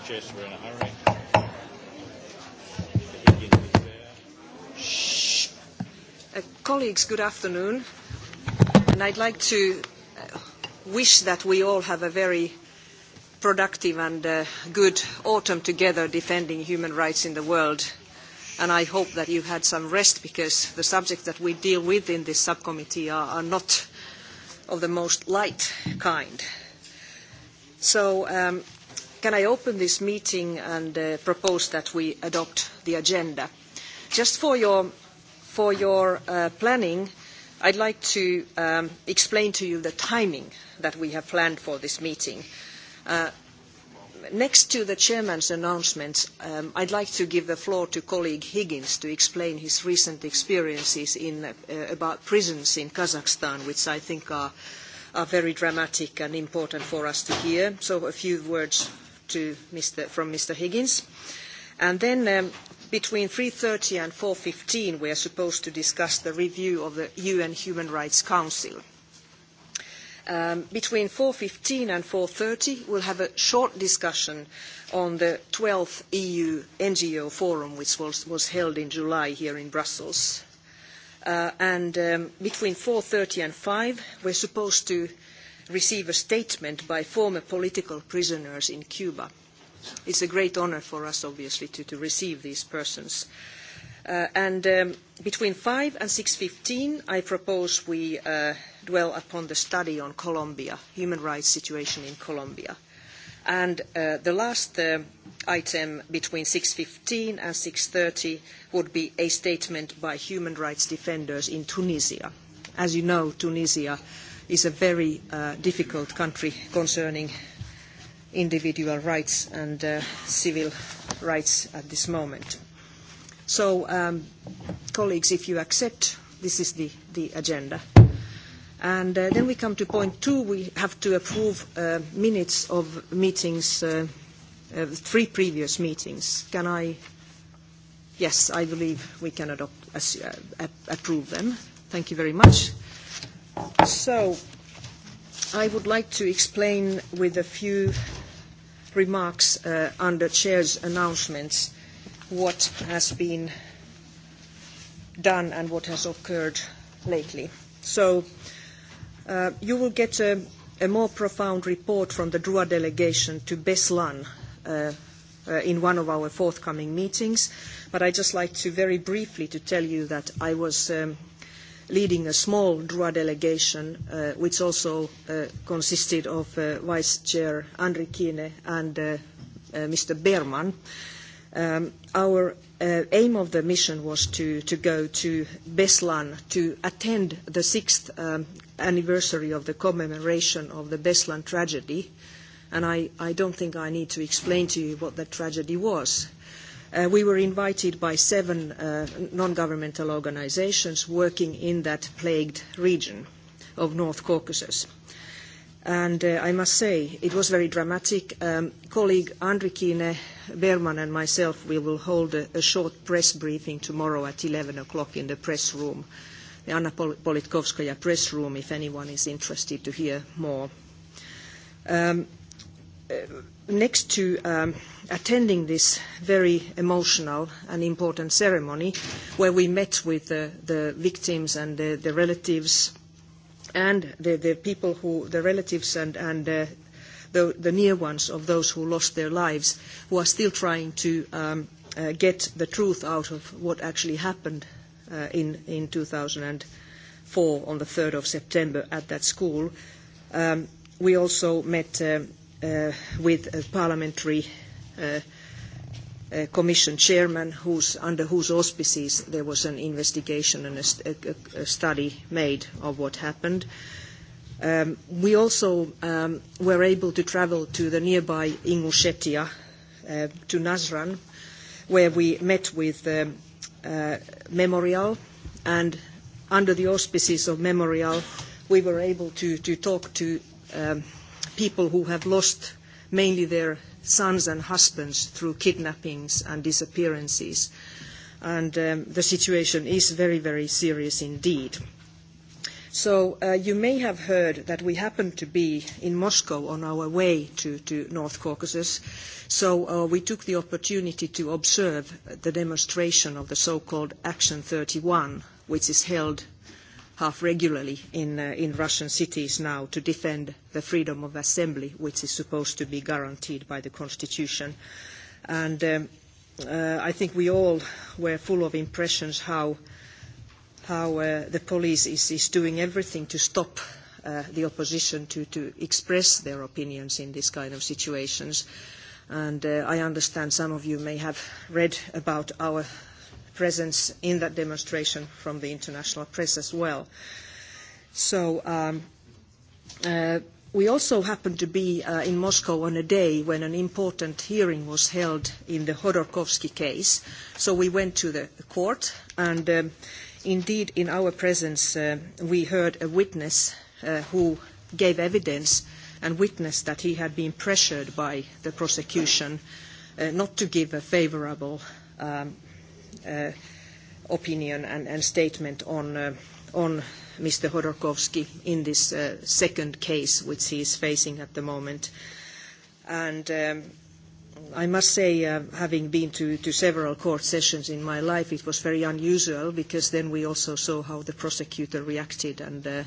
digest. We're in a hurry. Uh, colleagues, good afternoon. And I'd like to uh, wish that we all have a very productive and uh, good autumn together defending human rights in the world. And I hope that you had some rest because the subjects that we deal with in this subcommittee are, are not of the most light kind. So um, Can I open this meeting and uh, propose that we adopt the agenda? Just for your, for your uh, planning, I'd like to um, explain to you the timing that we have planned for this meeting. Uh, next to the chairman's announcements, um, I'd like to give the floor to colleague Higgins to explain his recent experiences in, uh, about prisons in Kazakhstan, which I think are, are very dramatic and important for us to hear. So a few words Mr., from Mr. Higgins. And then um, between 3.30 and 4.15, we are supposed to discuss the review of the UN Human Rights Council. Um, between 4.15 and 4.30, we'll have a short discussion on the 12th EU NGO Forum, which was, was held in July here in Brussels. Uh, and um, between 4.30 and 5, we're supposed to receive a statement by former political prisoners in Cuba. It's a great honor for us, obviously, to, to receive these persons. Uh, and um, between 5 and 6.15, I propose we uh, dwell upon the study on Colombia, human rights situation in Colombia. And uh, the last uh, item between 6.15 and 6.30 would be a statement by human rights defenders in Tunisia. As you know, Tunisia is a very uh, difficult country concerning individual rights and uh, civil rights at this moment. So, um, colleagues, if you accept, this is the, the agenda. And uh, then we come to point two. We have to approve uh, minutes of meetings, uh, uh, three previous meetings. Can I? Yes, I believe we can adopt, uh, approve them. Thank you very much. So I would like to explain with a few remarks uh, under Chair's announcements what has been done and what has occurred lately. So uh, you will get a, a more profound report from the DRUA delegation to Beslan uh, uh, in one of our forthcoming meetings, but I'd just like to very briefly to tell you that I was um, leading a small DRUA delegation, uh, which also uh, consisted of uh, Vice Chair Andri Kine and uh, uh, Mr. Berman. Um, our uh, aim of the mission was to, to go to Beslan to attend the sixth um, anniversary of the commemoration of the Beslan tragedy. And I, I don't think I need to explain to you what that tragedy was Uh, we were invited by seven uh, non-governmental organizations working in that plagued region of North Caucasus. And uh, I must say, it was very dramatic. Um, colleague Andrikine Berman and myself, we will hold a, a short press briefing tomorrow at 11 o'clock in the press room, the Anna Politkovskaya press room, if anyone is interested to hear more. Um, uh, next to um, attending this very emotional and important ceremony, where we met with the, the victims and the, the relatives, and the, the people who, the relatives and, and uh, the, the near ones of those who lost their lives, who are still trying to um, uh, get the truth out of what actually happened uh, in, in 2004 on the 3rd of September at that school. Um, we also met um, uh, with a parliamentary uh, uh, commission chairman whose, under whose auspices there was an investigation and a, a, a study made of what happened. Um, we also um, were able to travel to the nearby Ingushetia, uh, to Nazran, where we met with um, uh, Memorial, and under the auspices of Memorial, we were able to, to talk to um, – people who have lost mainly their sons and husbands through kidnappings and disappearances. And um, the situation is very, very serious indeed. So uh, you may have heard that we happen to be in Moscow on our way to, to North Caucasus. So uh, we took the opportunity to observe the demonstration of the so-called Action 31, which is held half regularly in, uh, in Russian cities now to defend the freedom of assembly, which is supposed to be guaranteed by the constitution. And um, uh, I think we all were full of impressions how, how uh, the police is, is doing everything to stop uh, the opposition to, to express their opinions in this kind of situations. And uh, I understand some of you may have read about our presence in that demonstration from the international press as well. So um, uh, we also happened to be uh, in Moscow on a day when an important hearing was held in the Hodorkovsky case. So we went to the court, and um, indeed, in our presence, uh, we heard a witness uh, who gave evidence and witnessed that he had been pressured by the prosecution uh, not to give a favourable um, uh, opinion and, and statement on, uh, on Mr. Hodorkovsky in this uh, second case which he is facing at the moment. And um, I must say, uh, having been to, to several court sessions in my life, it was very unusual because then we also saw how the prosecutor reacted and uh,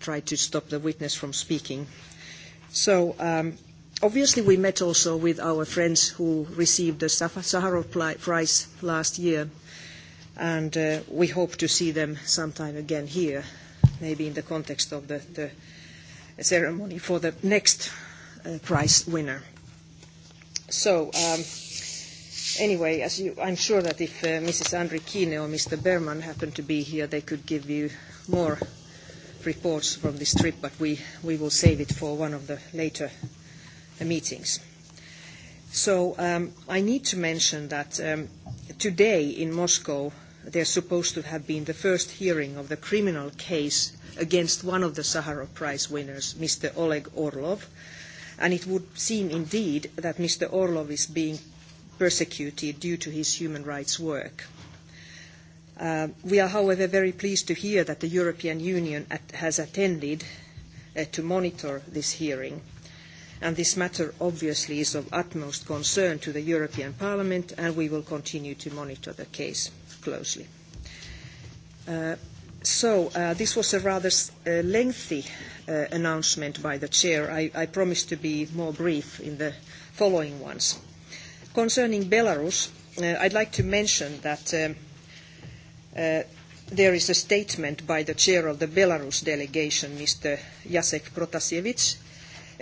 tried to stop the witness from speaking. So um, obviously, we met also with our friends who received the Sakharov Prize last year, and uh, we hope to see them sometime again here, maybe in the context of the, the ceremony for the next uh, prize winner. So, um, anyway, as you, I'm sure that if uh, Mrs. Andre Kine or Mr. Berman happen to be here, they could give you more reports from this trip, but we, we will save it for one of the later meetings. So um, I need to mention that um, today in Moscow there's supposed to have been the first hearing of the criminal case against one of the Sakharov Prize winners, Mr. Oleg Orlov. And it would seem indeed that Mr. Orlov is being persecuted due to his human rights work. Uh, we are, however, very pleased to hear that the European Union at, has attended uh, to monitor this hearing and this matter obviously is of utmost concern to the European Parliament and we will continue to monitor the case closely. Uh, so uh, this was a rather uh, lengthy uh, announcement by the chair. I, I promise to be more brief in the following ones. Concerning Belarus, uh, I'd like to mention that um, uh, there is a statement by the chair of the Belarus delegation, Mr. Jacek Protasevich,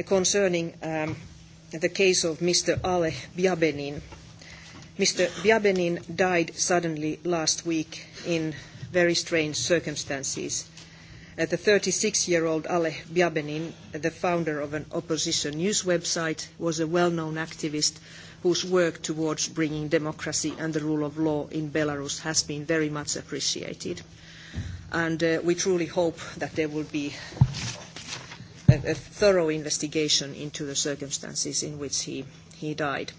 concerning um, the case of Mr. Ale Biabenin. Mr. Biabenin died suddenly last week in very strange circumstances. Uh, the 36-year-old Ale Biabenin, uh, the founder of an opposition news website, was a well-known activist whose work towards bringing democracy and the rule of law in Belarus has been very much appreciated. And uh, we truly hope that there will be a, a thorough investigation into the circumstances in which he, he died.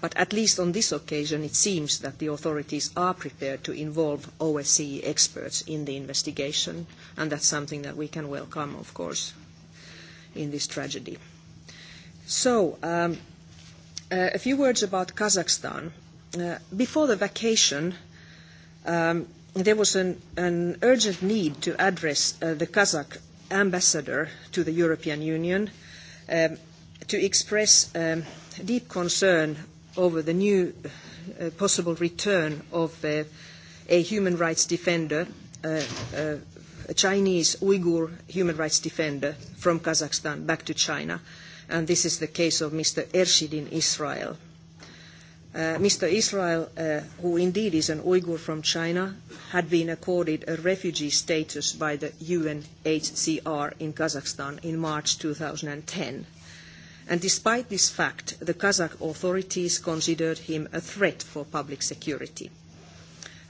But at least on this occasion, it seems that the authorities are prepared to involve OSCE experts in the investigation, and that's something that we can welcome, of course, in this tragedy. So, um, uh, a few words about Kazakhstan. Uh, before the vacation, um, there was an, an urgent need to address uh, the Kazakh ambassador to the European Union um, to express um, deep concern over the new uh, possible return of uh, a human rights defender, uh, uh a Chinese Uyghur human rights defender from Kazakhstan back to China. And this is the case of Mr. Ershid Israel. Uh, Mr. Israel, uh, who indeed is an Uyghur from China, had been accorded a refugee status by the UNHCR in Kazakhstan in March 2010. And despite this fact, the Kazakh authorities considered him a threat for public security.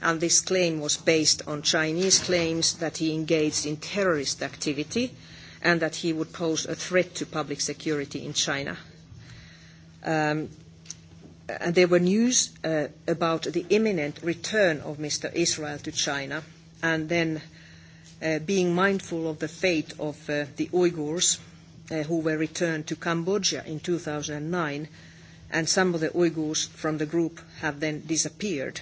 And this claim was based on Chinese claims that he engaged in terrorist activity and that he would pose a threat to public security in China. Um, Uh, and there were news uh, about the imminent return of Mr. Israel to China, and then uh, being mindful of the fate of uh, the Uyghurs uh, who were returned to Cambodia in 2009, and some of the Uyghurs from the group have then disappeared.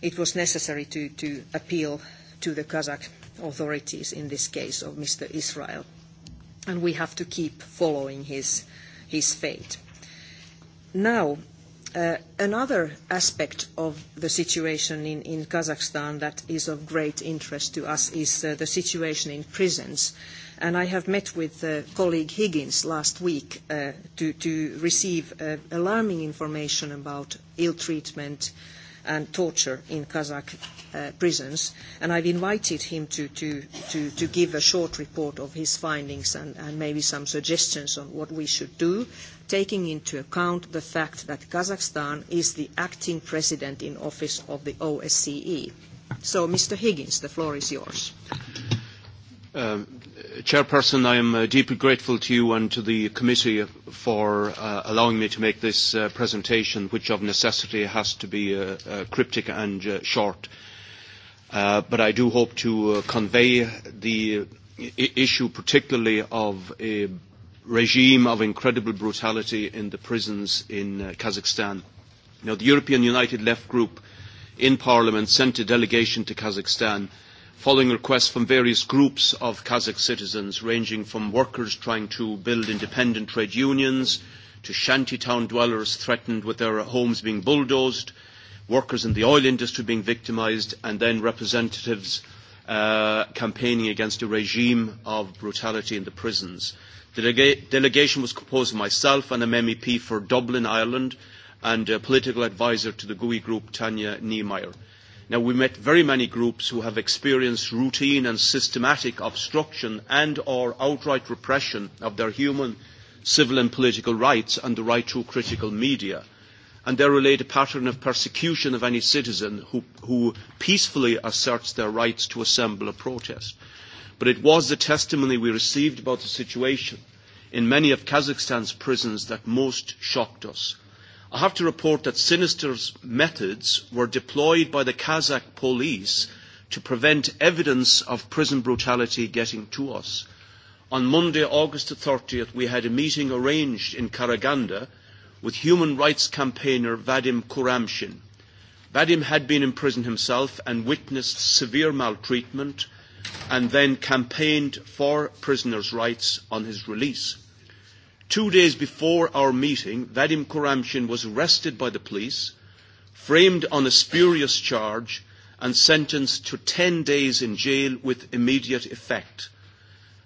It was necessary to, to appeal to the Kazakh authorities in this case of Mr. Israel, and we have to keep following his, his fate. Now, Uh, another aspect of the situation in, in, Kazakhstan that is of great interest to us is uh, the situation in prisons. And I have met with uh, colleague Higgins last week uh, to, to, receive uh, alarming information about ill treatment, uh, and torture in Kazakh uh, prisons. And I've invited him to, to, to, to give a short report of his findings and, and maybe some suggestions on what we should do, taking into account the fact that Kazakhstan is the acting president in office of the OSCE. So, Mr. Higgins, the floor is yours. Uh, Chairperson, I am uh, deeply grateful to you and to the committee for uh, allowing me to make this uh, presentation, which of necessity has to be uh, uh, cryptic and uh, short. Uh, but I do hope to uh, convey the uh, issue particularly of a regime of incredible brutality in the prisons in uh, Kazakhstan. Now, the European United Left Group in Parliament sent a delegation to Kazakhstan – following requests from various groups of Kazakh citizens, ranging from workers trying to build independent trade unions to shantytown dwellers threatened with their homes being bulldozed, workers in the oil industry being victimised, and then representatives uh, campaigning against a regime of brutality in the prisons. The delega delegation was composed of myself and an MEP for Dublin, Ireland, and a political advisor to the GUI group, Tanya Niemeyer. Now, we met very many groups who have experienced routine and systematic obstruction and or outright repression of their human, civil and political rights and the right to critical media. And they relate a pattern of persecution of any citizen who, who peacefully asserts their rights to assemble a protest. But it was the testimony we received about the situation in many of Kazakhstan's prisons that most shocked us I have to report that sinister methods were deployed by the Kazakh police to prevent evidence of prison brutality getting to us. On Monday, August 30th, we had a meeting arranged in Karaganda with human rights campaigner Vadim Kuramshin. Vadim had been in prison himself and witnessed severe maltreatment and then campaigned for prisoners' rights on his release. Two days before our meeting, Vadim Kuramshin was arrested by the police, framed on a spurious charge, and sentenced to 10 days in jail with immediate effect.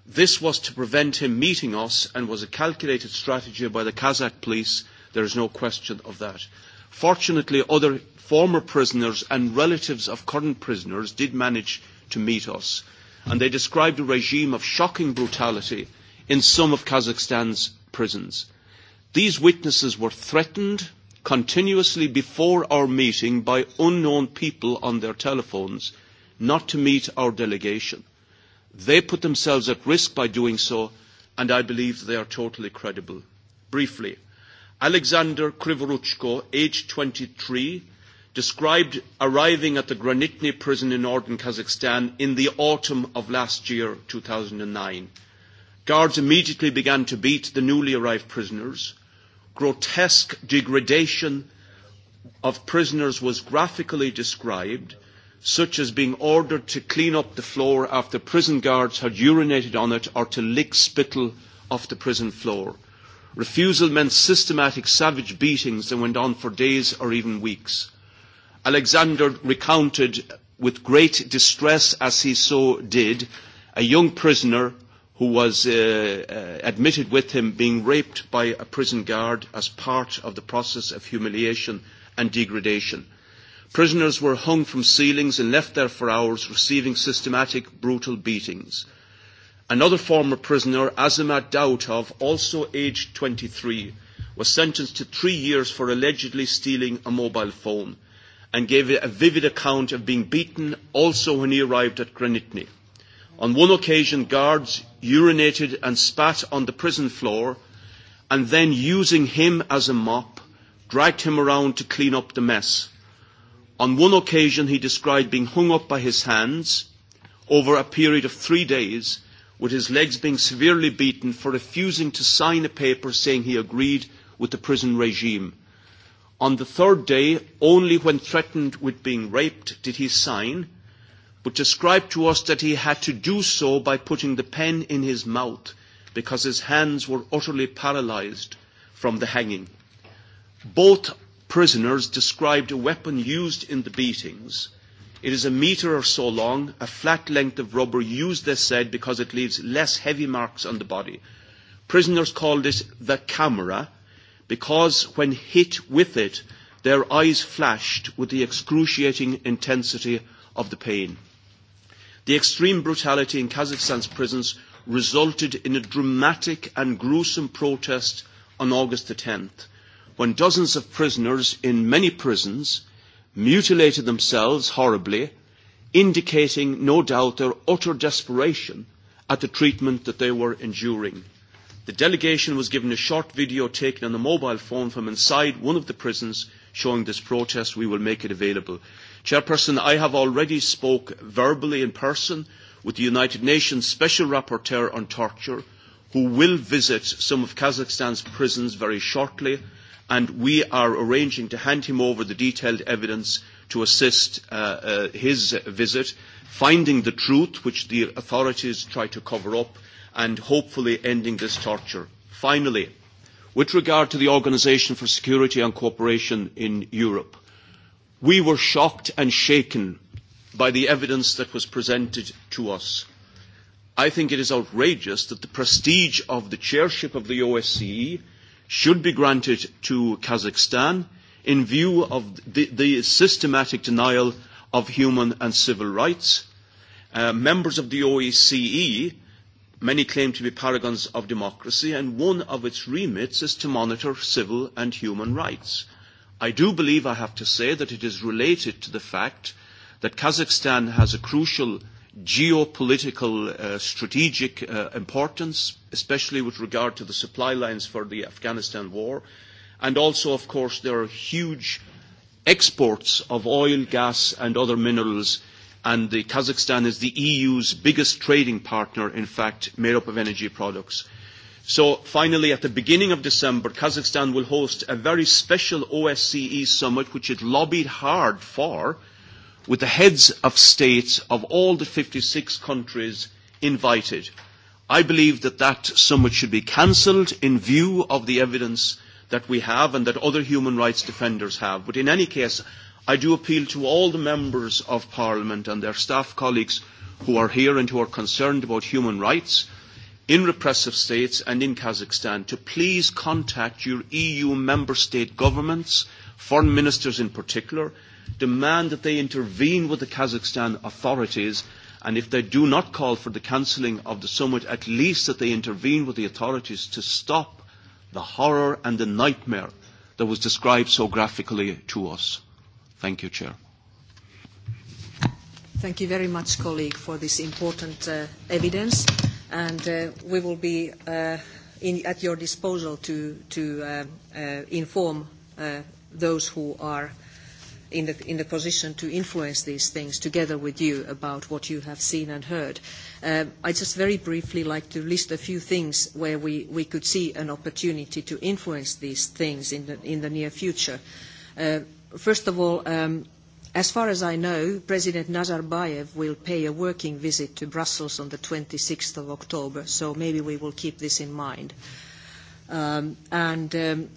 This was to prevent him meeting us and was a calculated strategy by the Kazakh police. There is no question of that. Fortunately, other former prisoners and relatives of current prisoners did manage to meet us, and they described a regime of shocking brutality in some of Kazakhstan's prisons. These witnesses were threatened continuously before our meeting by unknown people on their telephones not to meet our delegation. They put themselves at risk by doing so, and I believe they are totally credible. Briefly, Alexander Krivoruchko, aged 23, described arriving at the Granitny prison in northern Kazakhstan in the autumn of last year, 2009. Guards immediately began to beat the newly arrived prisoners. Grotesque degradation of prisoners was graphically described, such as being ordered to clean up the floor after prison guards had urinated on it or to lick spittle off the prison floor. Refusal meant systematic savage beatings that went on for days or even weeks. Alexander recounted with great distress, as he so did, a young prisoner who was uh, uh, admitted with him being raped by a prison guard as part of the process of humiliation and degradation. Prisoners were hung from ceilings and left there for hours, receiving systematic, brutal beatings. Another former prisoner, Azamat Dautov, also aged 23, was sentenced to three years for allegedly stealing a mobile phone and gave a vivid account of being beaten also when he arrived at Granitny. On one occasion, guards urinated and spat on the prison floor and then, using him as a mop, dragged him around to clean up the mess. On one occasion, he described being hung up by his hands over a period of three days, with his legs being severely beaten for refusing to sign a paper saying he agreed with the prison regime. On the third day, only when threatened with being raped did he sign, but described to us that he had to do so by putting the pen in his mouth because his hands were utterly paralyzed from the hanging. Both prisoners described a weapon used in the beatings. It is a meter or so long, a flat length of rubber used, they said, because it leaves less heavy marks on the body. Prisoners called it the camera because when hit with it, their eyes flashed with the excruciating intensity of the pain. The extreme brutality in Kazakhstan's prisons resulted in a dramatic and gruesome protest on August the 10th, when dozens of prisoners in many prisons mutilated themselves horribly, indicating no doubt their utter desperation at the treatment that they were enduring. The delegation was given a short video taken on a mobile phone from inside one of the prisons showing this protest. We will make it available. Chairperson, I have already spoke verbally in person with the United Nations Special Rapporteur on Torture, who will visit some of Kazakhstan's prisons very shortly, and we are arranging to hand him over the detailed evidence to assist uh, uh, his visit, finding the truth which the authorities try to cover up, and hopefully ending this torture. Finally, with regard to the Organisation for Security and Cooperation in Europe, we were shocked and shaken by the evidence that was presented to us. I think it is outrageous that the prestige of the chairship of the OSCE should be granted to Kazakhstan in view of the, the systematic denial of human and civil rights. Uh, members of the OSCE, many claim to be paragons of democracy, and one of its remits is to monitor civil and human rights. I do believe I have to say that it is related to the fact that Kazakhstan has a crucial geopolitical uh, strategic uh, importance, especially with regard to the supply lines for the Afghanistan war. And also, of course, there are huge exports of oil, gas and other minerals. And Kazakhstan is the EU's biggest trading partner, in fact, made up of energy products. So finally, at the beginning of December, Kazakhstan will host a very special OSCE summit, which it lobbied hard for, with the heads of states of all the 56 countries invited. I believe that that summit should be cancelled in view of the evidence that we have and that other human rights defenders have. But in any case, I do appeal to all the members of Parliament and their staff colleagues who are here and who are concerned about human rights in repressive states and in Kazakhstan to please contact your EU member state governments, foreign ministers in particular, demand that they intervene with the Kazakhstan authorities, and if they do not call for the cancelling of the summit, at least that they intervene with the authorities to stop the horror and the nightmare that was described so graphically to us. Thank you, Chair. Thank you very much, colleague, for this important uh, evidence and uh, we will be uh, in, at your disposal to, to uh, uh, inform uh, those who are in the, in the position to influence these things together with you about what you have seen and heard. Uh, I just very briefly like to list a few things where we, we could see an opportunity to influence these things in the, in the near future. Uh, first of all, um, As far as I know, President Nazarbayev will pay a working visit to Brussels on the 26th of October, so maybe we will keep this in mind. Um, and um,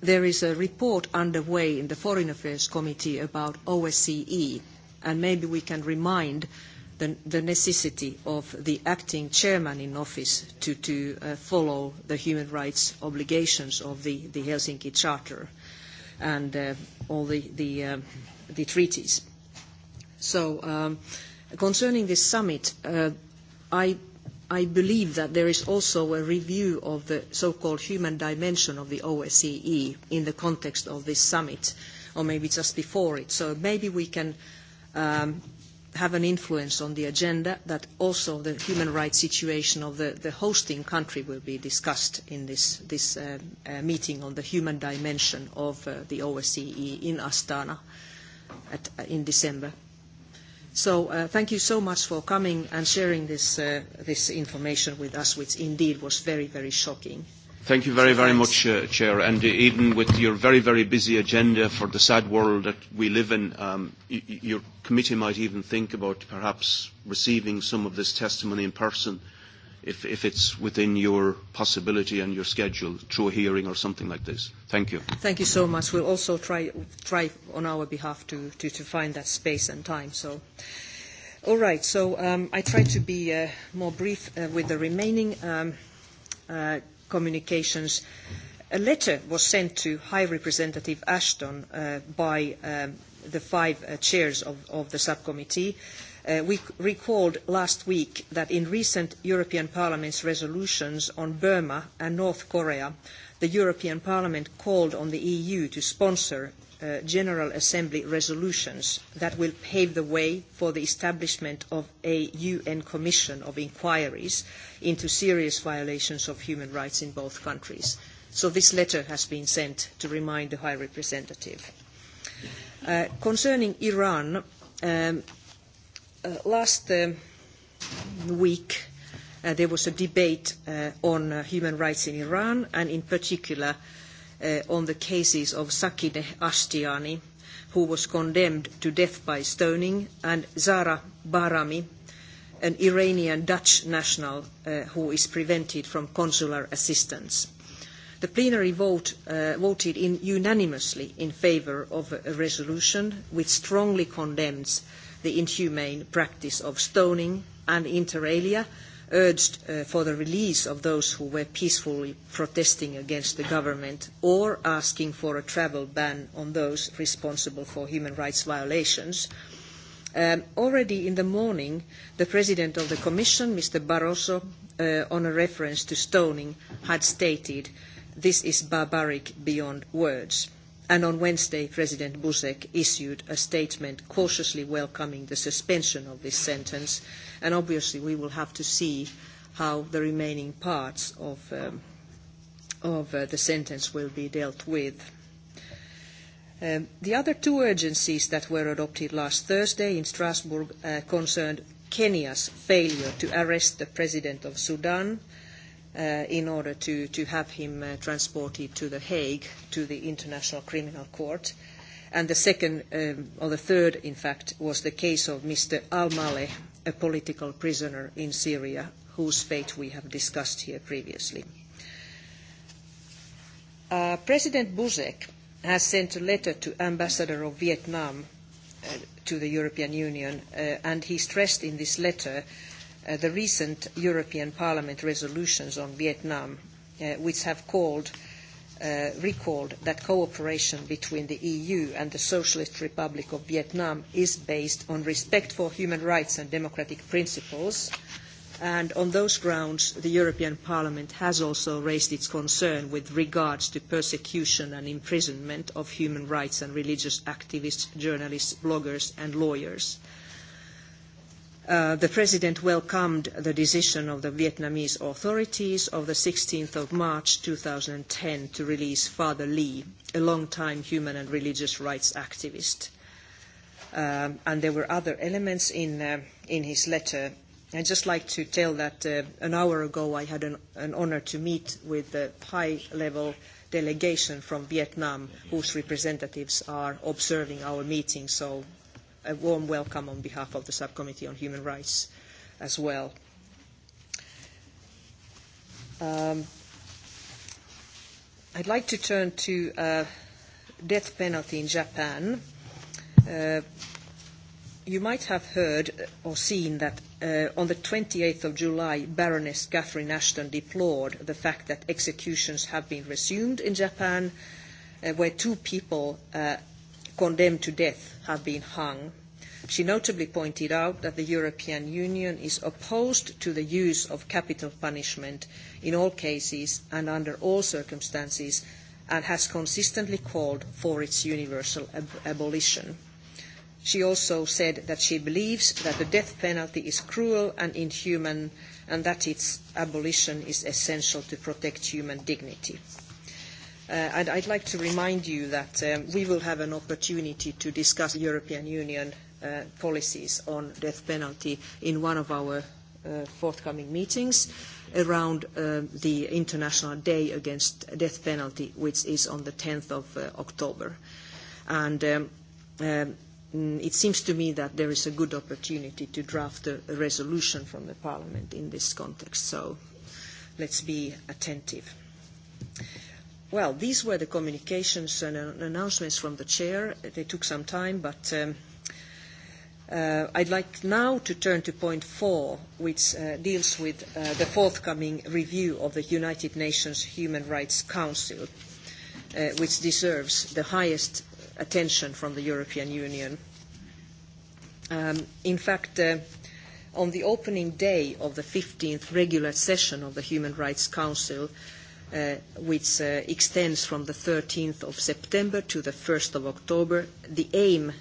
there is a report underway in the Foreign Affairs Committee about OSCE, and maybe we can remind the, the necessity of the acting chairman in office to, to uh, follow the human rights obligations of the, the Helsinki Charter and uh, all the, the uh, the treaties. So um, concerning this summit, uh, I, I believe that there is also a review of the so-called human dimension of the OSCE in the context of this summit, or maybe just before it. So maybe we can um, have an influence on the agenda that also the human rights situation of the, the hosting country will be discussed in this, this uh, uh, meeting on the human dimension of uh, the OSCE in Astana at, uh, in December. So uh, thank you so much for coming and sharing this, uh, this information with us, which indeed was very, very shocking. Thank you very, very much, uh, Chair. And uh, even with your very, very busy agenda for the sad world that we live in, um, your committee might even think about perhaps receiving some of this testimony in person if, if it's within your possibility and your schedule through a hearing or something like this. Thank you. Thank you so much. We'll also try, try on our behalf to, to, to find that space and time. So, all right. So um, I try to be uh, more brief uh, with the remaining um, uh, communications. A letter was sent to High Representative Ashton uh, by um, the five uh, chairs of, of the subcommittee. Uh, we recalled last week that in recent European Parliament's resolutions on Burma and North Korea, the European Parliament called on the EU to sponsor uh, General Assembly resolutions that will pave the way for the establishment of a UN Commission of inquiries into serious violations of human rights in both countries. So this letter has been sent to remind the High Representative. Uh, concerning Iran, um, Uh, last um, week uh, there was a debate uh, on human rights in Iran and in particular on the cases of Sakineh Ashtiani, who was condemned to death by stoning, and Zara Barami, an Iranian Dutch national uh, who is prevented from consular assistance. The plenary vote, uh, voted in unanimously in favour of a resolution which strongly condemns uh, the inhumane practice of stoning and inter alia urged uh, for the release of those who were peacefully protesting against the government or asking for a travel ban on those responsible for human rights violations. Um, already in the morning, the President of the Commission, Mr. Barroso, uh, on a reference to stoning, had stated, this is barbaric beyond words. And on Wednesday, President Buzek issued a statement cautiously welcoming the suspension of this sentence. And obviously, we will have to see how the remaining parts of, um, of uh, the sentence will be dealt with. Um, the other two urgencies that were adopted last Thursday in Strasbourg uh, concerned Kenya's failure to arrest the president of Sudan Uh, in order to, to have him uh, transported to The Hague, to the International Criminal Court. And the second, um, or the third, in fact, was the case of Mr. Al-Maleh, a political prisoner in Syria, whose fate we have discussed here previously. Uh, President Buzek has sent a letter to Ambassador of Vietnam uh, to the European Union, uh, and he stressed in this letter Uh, the recent European Parliament resolutions on Vietnam, uh, which have called, uh, recalled that cooperation between the EU and the Socialist Republic of Vietnam is based on respect for human rights and democratic principles. And on those grounds, the European Parliament has also raised its concern with regards to persecution and imprisonment of human rights and religious activists, journalists, bloggers and lawyers. Uh, Uh, the President welcomed the decision of the Vietnamese authorities of the 16th of March 2010 to release Father Lee, a long-time human and religious rights activist. Um, and there were other elements in, uh, in his letter. I'd just like to tell that uh, an hour ago I had an, an honor to meet with the high-level delegation from Vietnam whose representatives are observing our meeting, so a warm welcome on behalf of the Subcommittee on Human Rights as well. Um, I'd like to turn to uh, death penalty in Japan. Uh, you might have heard or seen that uh, on the 28th of July, Baroness Catherine Ashton deplored the fact that executions have been resumed in Japan, uh, where two people uh, condemned to death have been hung. She notably pointed out that the European Union is opposed to the use of capital punishment in all cases and under all circumstances and has consistently called for its universal ab abolition. She also said that she believes that the death penalty is cruel and inhuman and that its abolition is essential to protect human dignity and uh, I'd like to remind you that um, we will have an opportunity to discuss European Union uh, policies on death penalty in one of our uh, forthcoming meetings around uh, the International Day Against Death Penalty, which is on the 10th of uh, October. And um, um, mm, it seems to me that there is a good opportunity to draft a, a resolution from the Parliament in this context. So let's be attentive. Well, these were the communications and announcements from the chair. They took some time, but um, uh, I'd like now to turn to point four, which uh, deals with uh, the forthcoming review of the United Nations Human Rights Council, uh, which deserves the highest attention from the European Union. Um, in fact, uh, on the opening day of the 15th regular session of the Human Rights Council, uh, Uh, which uh, extends from the 13th of September to the 1st of October. The aim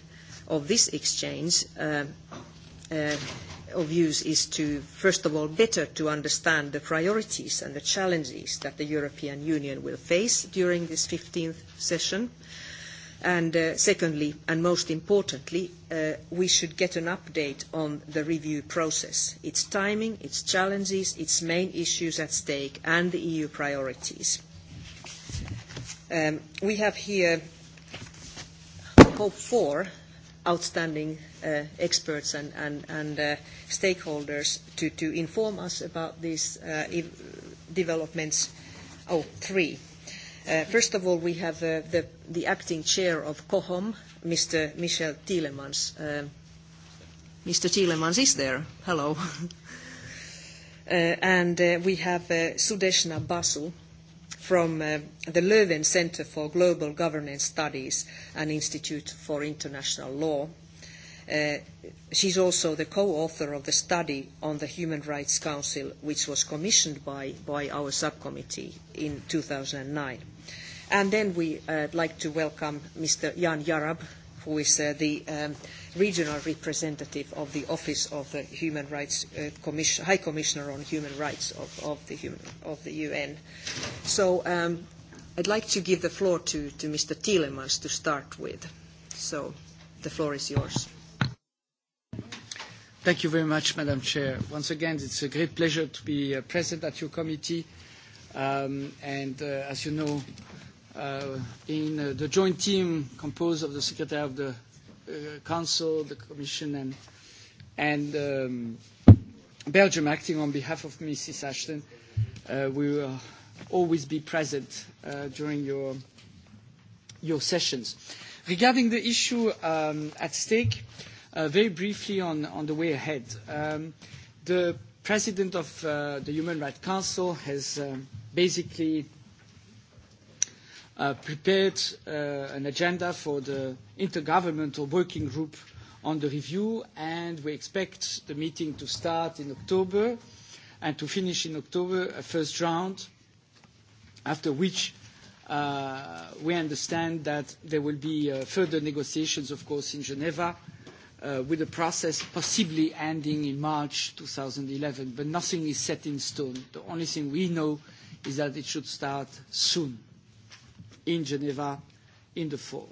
of this exchange uh, uh, of views is to, first of all, better to understand the priorities and the challenges that the European Union will face during this 15th session. Uh, And uh, secondly, and most importantly, uh, we should get an update on the review process, its timing, its challenges, its main issues at stake, and the EU priorities. Um, we have here hope for outstanding uh, experts and, and, and uh, stakeholders to, to inform us about these uh, e-, developments. Oh, three. Uh, first of all, we have uh, the, acting chair of COHOM, Mr. Michel Tielemans. Uh, Mr. Tielemans is there. Hello. and we have Sudeshna Basu from the Leuven Center for Global Governance Studies and Institute for International Law. she's also the co-author of the study on the Human Rights Council, which was commissioned by, by our subcommittee in 2009. And then we'd uh, like to welcome Mr. Jan Jarab, who is uh, the um, regional representative of the Office of the Human Rights uh, Commission, High Commissioner on Human Rights of, the, UN. So um, I'd like to give the floor to, Mr. Tielemans to start with. So the floor is yours. Thank you very much, Madam Chair. Once again, it's a great pleasure to be present at your committee. Um, and as you know, uh, in uh, the joint team composed of the Secretary of the uh, Council, the Commission, and, and um, Belgium acting on behalf of Mrs. Ashton. Uh, we will always be present uh, during your, your sessions. Regarding the issue um, at stake, uh, very briefly on, on the way ahead. Um, the President of uh, the Human Rights Council has um, basically Uh, prepared uh, an agenda for the intergovernmental working group on the review, and we expect the meeting to start in October and to finish in October a first round, after which uh, we understand that there will be uh, further negotiations, of course, in Geneva, uh, with the process possibly ending in March 2011, but nothing is set in stone. The only thing we know is that it should start soon in Geneva in the fall.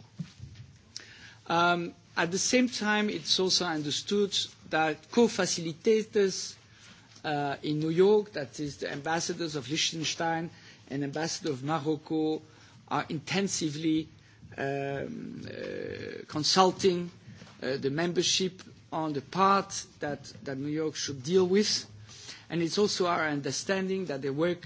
Um, at the same time, it's also understood that co-facilitators uh, in New York, that is the ambassadors of Liechtenstein and ambassador of Morocco, are intensively um, uh, consulting uh, the membership on the part that, that New York should deal with. And it's also our understanding that they work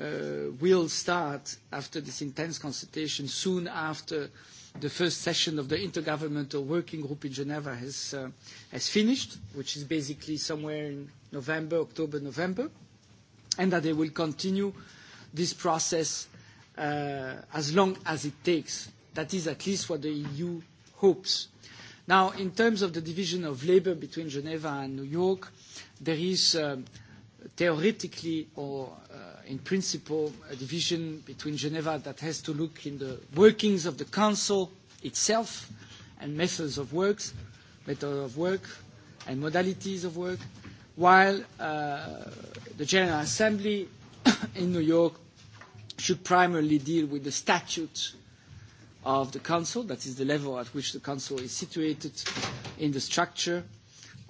Uh, will start after this intense consultation soon after the first session of the Intergovernmental Working Group in Geneva has, uh, has finished, which is basically somewhere in November, October, November, and that they will continue this process uh, as long as it takes. That is at least what the EU hopes. Now, in terms of the division of labour between Geneva and New York, there is uh, theoretically or uh, in principle a division between Geneva that has to look in the workings of the Council itself and methods of work, method of work and modalities of work, while uh, the General Assembly in New York should primarily deal with the statute of the Council, that is the level at which the Council is situated in the structure,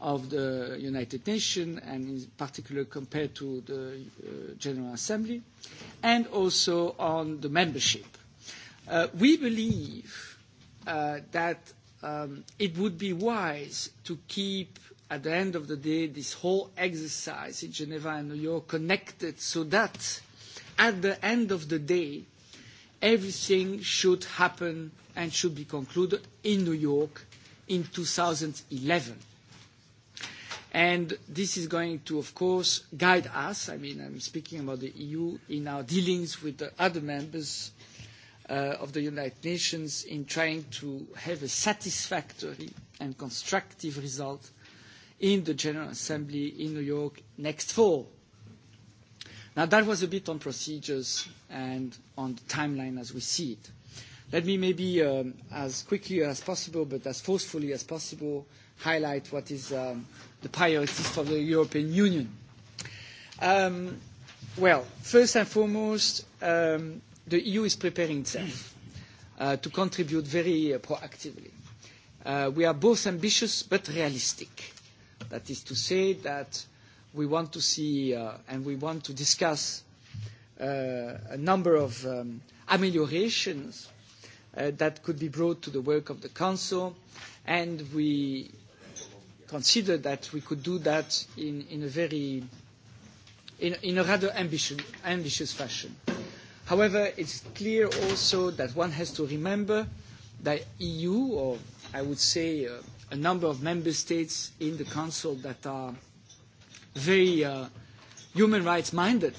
of the United Nations, and in particular compared to the uh, General Assembly, and also on the membership. Uh, we believe uh, that um, it would be wise to keep, at the end of the day, this whole exercise in Geneva and New York connected so that at the end of the day, everything should happen and should be concluded in New York in 2011 And this is going to, of course, guide us. I mean, I'm speaking about the EU in our dealings with the other members uh, of the United Nations in trying to have a satisfactory and constructive result in the General Assembly in New York next fall. Now, that was a bit on procedures and on the timeline as we see it. Let me maybe, um, as quickly as possible, but as forcefully as possible, highlight what is um, the priorities for the European Union. Um, well, first and foremost, um, the EU is preparing itself uh, to contribute very uh, proactively. Uh, we are both ambitious but realistic. That is to say that we want to see uh, and we want to discuss uh, a number of um, ameliorations uh, that could be brought to the work of the Council, and we considered that we could do that in, in a very in, in a rather ambitious, ambitious fashion. However, it's clear also that one has to remember that EU, or I would say uh, a number of member states in the Council that are very uh, human rights minded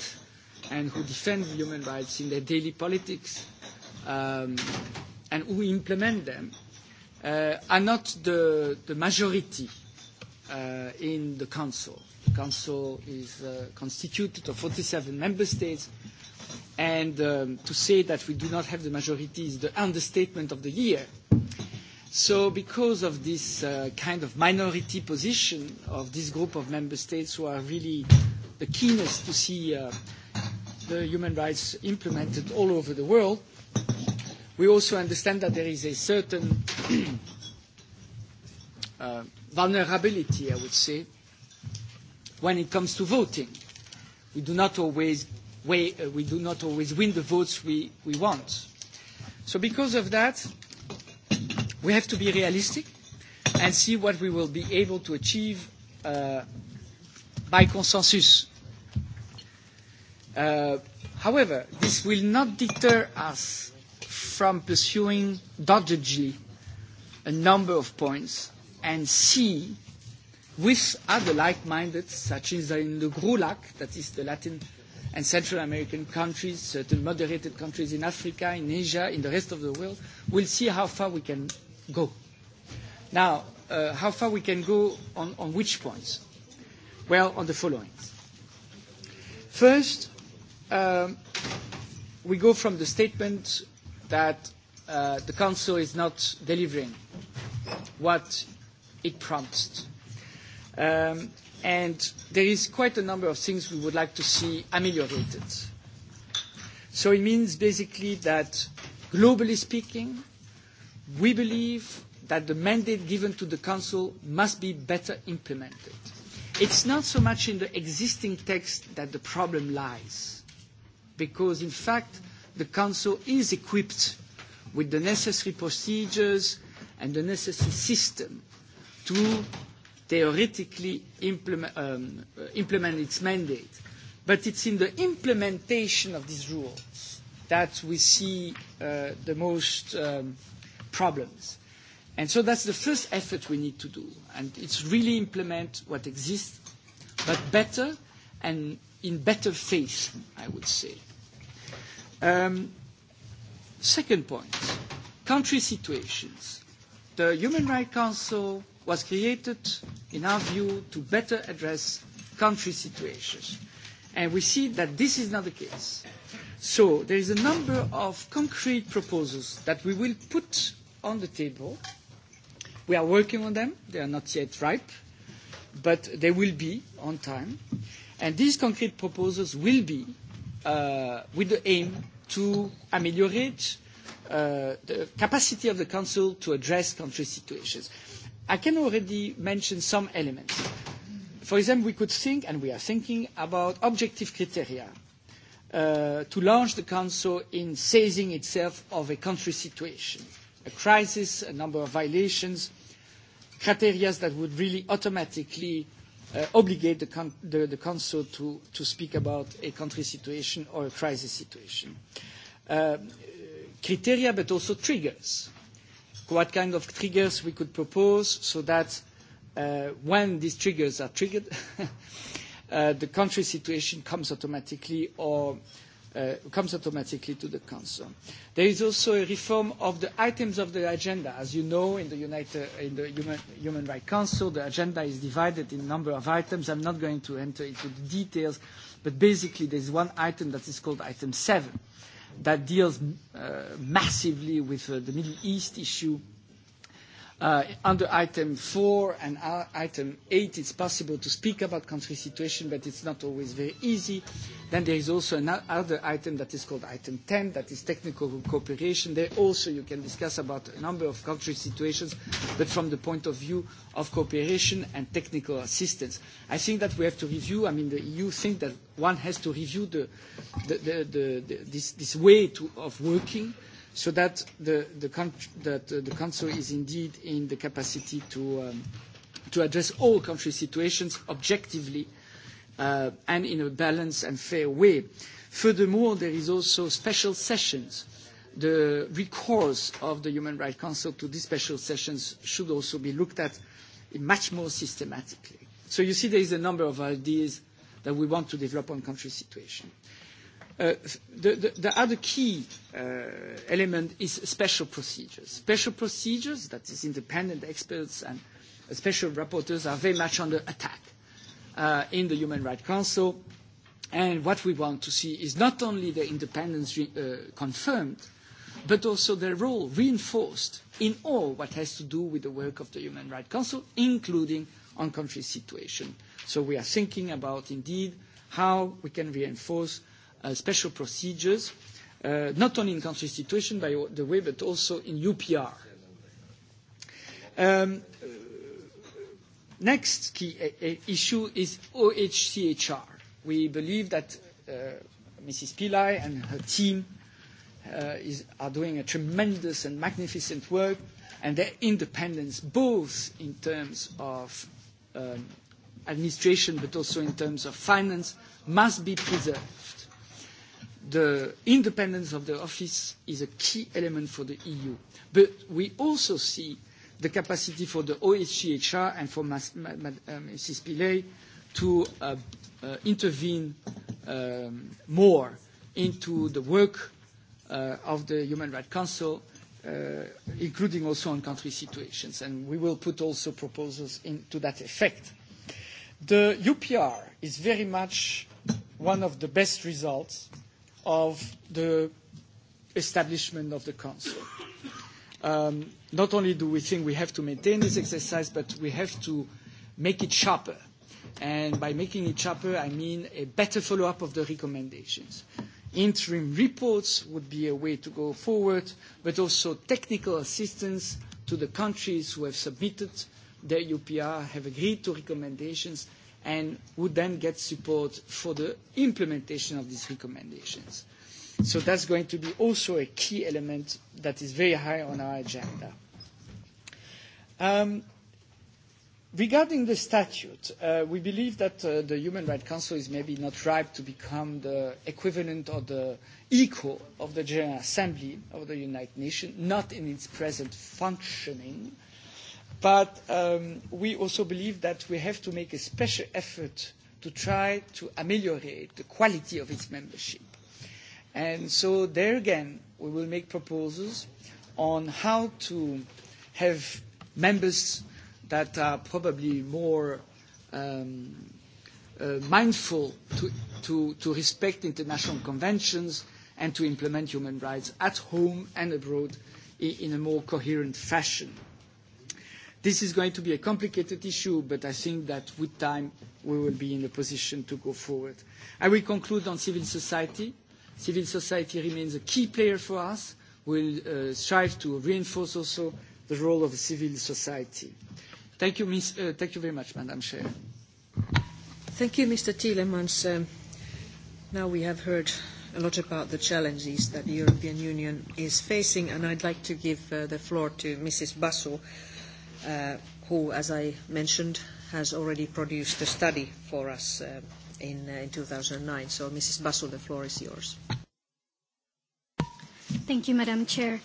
and who defend human rights in their daily politics um, and who implement them, uh, are not the, the majority uh, in the Council. The Council is uh, constituted of 47 member states, and um, to say that we do not have the majority is the understatement of the year. So because of this uh, kind of minority position of this group of member states who are really the keenest to see uh, the human rights implemented all over the world, we also understand that there is a certain uh, vulnerability, I would say, when it comes to voting. We do not always, uh, we do not always win the votes we, we want. So because of that, we have to be realistic and see what we will be able to achieve uh, by consensus. Uh, however, this will not deter us from pursuing doggedly a number of points and see with other like-minded, such as in the GRULAC, that is the Latin and Central American countries, certain moderated countries in Africa, in Asia, in the rest of the world, we'll see how far we can go. Now, uh, how far we can go on, on which points? Well, on the following. First, um, we go from the statement that uh, the Council is not delivering what it prompts. Um, and there is quite a number of things we would like to see ameliorated. So it means basically that, globally speaking, we believe that the mandate given to the Council must be better implemented. It's not so much in the existing text that the problem lies, because in fact the Council is equipped with the necessary procedures and the necessary system to theoretically implement, um, uh, implement its mandate. But it's in the implementation of these rules that we see uh, the most um, problems. And so that's the first effort we need to do. And it's really implement what exists, but better and in better faith, I would say. Um, second point, country situations. The Human Rights Council was created, in our view, to better address country situations. And we see that this is not the case. So there is a number of concrete proposals that we will put on the table. We are working on them. They are not yet ripe, but they will be on time. And these concrete proposals will be uh, with the aim to ameliorate uh, the capacity of the Council to address country situations. I can already mention some elements. For example, we could think, and we are thinking, about objective criteria uh, to launch the Council in seizing itself of a country situation, a crisis, a number of violations, criteria that would really automatically uh, obligate the, Council to, speak about a country situation or a crisis situation. Uh, criteria, but also triggers what kind of triggers we could propose so that uh, when these triggers are triggered, uh, the country situation comes automatically or uh, comes automatically to the Council. There is also a reform of the items of the agenda. As you know, in the, United, in the Human, Rights Council, the agenda is divided in a number of items. I'm not going to enter into the details, but basically there's one item that is called item 7 that deals uh, massively with uh, the Middle East issue Uh, under item 4 and uh, item 8, it's possible to speak about country situation, but it's not always very easy. Then there is also another item that is called item 10, that is technical cooperation. There also you can discuss about a number of country situations, but from the point of view of cooperation and technical assistance. I think that we have to review, I mean, the EU think that one has to review the, the, the, this, this, way to, of working, so that the, the, that uh, the Council is indeed in the capacity to, um, to address all country situations objectively uh, and in a balanced and fair way. Furthermore, there is also special sessions. The recourse of the Human Rights Council to these special sessions should also be looked at much more systematically. So you see there is a number of ideas that we want to develop on country situations. Uh, the, the other key uh, element is special procedures. Special procedures, that is independent experts and special rapporteurs are very much under attack uh, in the Human Rights Council. And what we want to see is not only their independence re, uh, confirmed, but also their role reinforced in all what has to do with the work of the Human Rights Council, including on country situation. So we are thinking about, indeed, how we can reinforce Uh, special procedures, uh, not only in country situation, by the way, but also in UPR. Um, next key uh, uh, issue is OHCHR. We believe that uh, Mrs. Pillai and her team uh, is, are doing a tremendous and magnificent work, and their independence, both in terms of um, administration but also in terms of finance, must be preserved the independence of the office is a key element for the EU. But we also see the capacity for the OHCHR and for Mas- Ma- Ma- uh, Mrs. Pillay to uh, uh, intervene um, more into the work uh, of the Human Rights Council, uh, including also on country situations. And we will put also proposals into that effect. The UPR is very much one of the best results uh, of the establishment of the Council. Um, not only do we think we have to maintain this exercise, but we have to make it sharper. And by making it sharper, I mean a better follow-up of the recommendations. Interim reports would be a way to go forward, but also technical assistance to the countries who have submitted their UPR, have agreed to recommendations, and would then get support for the implementation of these recommendations. So that's going to be also a key element that is very high on our agenda. Um, regarding the statute, uh, we believe that uh, the Human Rights Council is maybe not ripe to become the equivalent or the equal of the General Assembly of the United Nations, not in its present functioning. Uh, But um, we also believe that we have to make a special effort to try to ameliorate the quality of its membership. And so there again, we will make proposals on how to have members that are probably more um, uh, mindful to, to, to respect international conventions and to implement human rights at home and abroad in, in a more coherent fashion. This is going to be a complicated issue, but I think that with time we will be in a position to go forward. I will conclude on civil society. Civil society remains a key player for us. We uh, strive to reinforce also the role of civil society. Thank you, Ms., uh, thank you very much, Madam Chair. Thank you, Mr. Tielemans. Um, now we have heard a lot about the challenges that the European Union is facing, and I'd like to give uh, the floor to Mrs. Basu Uh, who, as I mentioned, has already produced a study for us uh, in, uh, in 2009. So, Mrs. Basu, the floor is yours. Thank you, Madam Chair.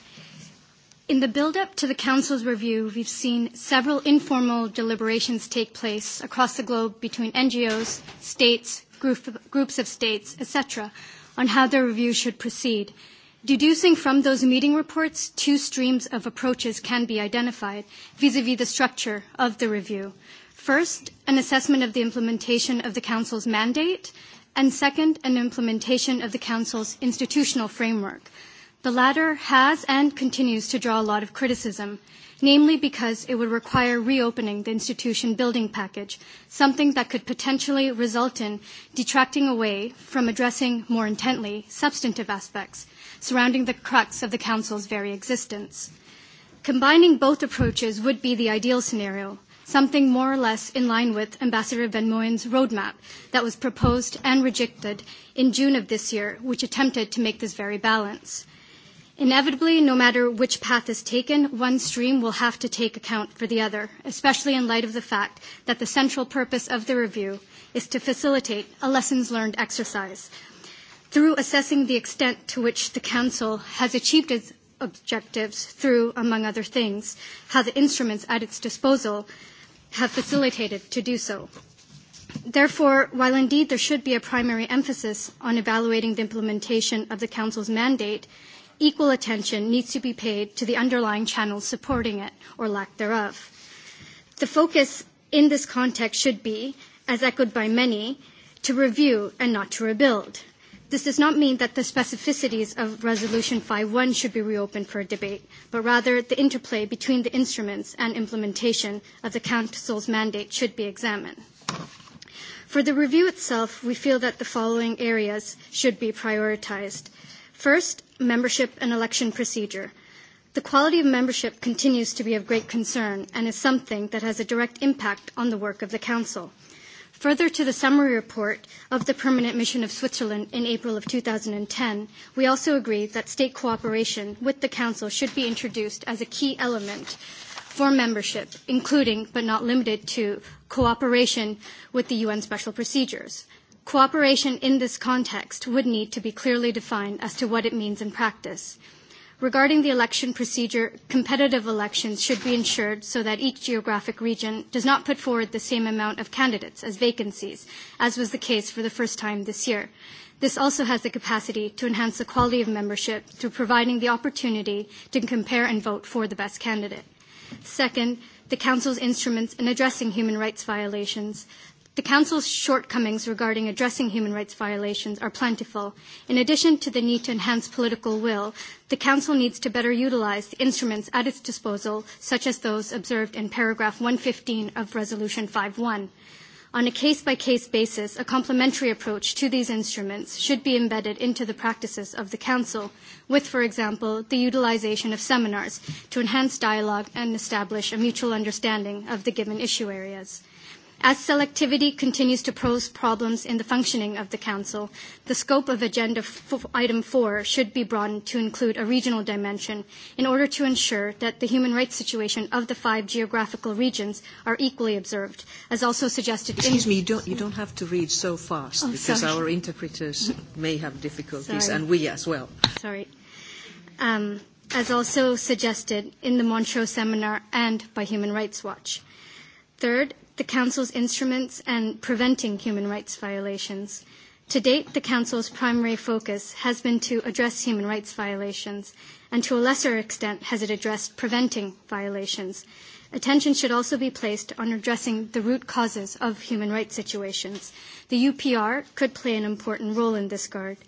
In the build-up to the Council's review, we've seen several informal deliberations take place across the globe between NGOs, states, group, groups of states, etc., on how the review should proceed – Deducing from those meeting reports, two streams of approaches can be identified vis-à-vis -vis the structure of the review. First, an assessment of the implementation of the Council's mandate, and second, an implementation of the Council's institutional framework. The latter has and continues to draw a lot of criticism, namely because it would require reopening the institution building package, something that could potentially result in detracting away from addressing more intently substantive aspects surrounding the crux of the Council's very existence. Combining both approaches would be the ideal scenario, something more or less in line with Ambassador Van Mooyen's roadmap that was proposed and rejected in June of this year, which attempted to make this very balance. Inevitably, no matter which path is taken, one stream will have to take account for the other, especially in light of the fact that the central purpose of the review is to facilitate a lessons learned exercise through assessing the extent to which the Council has achieved its objectives through, among other things, how the instruments at its disposal have facilitated to do so. Therefore, while indeed there should be a primary emphasis on evaluating the implementation of the Council's mandate, equal attention needs to be paid to the underlying channels supporting it or lack thereof. The focus in this context should be, as echoed by many, to review and not to rebuild. This does not mean that the specificities of Resolution 5.1 should be reopened for debate, but rather the interplay between the instruments and implementation of the Council's mandate should be examined. For the review itself, we feel that the following areas should be prioritized. First, membership and election procedure. The quality of membership continues to be of great concern and is something that has a direct impact on the work of the Council. Further to the summary report of the Permanent Mission of Switzerland in April of 2010, we also agree that state cooperation with the Council should be introduced as a key element for membership, including but not limited to cooperation with the UN special procedures. Cooperation in this context would need to be clearly defined as to what it means in practice regarding the election procedure, competitive elections should be ensured so that each geographic region does not put forward the same amount of candidates as vacancies, as was the case for the first time this year. This also has the capacity to enhance the quality of membership through providing the opportunity to compare and vote for the best candidate. Second, the Council's instruments in addressing human rights violations. The Council's shortcomings regarding addressing human rights violations are plentiful. In addition to the need to enhance political will, the Council needs to better utilize the instruments at its disposal, such as those observed in paragraph 115 of Resolution 51. On a case-by-case -case basis, a complementary approach to these instruments should be embedded into the practices of the Council, with, for example, the utilization of seminars to enhance dialogue and establish a mutual understanding of the given issue areas. As selectivity continues to pose problems in the functioning of the Council, the scope of Agenda f- Item 4 should be broadened to include a regional dimension in order to ensure that the human rights situation of the five geographical regions are equally observed, as also suggested Excuse in... me, you don't, you don't have to read so fast, oh, because sorry. our interpreters may have difficulties, sorry. and we as well. Sorry. Um, as also suggested in the Montreux seminar and by Human Rights Watch. Third, the Council's instruments and preventing human rights violations. To date, the Council's primary focus has been to address human rights violations, and to a lesser extent has it addressed preventing violations. Attention should also be placed on addressing the root causes of human rights situations. The UPR could play an important role in this regard.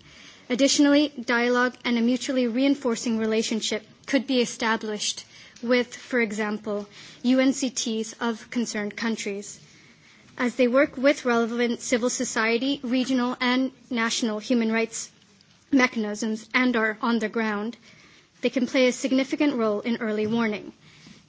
Additionally, dialogue and a mutually reinforcing relationship could be established with, for example, UNCTs of concerned countries, as they work with relevant civil society, regional and national human rights mechanisms and are on the ground, they can play a significant role in early warning.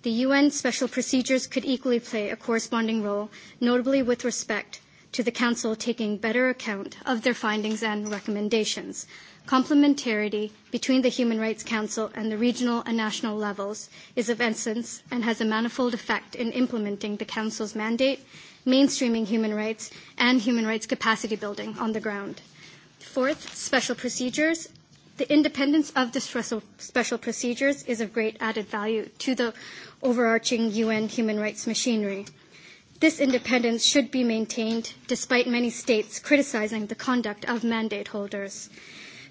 The UN special procedures could equally play a corresponding role, notably with respect to the Council taking better account of their findings and recommendations complementarity between the Human Rights Council and the regional and national levels is of essence and has a manifold effect in implementing the Council's mandate, mainstreaming human rights, and human rights capacity building on the ground. Fourth, special procedures. The independence of the special procedures is of great added value to the overarching UN human rights machinery. This independence should be maintained despite many states criticizing the conduct of mandate holders.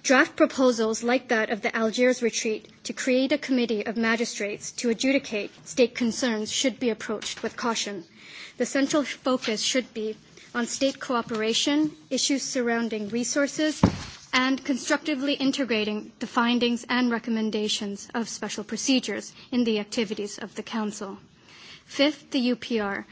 Draft proposals like that of the Algiers retreat to create a committee of magistrates to adjudicate state concerns should be approached with caution. The central focus should be on state cooperation, issues surrounding resources, and constructively integrating the findings and recommendations of special procedures in the activities of the Council. Fifth, the UPR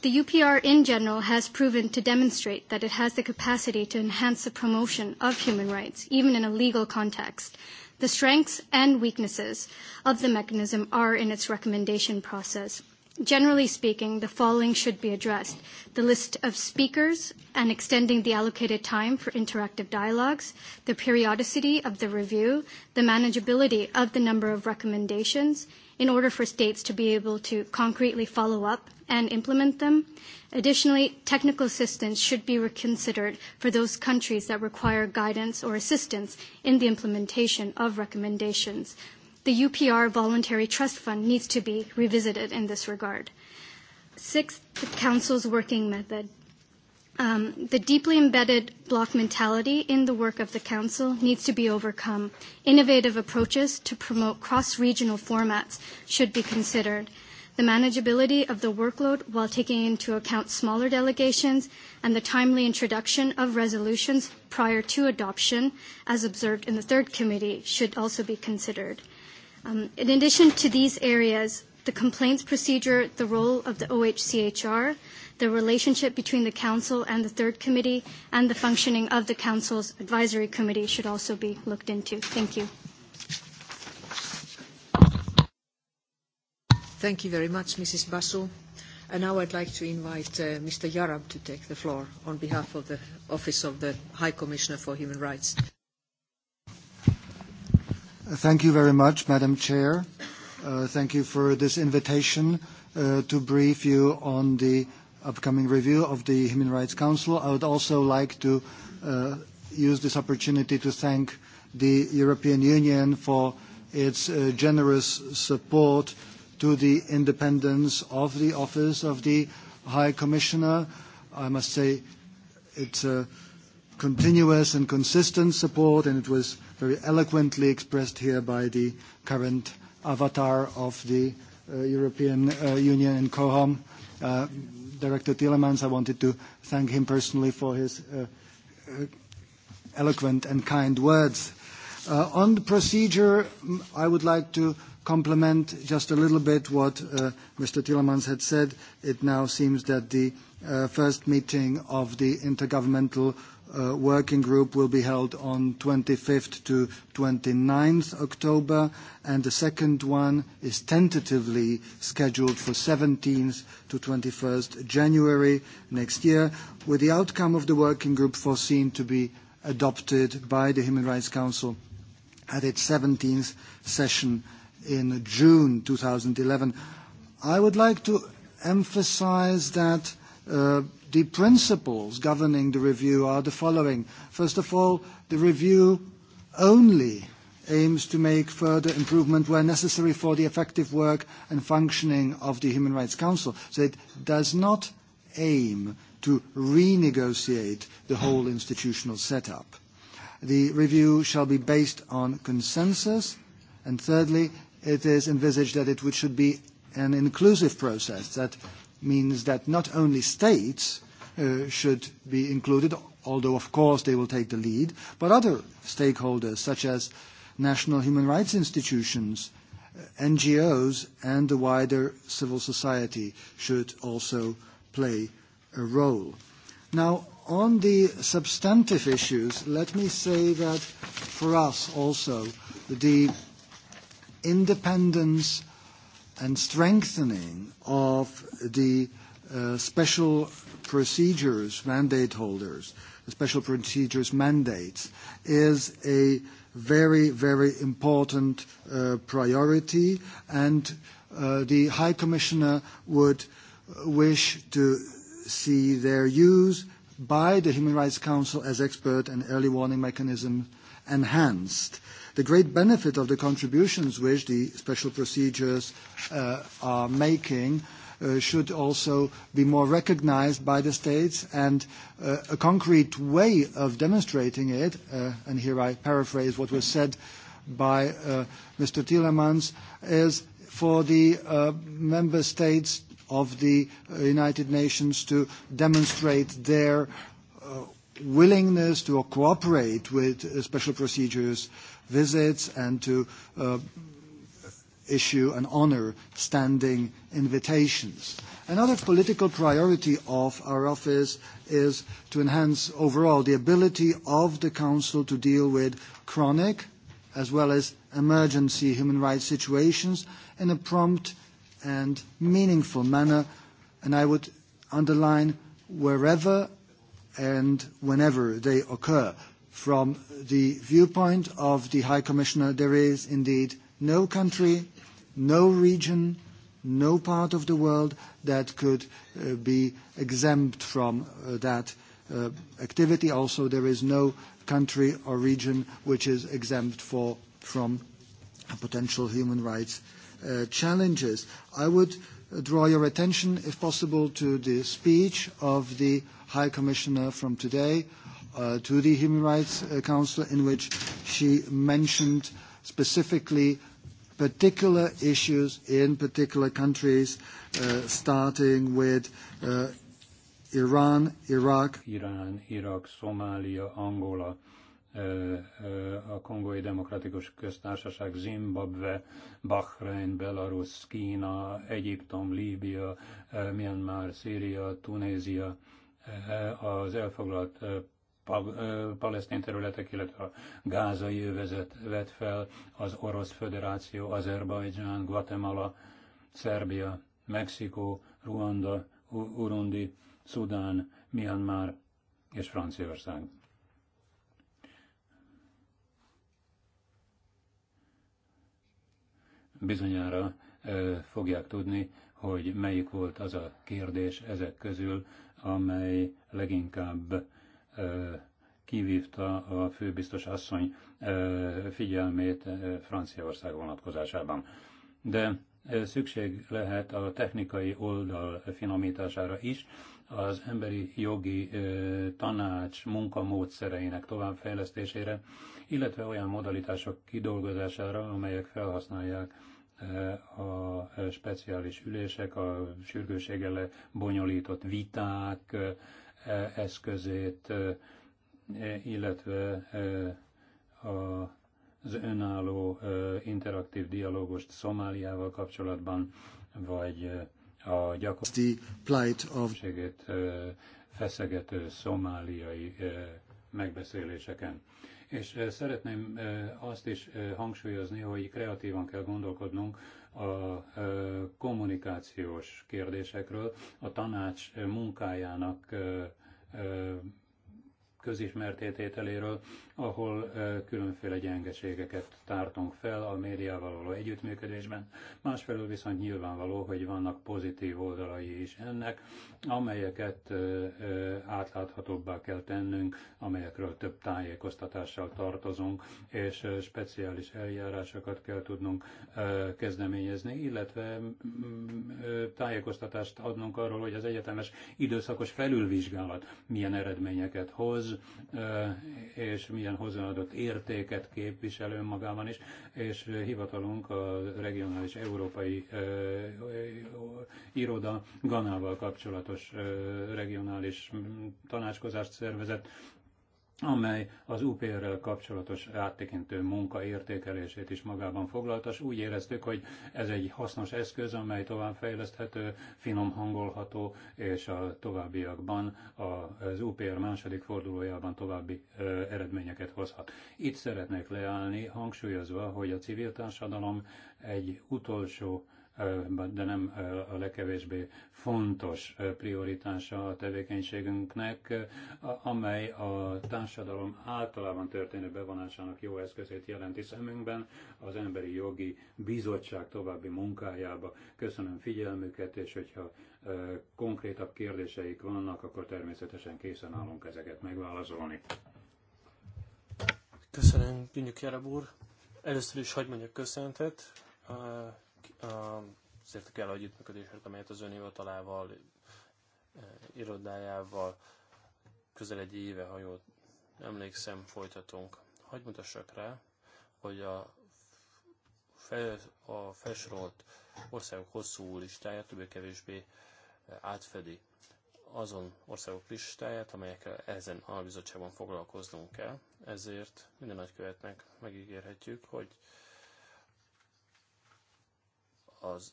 The UPR in general has proven to demonstrate that it has the capacity to enhance the promotion of human rights, even in a legal context. The strengths and weaknesses of the mechanism are in its recommendation process. Generally speaking, the following should be addressed. The list of speakers and extending the allocated time for interactive dialogues, the periodicity of the review, the manageability of the number of recommendations, in order for states to be able to concretely follow up and implement them. Additionally, technical assistance should be reconsidered for those countries that require guidance or assistance in the implementation of recommendations. The UPR Voluntary Trust Fund needs to be revisited in this regard. Sixth, the Council's working method. Um, the deeply embedded block mentality in the work of the Council needs to be overcome. Innovative approaches to promote cross-regional formats should be considered. The manageability of the workload while taking into account smaller delegations and the timely introduction of resolutions prior to adoption, as observed in the third committee, should also be considered. Um, in addition to these areas, the complaints procedure, the role of the OHCHR, the relationship between the Council and the Third Committee, and the functioning of the Council's Advisory Committee should also be looked into. Thank you. Thank you very much, Mrs. Basu. And now I'd like to invite uh, Mr. Yarab to take the floor on behalf of the Office of the High Commissioner for Human Rights. Uh, thank you very much, Madam Chair. Uh, thank you for this invitation uh, to brief you on the upcoming review of the Human Rights Council. I would also like to uh, use this opportunity to thank the European Union for its uh, generous support to the independence of the office of the High Commissioner. I must say it's a continuous and consistent support, and it was very eloquently expressed here by the current avatar of the uh, European uh, Union in COHOM, uh, Director Tillemans. I wanted to thank him personally for his uh, uh eloquent and kind words. Uh, on the procedure, I would like to complement just a little bit what uh, Mr. Tillemans had said. It now seems that the uh, first meeting of the Intergovernmental Uh, working group will be held on 25th to 29th October, and the second one is tentatively scheduled for 17th to 21st January next year, with the outcome of the working group foreseen to be adopted by the Human Rights Council at its 17th session in June 2011. I would like to emphasize that Uh, the principles governing the review are the following. First of all, the review only aims to make further improvement where necessary for the effective work and functioning of the Human Rights Council. So it does not aim to renegotiate the whole institutional setup. The review shall be based on consensus. And thirdly, it is envisaged that it should be an inclusive process, that means that not only states uh, should be included, although of course they will take the lead, but other stakeholders such as national human rights institutions, uh, NGOs, and the wider civil society should also play a role. Now, on the substantive issues, let me say that for us also, the independence and strengthening of the uh, special procedures mandate holders, the special procedures mandates, is a very, very important uh, priority, and uh, the High Commissioner would uh, wish to see their use by the Human Rights Council as expert and early warning mechanism enhanced. Uh, the great benefit of the contributions which the special procedures uh, are making uh, should also be more recognized by the states and uh, a concrete way of demonstrating it, uh, and here I paraphrase what was said by uh, Mr. Tielemans, is for the uh, member states of the uh, United Nations to demonstrate their uh, willingness to cooperate with uh, special procedures visits and to uh, issue and honour standing invitations. Another political priority of our office is to enhance overall the ability of the Council to deal with chronic as well as emergency human rights situations in a prompt and meaningful manner, and I would underline wherever and whenever they occur. From the viewpoint of the High Commissioner, there is indeed no country, no region, no part of the world that could uh, be exempt from uh, that uh, activity. Also, there is no country or region which is exempt for, from potential human rights uh, challenges. I would uh, draw your attention, if possible, to the speech of the High Commissioner from today uh, to the Human Rights uh, Council in which she mentioned specifically particular issues in particular countries, uh, starting with uh, Iran, Iraq. Iran, Iraq, Somalia, Angola, uh, uh, a Kongói Demokratikus Köztársaság, Zimbabwe, Bahrein, Belarus, Kína, Egyiptom, Líbia, Myanmar, Szíria, Tunézia, az elfoglalt palesztin területek, illetve a gázai övezet vett fel, az Orosz Föderáció, Azerbajdzsán, Guatemala, Szerbia, Mexikó, Ruanda, Urundi, Szudán, Myanmar és Franciaország. Bizonyára fogják tudni, hogy melyik volt az a kérdés ezek közül, amely leginkább kivívta a főbiztos asszony figyelmét Franciaország vonatkozásában. De szükség lehet a technikai oldal finomítására is, az emberi jogi tanács munkamódszereinek továbbfejlesztésére, illetve olyan modalitások kidolgozására, amelyek felhasználják a speciális ülések, a sürgőséggel bonyolított viták, E, eszközét, e, illetve e, az önálló interaktív dialógust Szomáliával kapcsolatban, vagy a gyakorlatilag feszegető szomáliai megbeszéléseken. És szeretném azt is hangsúlyozni, hogy kreatívan kell gondolkodnunk a kommunikációs kérdésekről, a tanács munkájának közismertétételéről, ahol eh, különféle gyengeségeket tártunk fel a médiával való együttműködésben. Másfelől viszont nyilvánvaló, hogy vannak pozitív oldalai is ennek, amelyeket eh, eh, átláthatóbbá kell tennünk, amelyekről több tájékoztatással tartozunk, és speciális eljárásokat kell tudnunk kezdeményezni, illetve mm, mm, tájékoztatást adnunk arról, hogy az egyetemes időszakos felülvizsgálat milyen eredményeket hoz, hoz, és milyen hozzáadott értéket képvisel önmagában is, és hivatalunk a regionális európai iroda Ganával kapcsolatos regionális tanácskozást szervezett, amely az UPR-rel kapcsolatos áttekintő munka értékelését is magában foglalta, és úgy éreztük, hogy ez egy hasznos eszköz, amely továbbfejleszthető, finom hangolható, és a továbbiakban az UPR második fordulójában további eredményeket hozhat. Itt szeretnék leállni, hangsúlyozva, hogy a civil társadalom egy utolsó de nem a legkevésbé fontos prioritása a tevékenységünknek, amely a társadalom általában történő bevonásának jó eszközét jelenti szemünkben az Emberi Jogi Bizottság további munkájába. Köszönöm figyelmüket, és hogyha konkrétabb kérdéseik vannak, akkor természetesen készen állunk ezeket megválaszolni. Köszönöm, Gyönyök Jereb úr. Először is hagyd mondjak köszöntet azért kell együttműködések, amelyet az önhivatalával, irodájával közel egy éve, ha jól emlékszem, folytatunk. Hagy mutassak rá, hogy a, fel, a felsorolt országok hosszú listája többé-kevésbé átfedi azon országok listáját, amelyekkel ezen a bizottságban foglalkoznunk kell. Ezért minden nagykövetnek megígérhetjük, hogy az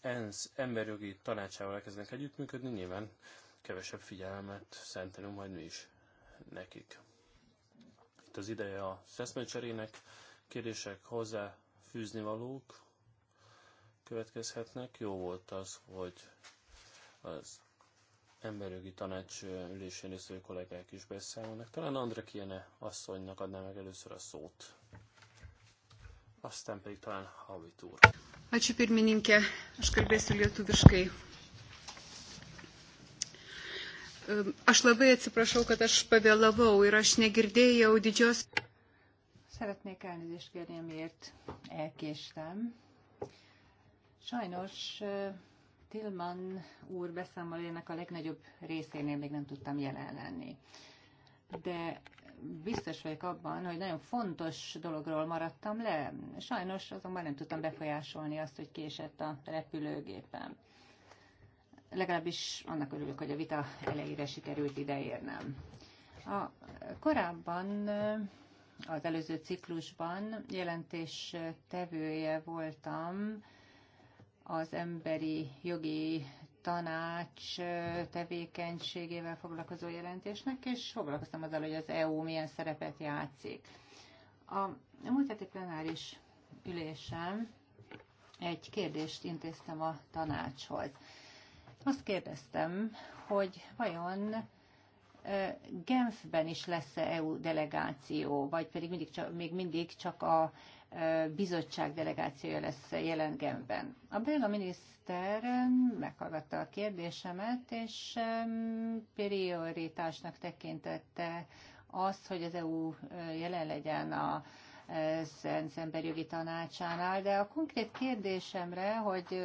ENSZ emberjogi tanácsával elkezdenek együttműködni, nyilván kevesebb figyelmet szentelünk majd mi is nekik. Itt az ideje a cserének, kérdések hozzá fűzni valók következhetnek. Jó volt az, hogy az emberjogi tanács ülésén résztvevő kollégák is beszélnek Talán Andra Kiene asszonynak adná meg először a szót. Aztán pedig talán Havit úr. Ačiū pirmininkė, aš kalbėsiu lietuviškai. Ehm, aš labai atsiprašau, kad aš pavėlavau ir aš negirdėjau didžios. Szeretnék elnézést kérni, amiért elkéstem. Sajnos ehm, Tilman úr beszámolójának a legnagyobb részénél még nem tudtam jelen lenni. De biztos vagyok abban, hogy nagyon fontos dologról maradtam le. Sajnos azonban nem tudtam befolyásolni azt, hogy késett a repülőgépem. Legalábbis annak örülök, hogy a vita elejére sikerült ideérnem. A korábban az előző ciklusban jelentés tevője voltam az emberi jogi tanács tevékenységével foglalkozó jelentésnek, és foglalkoztam azzal, hogy az EU milyen szerepet játszik. A múlt heti plenáris ülésem egy kérdést intéztem a tanácshoz. Azt kérdeztem, hogy vajon Genfben is lesz-e EU delegáció, vagy pedig mindig csak, még mindig csak a bizottság delegációja lesz jelen Genben. A belga miniszter meghallgatta a kérdésemet, és prioritásnak tekintette azt, hogy az EU jelen legyen a az jogi tanácsánál, de a konkrét kérdésemre, hogy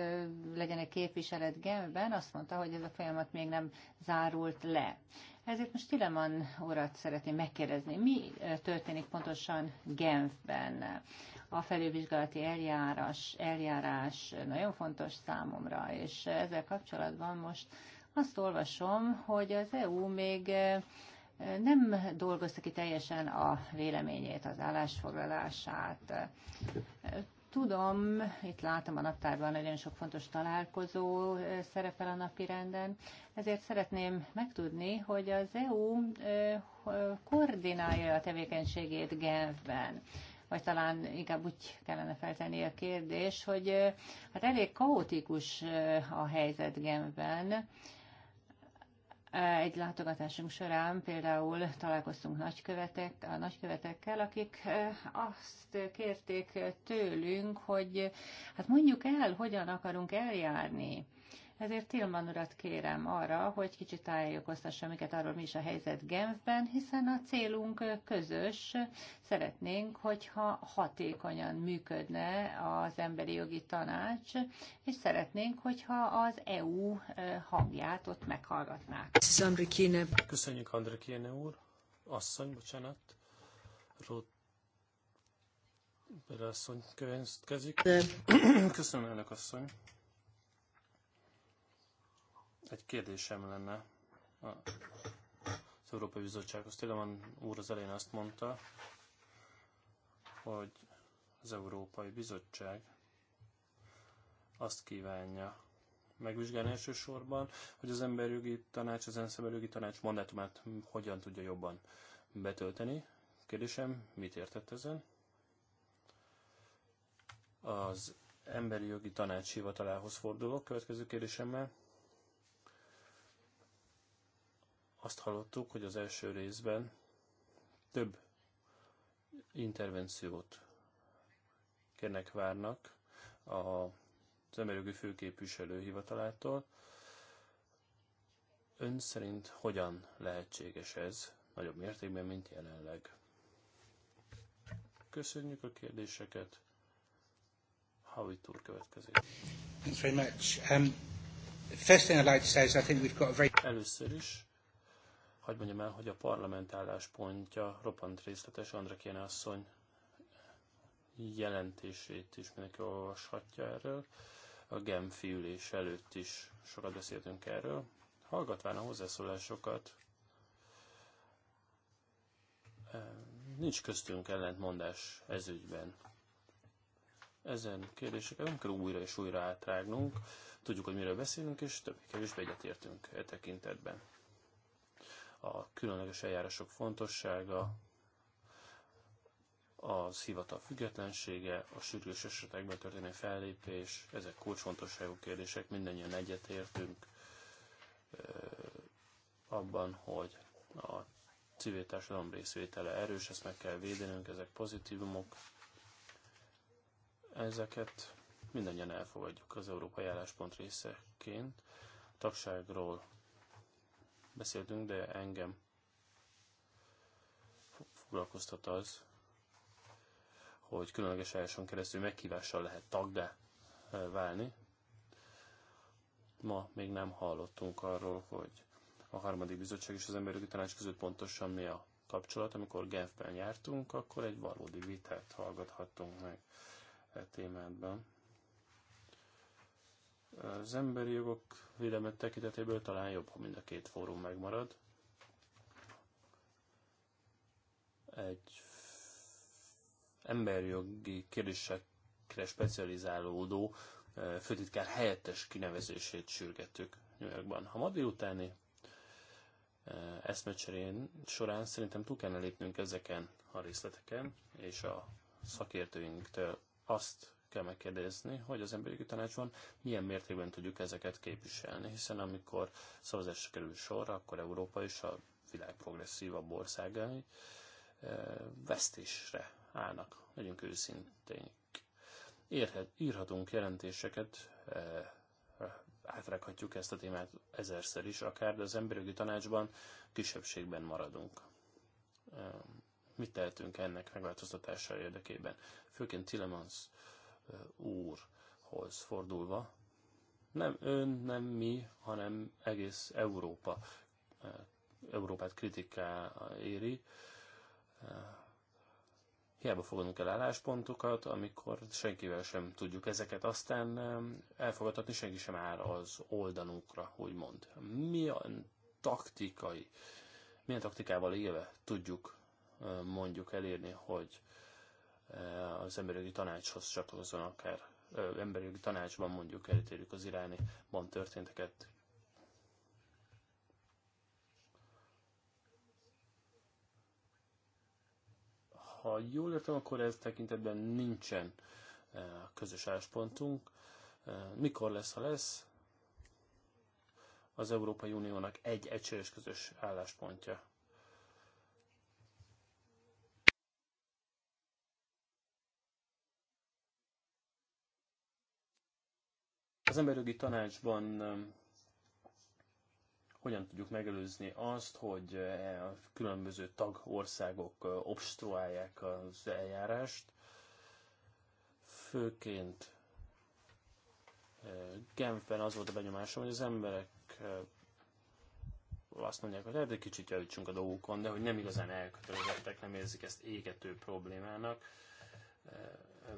legyenek képviselet Genben, azt mondta, hogy ez a folyamat még nem zárult le. Ezért most Tileman urat szeretném megkérdezni, mi történik pontosan Genfben? A felülvizsgálati eljárás, eljárás nagyon fontos számomra, és ezzel kapcsolatban most azt olvasom, hogy az EU még nem dolgozta ki teljesen a véleményét, az állásfoglalását. Tudom, itt látom a naptárban nagyon sok fontos találkozó szerepel a napi renden, ezért szeretném megtudni, hogy az EU koordinálja a tevékenységét Genfben vagy talán inkább úgy kellene feltenni a kérdés, hogy hát elég kaotikus a helyzet Genfben, egy látogatásunk során például találkoztunk nagykövetek, a nagykövetekkel, akik azt kérték tőlünk, hogy hát mondjuk el, hogyan akarunk eljárni ezért Tilman urat kérem arra, hogy kicsit tájékoztassa minket arról, mi is a helyzet Genfben, hiszen a célunk közös. Szeretnénk, hogyha hatékonyan működne az emberi jogi tanács, és szeretnénk, hogyha az EU eh, hangját ott meghallgatnák. Köszönjük, Kéne úr. Asszony, bocsánat. Rót Berasszony következik. Köszönöm, elnök asszony. Egy kérdésem lenne az Európai Bizottsághoz. Tilleman úr az elején azt mondta, hogy az Európai Bizottság azt kívánja megvizsgálni elsősorban, hogy az emberjogi tanács, az ENSZ emberjogi tanács mandátumát hogyan tudja jobban betölteni. Kérdésem, mit értett ezen? Az emberi jogi tanács hivatalához fordulok következő kérdésemmel. Azt hallottuk, hogy az első részben több intervenciót kérnek, várnak a az emberjogi főképviselő hivatalától. Ön szerint hogyan lehetséges ez nagyobb mértékben, mint jelenleg? Köszönjük a kérdéseket. Howie Tour következik. Thanks very much. Um, first thing I'd like to say is I think we've got a very... Először is hagyd mondjam el, hogy a parlament álláspontja roppant részletes Andra Kéne asszony jelentését is mindenki olvashatja erről. A Genfi ülés előtt is sokat beszéltünk erről. Hallgatván a hozzászólásokat, eh, nincs köztünk ellentmondás ezügyben. Ezen kérdéseket nem kell újra és újra átrágnunk, tudjuk, hogy miről beszélünk, és többé-kevésbé egyetértünk e tekintetben a különleges eljárások fontossága, az hivatal függetlensége, a sürgős esetekben történő fellépés, ezek kulcsfontosságú kérdések, mindannyian egyetértünk abban, hogy a civil társadalom részvétele erős, ezt meg kell védenünk, ezek pozitívumok. Ezeket mindannyian elfogadjuk az európai álláspont részeként. A tagságról beszéltünk, de engem foglalkoztat az, hogy különleges eljáráson keresztül meghívással lehet tagdá válni. Ma még nem hallottunk arról, hogy a harmadik bizottság és az emberi tanács között pontosan mi a kapcsolat. Amikor Genfben jártunk, akkor egy valódi vitát hallgathattunk meg e témádban. Az emberi jogok védelmet tekintetéből talán jobb, ha mind a két fórum megmarad. Egy emberi jogi kérdésekre specializálódó főtitkár helyettes kinevezését sürgettük New Yorkban. Ha ma délutáni eszmecserén során szerintem túl kellene lépnünk ezeken a részleteken, és a szakértőinktől azt kell megkérdezni, hogy az emberi tanácsban milyen mértékben tudjuk ezeket képviselni, hiszen amikor szavazásra kerül sor, akkor Európa és a világ progresszívabb országai eh, vesztésre állnak, legyünk őszinténk. Érhet, írhatunk jelentéseket, eh, átrághatjuk ezt a témát ezerszer is akár, de az emberi tanácsban kisebbségben maradunk eh, mit tehetünk ennek megváltoztatása érdekében. Főként Tillemans úrhoz fordulva, nem ön, nem mi, hanem egész Európa, Európát kritiká éri. Hiába fogadunk el álláspontokat, amikor senkivel sem tudjuk ezeket, aztán elfogadhatni senki sem áll az oldalunkra, úgymond. Milyen taktikai, milyen taktikával élve tudjuk mondjuk elérni, hogy Eh, az emberi tanácshoz csatlakozzon akár emberi tanácsban mondjuk eltérjük az irániban történteket. Ha jól értem, akkor ez tekintetben nincsen eh, közös álláspontunk. Eh, mikor lesz, ha lesz? Az Európai Uniónak egy egységes közös álláspontja Az emberjogi tanácsban hogyan tudjuk megelőzni azt, hogy a különböző tagországok obstruálják az eljárást, főként Genfben az volt a benyomásom, hogy az emberek azt mondják, hogy hát egy kicsit javítsunk a dolgokon, de hogy nem igazán elkötelezettek, nem érzik ezt égető problémának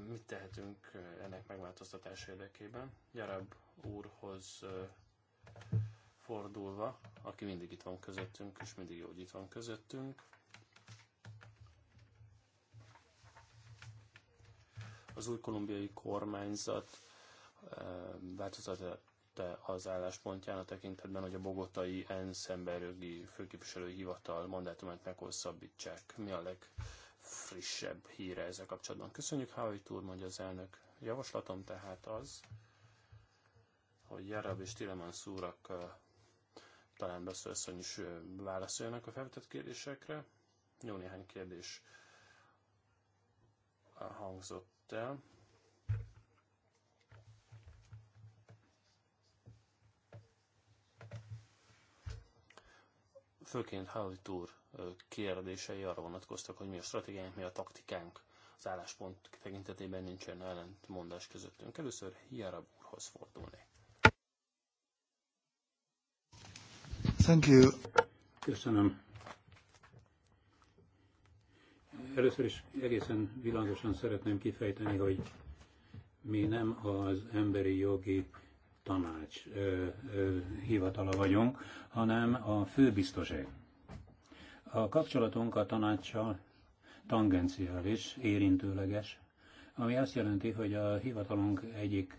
mit tehetünk ennek megváltoztatása érdekében. Gyarab úrhoz fordulva, aki mindig itt van közöttünk, és mindig jó, hogy itt van közöttünk. Az új kolumbiai kormányzat változtatta az álláspontján a tekintetben, hogy a bogotai ENSZ emberjogi főképviselői hivatal mandátumát meghosszabbítsák. Mi a leg legfrissebb híre ezzel kapcsolatban. Köszönjük, Havi Túr, mondja az elnök. Javaslatom tehát az, hogy Jarab és Tilemans úrak talán beszélszony is válaszoljanak a felvetett kérdésekre. Jó néhány kérdés hangzott el. Főként Havi Túr kérdései arra vonatkoztak, hogy mi a stratégiánk, mi a taktikánk. Az álláspont tekintetében nincsen ellentmondás közöttünk. Először Hiarab úrhoz fordulni. Thank you. Köszönöm. Először is egészen világosan szeretném kifejteni, hogy mi nem az emberi jogi tanács ö, ö, hivatala vagyunk, hanem a főbiztosé. A kapcsolatunk a tanácssal tangenciális, érintőleges, ami azt jelenti, hogy a hivatalunk egyik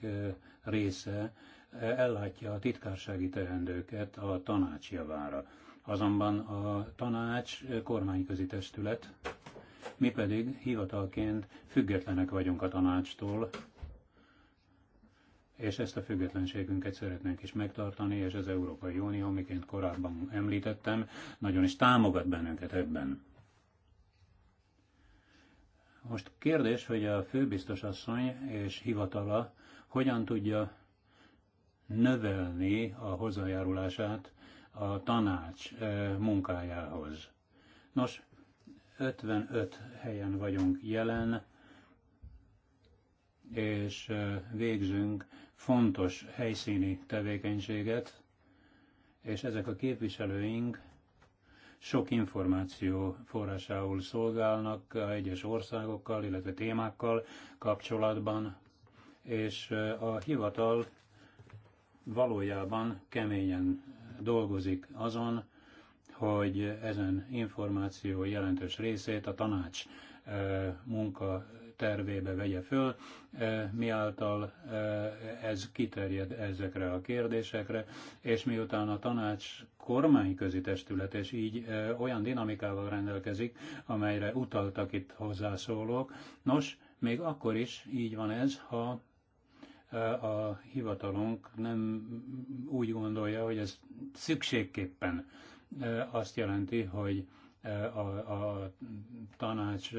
része ellátja a titkársági teendőket a tanács javára. Azonban a tanács kormányközi testület, mi pedig hivatalként függetlenek vagyunk a tanácstól, és ezt a függetlenségünket szeretnénk is megtartani, és az Európai Unió, amiként korábban említettem, nagyon is támogat bennünket ebben. Most kérdés, hogy a főbiztos asszony és hivatala hogyan tudja növelni a hozzájárulását a tanács eh, munkájához. Nos, 55 helyen vagyunk jelen, és eh, végzünk fontos helyszíni tevékenységet, és ezek a képviselőink sok információ forrásául szolgálnak egyes országokkal, illetve témákkal kapcsolatban, és a hivatal valójában keményen dolgozik azon, hogy ezen információ jelentős részét a tanács munka tervébe vegye föl, eh, miáltal eh, ez kiterjed ezekre a kérdésekre, és miután a tanács kormányközi testület, és így eh, olyan dinamikával rendelkezik, amelyre utaltak itt hozzászólók. Nos, még akkor is így van ez, ha a hivatalunk nem úgy gondolja, hogy ez szükségképpen azt jelenti, hogy a, a tanács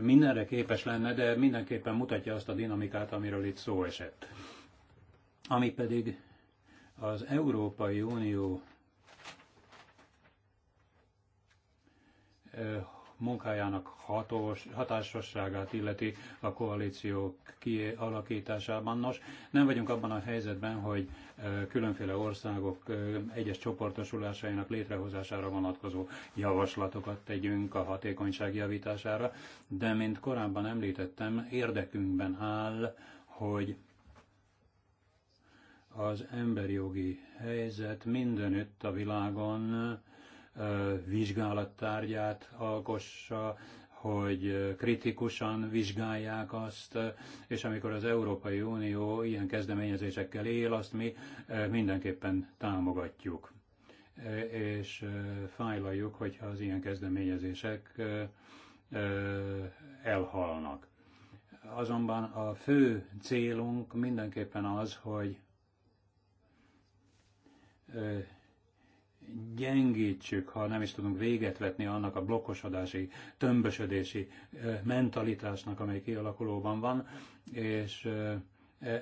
mindenre képes lenne, de mindenképpen mutatja azt a dinamikát, amiről itt szó esett. Ami pedig az Európai Unió munkájának hatós, hatásosságát illeti a koalíciók kialakításában. Nos, nem vagyunk abban a helyzetben, hogy különféle országok egyes csoportosulásainak létrehozására vonatkozó javaslatokat tegyünk a hatékonyság javítására, de mint korábban említettem, érdekünkben áll, hogy az emberi jogi helyzet mindenütt a világon vizsgálattárgyát alkossa, hogy kritikusan vizsgálják azt, és amikor az Európai Unió ilyen kezdeményezésekkel él, azt mi mindenképpen támogatjuk és fájlaljuk, hogyha az ilyen kezdeményezések elhalnak. Azonban a fő célunk mindenképpen az, hogy gyengítsük, ha nem is tudunk véget vetni annak a blokkosodási, tömbösödési mentalitásnak, amely kialakulóban van, és e,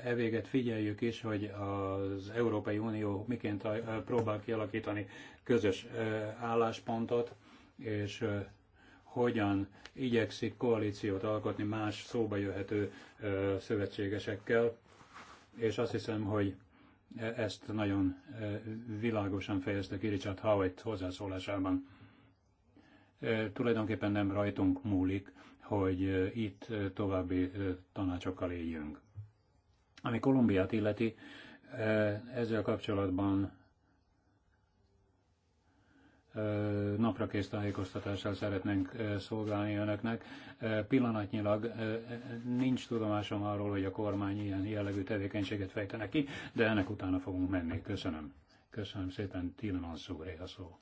e véget figyeljük is, hogy az Európai Unió miként próbál kialakítani közös álláspontot, és hogyan igyekszik koalíciót alkotni más szóba jöhető szövetségesekkel, és azt hiszem, hogy E, ezt nagyon e, világosan fejezte ki Richard Howitt hozzászólásában. E, tulajdonképpen nem rajtunk múlik, hogy itt további tanácsokkal éljünk. Ami Kolumbiát illeti, ezzel kapcsolatban naprakész tájékoztatással szeretnénk szolgálni önöknek. Pillanatnyilag nincs tudomásom arról, hogy a kormány ilyen jellegű tevékenységet fejtene ki, de ennek utána fogunk menni. Köszönöm. Köszönöm szépen, Tillemans úré a szó.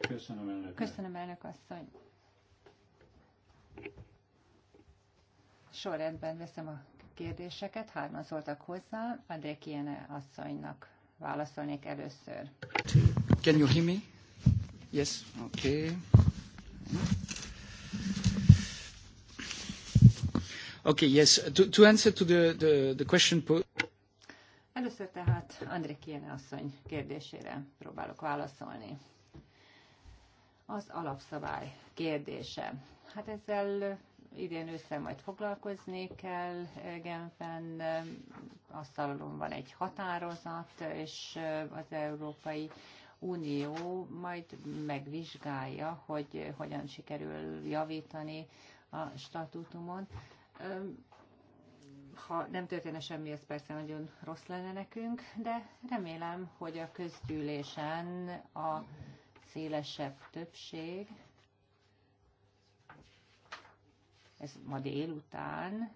Köszönöm, elnök. Köszönöm, elnök asszony. Sorrendben veszem a kérdéseket, hárman szóltak hozzá, André Kiene asszonynak válaszolnék először. Csíp. Can you hear me? Yes? Okay. Okay, yes. To, to answer to the, the, the question Először tehát André Kiene asszony kérdésére próbálok válaszolni. Az alapszabály kérdése. Hát ezzel idén össze majd foglalkozni kell Genfen. Asztalon van egy határozat, és az Európai Unió majd megvizsgálja, hogy hogyan sikerül javítani a statútumon. Ha nem történne semmi, ez persze nagyon rossz lenne nekünk, de remélem, hogy a közgyűlésen a szélesebb többség, ez ma délután,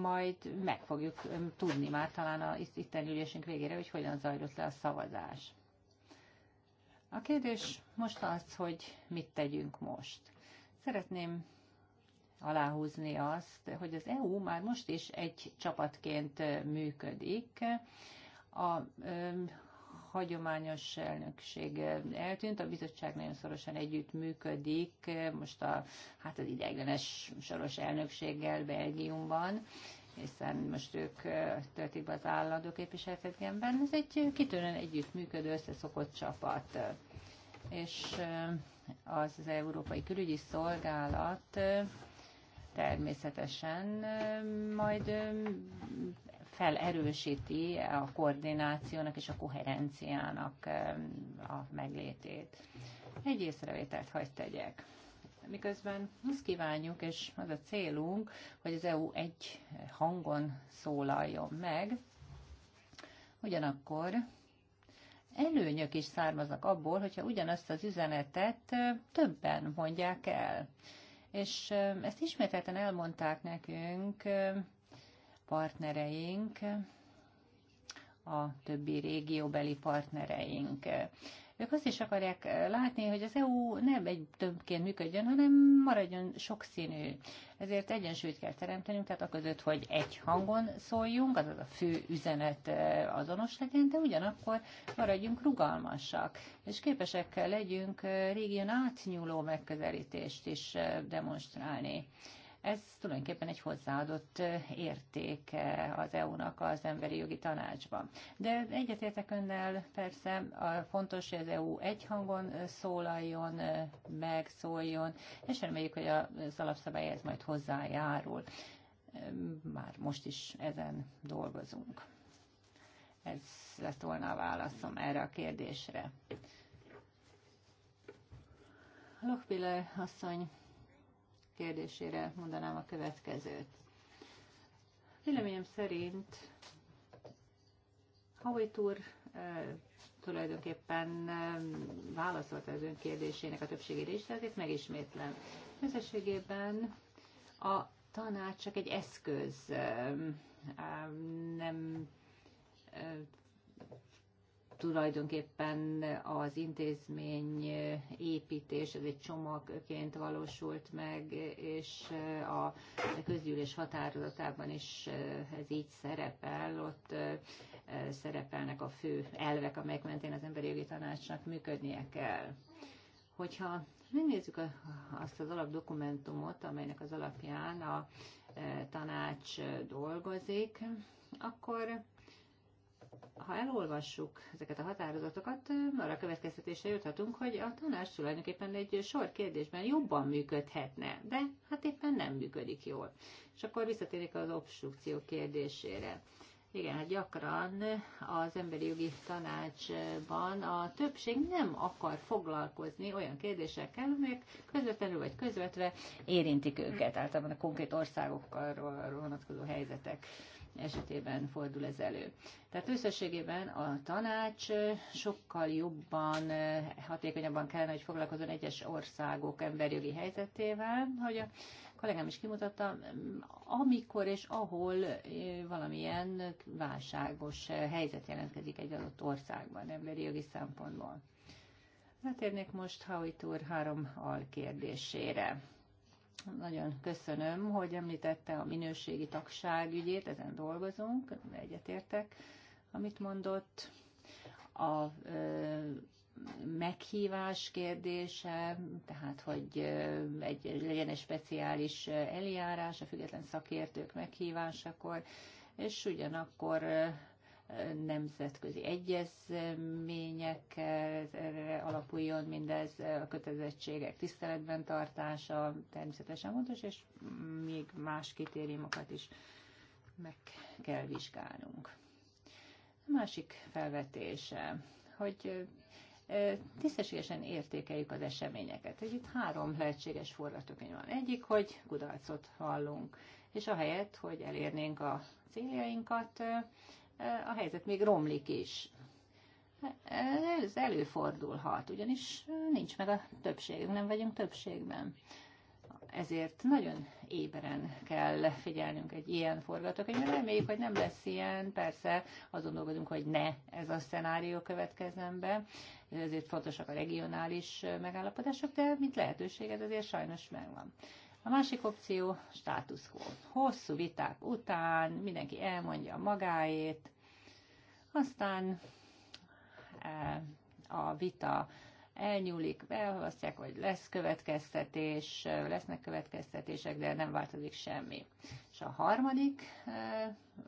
majd meg fogjuk tudni már talán a itteni ülésünk végére, hogy hogyan zajlott le a szavazás. A kérdés most az, hogy mit tegyünk most. Szeretném aláhúzni azt, hogy az EU már most is egy csapatként működik. A hagyományos elnökség eltűnt, a bizottság nagyon szorosan együtt működik, most a, hát az ideiglenes soros elnökséggel Belgiumban, hiszen most ők töltik be az állandó képviseltetgemben. Ez egy kitűnően együttműködő, összeszokott csapat. És az, az Európai Külügyi Szolgálat természetesen majd felerősíti a koordinációnak és a koherenciának eh, a meglétét. Egy észrevételt hagy tegyek. Miközben azt kívánjuk, és az a célunk, hogy az EU egy hangon szólaljon meg, ugyanakkor előnyök is származnak abból, hogyha ugyanazt az üzenetet eh, többen mondják el. És eh, ezt ismételten elmondták nekünk partnereink, a többi régióbeli partnereink. Ők azt is akarják látni, hogy az EU nem egy tömbként működjön, hanem maradjon sokszínű. Ezért egyensúlyt kell teremtenünk, tehát a között, hogy egy hangon szóljunk, azaz a fő üzenet e, azonos legyen, de ugyanakkor maradjunk rugalmasak, és képesek legyünk e, régión átnyúló megközelítést is e, demonstrálni. Ez tulajdonképpen egy hozzáadott érték az EU-nak az emberi jogi tanácsban. De egyetértek önnel persze, a fontos, hogy az EU egy hangon szólaljon, megszóljon, és reméljük, hogy az ez majd hozzájárul. Már most is ezen dolgozunk. Ez lett volna a válaszom erre a kérdésre. Lokbiller asszony kérdésére mondanám a következőt. Véleményem szerint Howitt úr tulajdonképpen válaszolta az ön kérdésének a többségére is, de megismétlem. Összességében a tanács csak egy eszköz, nem tulajdonképpen az intézmény építés, ez egy csomagként valósult meg, és a közgyűlés határozatában is ez így szerepel, ott szerepelnek a fő elvek, amelyek mentén az emberi jogi tanácsnak működnie kell. Hogyha megnézzük azt az alapdokumentumot, amelynek az alapján a tanács dolgozik, akkor ha elolvassuk ezeket a határozatokat, arra a következtetésre juthatunk, hogy a tanács tulajdonképpen egy sor kérdésben jobban működhetne, de hát éppen nem működik jól. És akkor visszatérik az obstrukció kérdésére. Igen, hát gyakran az emberi jogi tanácsban a többség nem akar foglalkozni olyan kérdésekkel, amelyek közvetlenül vagy közvetve érintik őket, általában a konkrét országokkal vonatkozó helyzetek esetében fordul ez elő. Tehát összességében a tanács sokkal jobban, hatékonyabban kellene, hogy foglalkozon egyes országok emberjogi helyzetével, hogy a kollégám is kimutatta, amikor és ahol eh, valamilyen válságos helyzet jelentkezik egy adott országban emberi jogi szempontból. Letérnék most Howitt úr három al kérdésére. Nagyon köszönöm, hogy említette a minőségi tagság ügyét, ezen dolgozunk, egyetértek, amit mondott. A ö, meghívás kérdése, tehát hogy egy, legyen egy speciális eljárás a független szakértők meghívásakor, és ugyanakkor nemzetközi egyezményekre alapuljon mindez, a kötelezettségek tiszteletben tartása természetesen fontos, és még más kritériumokat is meg kell vizsgálnunk. A másik felvetése, hogy tisztességesen értékeljük az eseményeket. Hogy itt három lehetséges forgatókönyv van. Egyik, hogy kudarcot hallunk, és ahelyett, hogy elérnénk a céljainkat, a helyzet még romlik is. Ez előfordulhat, ugyanis nincs meg a többségünk, nem vagyunk többségben. Ezért nagyon éberen kell figyelnünk egy ilyen forgatókönyvre. Reméljük, hogy nem lesz ilyen. Persze azon dolgozunk, hogy ne ez a szenárió következzen be. Ezért fontosak a regionális megállapodások, de mint lehetőség ez azért sajnos megvan. A másik opció status quo. Hosszú viták után mindenki elmondja magáét, aztán e, a vita elnyúlik, elhalasztják, hogy lesz következtetés, lesznek következtetések, de nem változik semmi. És a harmadik e,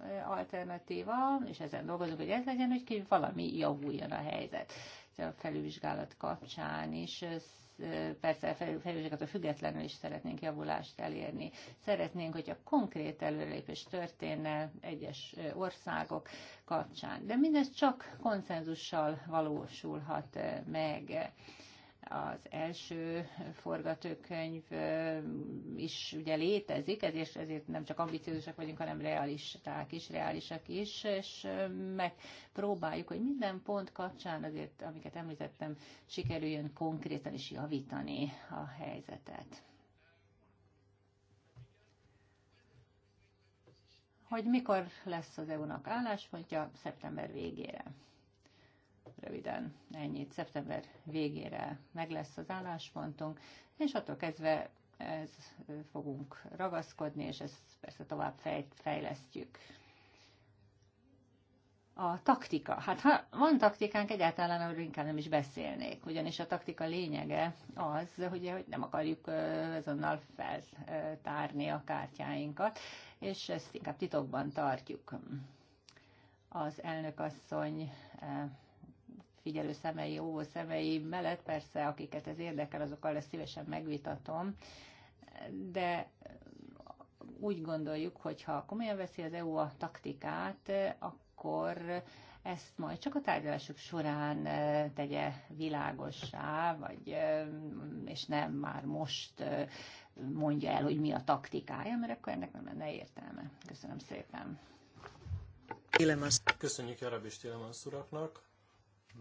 e, alternatíva, és ezen dolgozunk, hogy ez legyen, hogy valami javuljon a helyzet a felülvizsgálat kapcsán is persze a függetlenül is szeretnénk javulást elérni. Szeretnénk, hogy a konkrét előrelépés történne egyes országok kapcsán. De mindez csak konszenzussal valósulhat meg az első forgatókönyv is ugye létezik, ezért, ezért nem csak ambiciózusak vagyunk, hanem realisták is, reálisak is, és megpróbáljuk, hogy minden pont kapcsán azért, amiket említettem, sikerüljön konkrétan is javítani a helyzetet. Hogy mikor lesz az EU-nak álláspontja? Szeptember végére. Röviden ennyit. Szeptember végére meg lesz az álláspontunk, és attól kezdve ez fogunk ragaszkodni, és ezt persze tovább fejlesztjük. A taktika. Hát ha van taktikánk, egyáltalán arról inkább nem is beszélnék, ugyanis a taktika lényege az, hogy, hogy nem akarjuk azonnal feltárni a kártyáinkat, és ezt inkább titokban tartjuk. Az elnök asszony figyelő szemei, óvó szemei mellett, persze akiket ez érdekel, azokkal lesz szívesen megvitatom, de úgy gondoljuk, hogy ha komolyan veszi az EU a taktikát, akkor ezt majd csak a tárgyalások során eh, tegye világossá, vagy, eh, és nem már most eh, mondja el, hogy mi a taktikája, mert akkor ennek nem lenne értelme. Köszönöm szépen. Köszönjük Arab és Tilemansz uraknak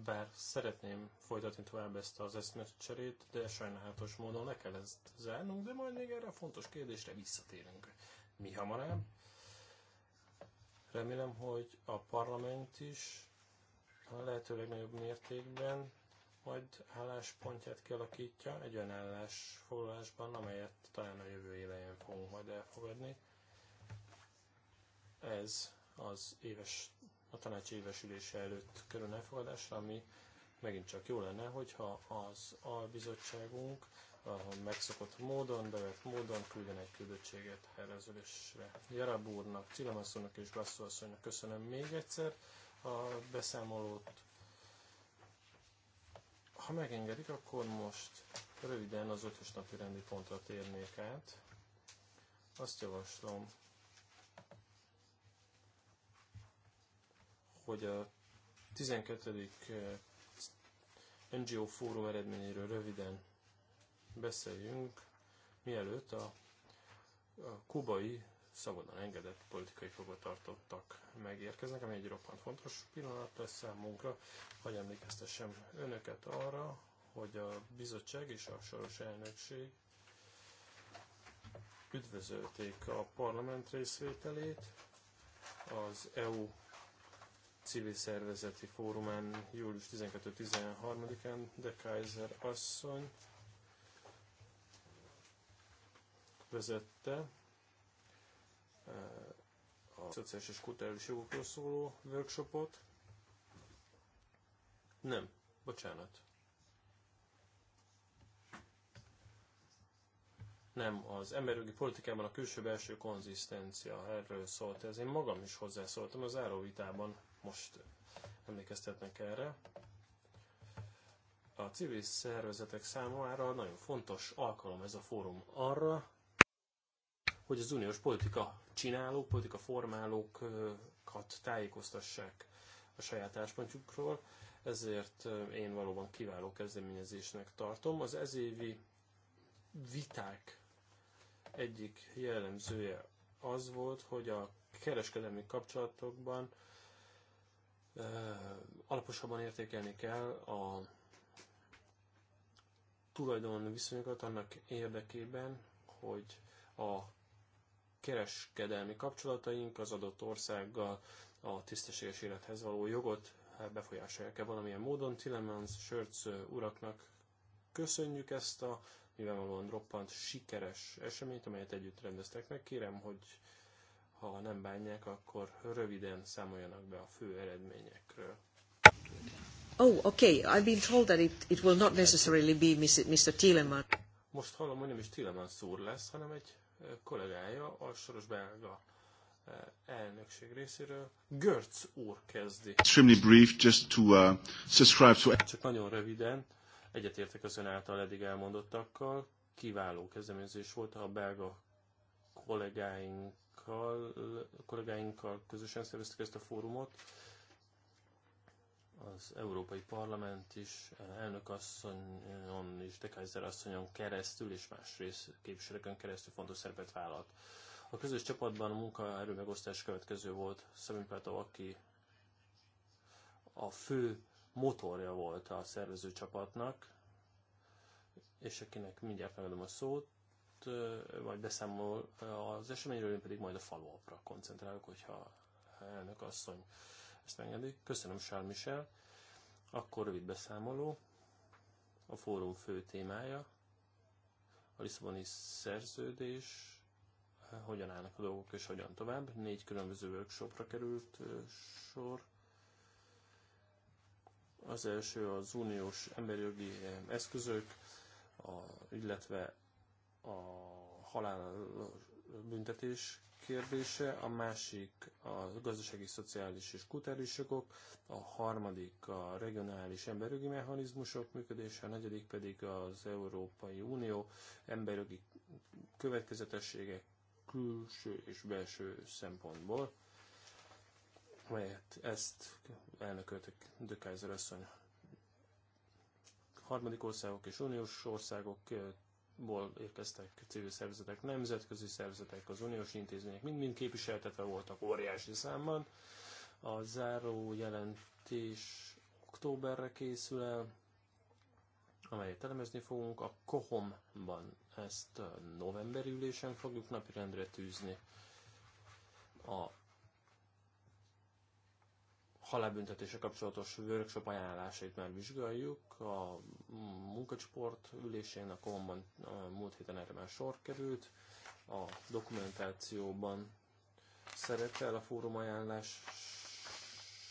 bár szeretném folytatni tovább ezt az cserét, de sajnálatos módon le kell ezt zárnunk, de majd még erre a fontos kérdésre visszatérünk mi hamarabb. Remélem, hogy a parlament is a lehető legnagyobb mértékben majd álláspontját kialakítja egy olyan állásfoglalásban, amelyet talán a jövő éven fogunk majd elfogadni. Ez az éves a tanács éves ülése előtt körön elfogadásra, ami megint csak jó lenne, hogyha az albizottságunk a megszokott módon, bevett módon küldene egy küldöttséget erre az ülésre. Jarab úrnak, Cilemasszonynak és Basszó köszönöm még egyszer a beszámolót. Ha megengedik, akkor most röviden az ötös napi rendi pontra térnék át. Azt javaslom, hogy a 12. Eh, NGO fórum eredményéről röviden beszéljünk, mielőtt a, a kubai szabadon engedett politikai fogvatartottak megérkeznek, ami egy roppant fontos pillanat lesz számunkra, hogy emlékeztessem önöket arra, hogy a bizottság és a soros elnökség üdvözölték a parlament részvételét az EU civil szervezeti fórumán július 12-13-án de Kaiser asszony vezette eh, a szociális és kulturális jogokról szóló workshopot. Nem, bocsánat. nem, az emberjogi politikában a külső-belső konzisztencia, erről szólt ez. Én magam is hozzászóltam az áróvitában most emlékeztetnek erre. A civil szervezetek számára nagyon fontos alkalom ez a fórum arra, hogy az uniós politika csinálók, politika formálókat tájékoztassák a saját álláspontjukról, ezért eh, én valóban kiváló kezdeményezésnek tartom. Az ezévi viták egyik jellemzője az volt, hogy a kereskedelmi kapcsolatokban alaposabban értékelni kell a tulajdon viszonyokat annak érdekében, hogy a kereskedelmi kapcsolataink az adott országgal a tisztességes élethez való jogot befolyásolják-e valamilyen módon. Tillemans Sörc uraknak köszönjük ezt a nyilvánvalóan roppant sikeres eseményt, amelyet együtt rendeztek meg. Kérem, hogy ha nem bánják, akkor röviden számoljanak be a fő eredményekről. Oh, okay. I've been told that it, it will not necessarily be Mr. Tielemans. Most hallom, hogy nem is Tielemans úr lesz, hanem egy eh, kollégája, a soros belga eh, elnökség részéről. Görz úr kezdi. Extremely brief, just to uh, subscribe to... Csak nagyon röviden, egyetértek az ön által eddig elmondottakkal. Kiváló kezdeményezés volt, a belga kollégáink kollégákkal, kollégáinkkal közösen szerveztük ezt a fórumot. Az Európai Parlament is, elnökasszonyon és Dekaiser asszonyon keresztül és más rész képviselőkön keresztül fontos szerepet vállalt. A közös csapatban a munkaerő megosztás következő volt Szemin aki a fő motorja volt a szervező csapatnak, és akinek mindjárt megadom a szót, majd beszámol az eseményről, én pedig majd a follow koncentrálok, hogyha elnök asszony ezt engedi. Köszönöm, Charles Michel. Akkor rövid beszámoló. A fórum fő témája a Lisszaboni szerződés, hogyan állnak a dolgok és hogyan tovább. Négy különböző workshopra került sor. Az első az uniós emberjogi eszközök, a, illetve a halál büntetés kérdése, a másik a gazdasági, szociális és kulturális jogok, a harmadik a regionális emberjogi mechanizmusok működése, a negyedik pedig az Európai Unió emberjogi következetessége külső és belső szempontból, melyet ezt elnököltek de Kaiser asszony harmadik országok és uniós országok ból érkeztek civil szervezetek, nemzetközi szervezetek, az uniós intézmények mind-mind képviseltetve voltak óriási számban. A záró jelentés októberre készül el, amelyet elemezni fogunk. A Kohomban ezt novemberi ülésen fogjuk napirendre tűzni. A halálbüntetése kapcsolatos workshop ajánlásait már vizsgáljuk. A munkacsoport ülésén a komban múlt héten erre már sor került. A dokumentációban szerepel a fórum ajánlás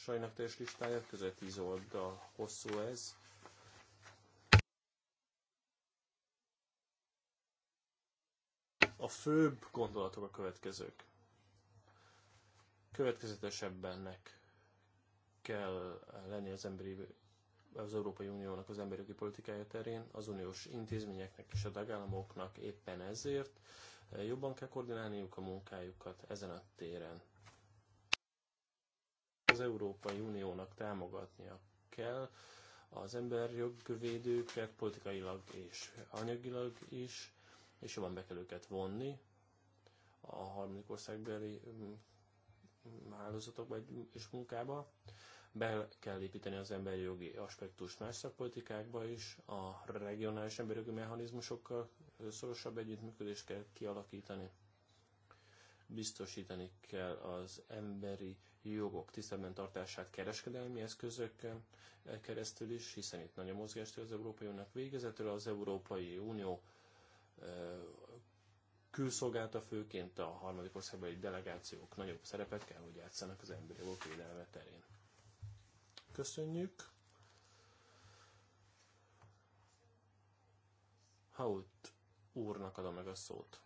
sajnak teljes listája, közel 10 oldal hosszú ez. A főbb gondolatok a következők. Következetesebbennek kell lenni az emberi az Európai Uniónak az emberi jogi politikája terén, az uniós intézményeknek és a tagállamoknak éppen ezért eh, jobban kell koordinálniuk a munkájukat ezen a téren. Az Európai Uniónak támogatnia kell az emberjogvédőket politikailag és anyagilag is, és jobban be kell őket vonni a harmadik országbeli mm, mm, hálózatokba és munkába. Be kell építeni az emberi jogi aspektus más szakpolitikákba is, a regionális emberi jogi mechanizmusokkal szorosabb együttműködést kell kialakítani. Biztosítani kell az emberi jogok tisztelben tartását kereskedelmi eszközökkel keresztül is, hiszen itt nagy a mozgástő az Európai Uniónak végezetül. Az Európai Unió külszolgálta főként a harmadik országbeli delegációk nagyobb szerepet kell, hogy játszanak az emberi jogok védelme terén. Köszönjük. Haut úrnak adom meg a szót.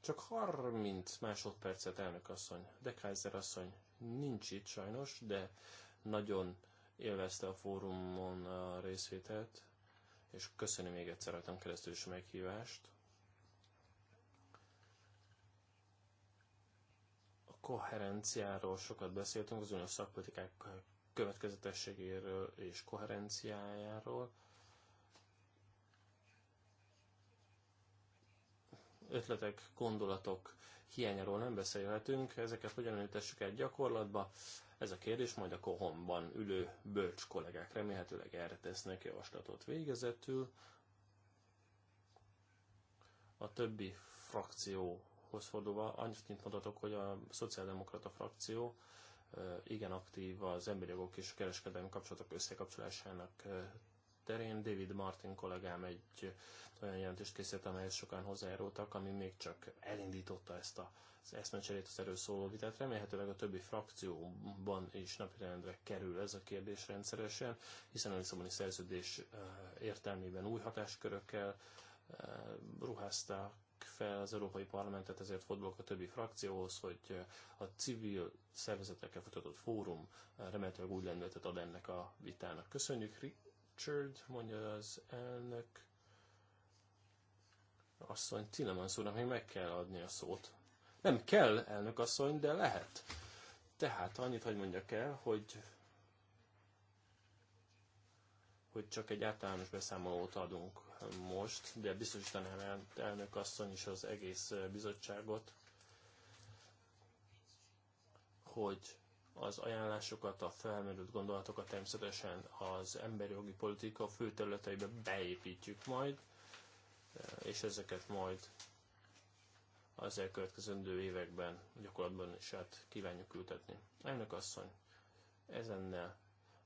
Csak 30 másodpercet, elnök asszony, de Kaiser asszony nincs itt sajnos, de nagyon élvezte a fórumon a részvételt, és köszönöm még egyszer a keresztül is a meghívást. A koherenciáról sokat beszéltünk, az uniós szakpolitikák következetességéről és koherenciájáról. Ötletek, gondolatok hiányáról nem beszélhetünk, ezeket hogyan ültessük egy gyakorlatba. Ez a kérdés majd a kohomban ülő bölcs kollégák remélhetőleg erre tesznek javaslatot végezetül. A többi frakcióhoz fordulva annyit mondhatok, hogy a szociáldemokrata frakció igen aktív az emberi jogok és a kereskedelmi kapcsolatok összekapcsolásának terén. David Martin kollégám egy olyan jelentést készített, amelyhez sokan hozzájárultak, ami még csak elindította ezt a az eszmecserét az erről szóló vitát. Remélhetőleg a többi frakcióban is napirendre kerül ez a kérdés rendszeresen, hiszen a Lisszaboni szerződés értelmében új hatáskörökkel ruházta fel az Európai Parlamentet, ezért fordulok a többi frakcióhoz, hogy a civil szervezetekkel folytatott fórum remélhetőleg úgy lendületet ad ennek a vitának. Köszönjük, Richard, mondja az elnök. Asszony, Tillemans úrnak még meg kell adni a szót. Nem kell, elnök asszony, de lehet. Tehát annyit, hogy mondjak el, hogy hogy csak egy általános beszámolót adunk most, de biztosítanám elnök asszony is az egész eh, bizottságot, hogy az ajánlásokat, a felmerült gondolatokat természetesen az emberi jogi politika fő területeibe beépítjük majd, eh, és ezeket majd az elkövetkezendő években gyakorlatban is át kívánjuk ültetni. Elnök asszony, ezennel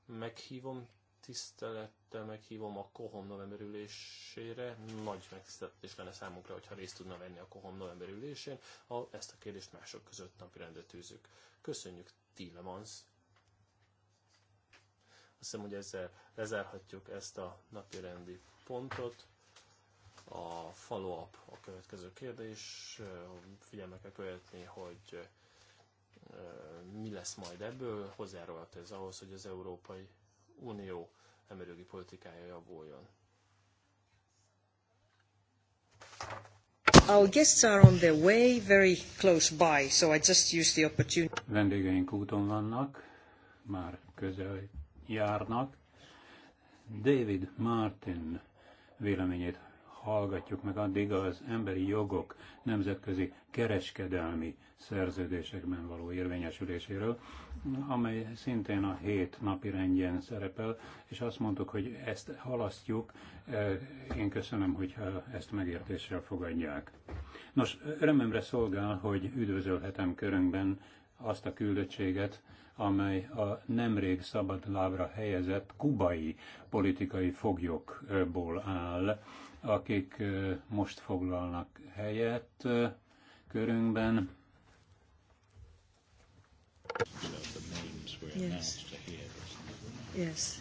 meghívom tisztelettel meghívom a Kohom november ülésére. Nagy megtiszteltetés lenne számunkra, hogyha részt tudna venni a Kohom november ülésén, ahol ezt a kérdést mások között napirendre tűzzük. Köszönjük, Tillemans! Azt hiszem, hogy ezzel lezárhatjuk ezt a napirendi pontot. A follow-up a következő kérdés. Figyelme kell követni, hogy mi lesz majd ebből. hozzárólhat ez ahhoz, hogy az európai Unió emberjogi politikája javuljon. Our guests are on their way very close by, so I just use the opportunity. Vendégeink úton vannak, már közel járnak. David Martin véleményét hallgatjuk meg addig az emberi jogok nemzetközi kereskedelmi szerződésekben való érvényesüléséről, amely szintén a hét napi rendjén szerepel, és azt mondtuk, hogy ezt halasztjuk. Eh, én köszönöm, hogyha ezt megértéssel fogadják. Nos, örömömre szolgál, hogy üdvözölhetem körünkben azt a küldöttséget, amely a nemrég szabad lábra helyezett kubai politikai foglyokból áll, akik eh, most foglalnak helyet eh, körünkben You know, the names were announced yes. here. Yes.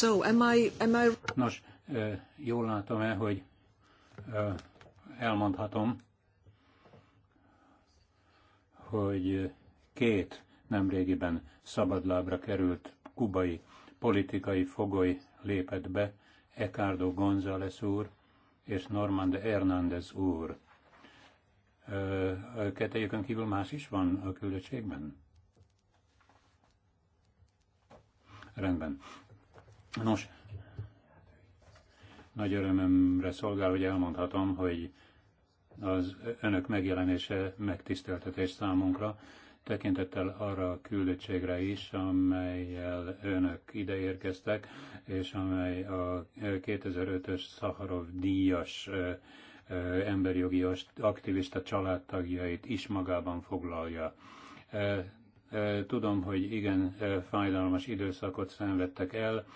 So, am I, am I... Nos, jól látom-e, hogy elmondhatom, hogy két nemrégiben szabadlábra került kubai politikai fogoly lépett be, Ecardo González úr és Normand Hernández úr. Kettejükön kívül más is van a küldöttségben? Rendben. Nos, nagy örömömre szolgál, hogy elmondhatom, hogy az önök megjelenése megtiszteltetés számunkra, tekintettel arra a küldöttségre is, amelyel önök ide érkeztek, és amely a 2005-ös Szaharov díjas emberi jogi aktivista családtagjait is magában foglalja. Tudom, hogy igen fájdalmas időszakot szenvedtek el,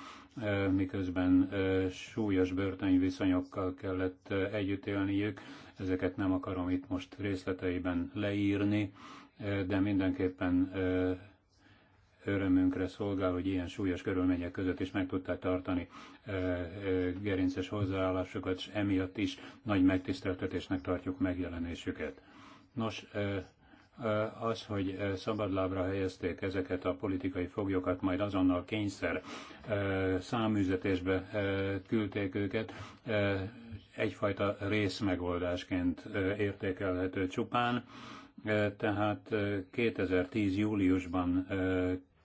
miközben súlyos viszonyokkal kellett együtt élniük. Ezeket nem akarom itt most részleteiben leírni, de mindenképpen örömünkre szolgál, hogy ilyen súlyos körülmények között is meg tudták tartani gerinces hozzáállásokat, és emiatt is nagy megtiszteltetésnek tartjuk megjelenésüket. Nos, az, hogy szabadlábra helyezték ezeket a politikai foglyokat, majd azonnal kényszer száműzetésbe küldték őket, egyfajta részmegoldásként értékelhető csupán. Tehát 2010. júliusban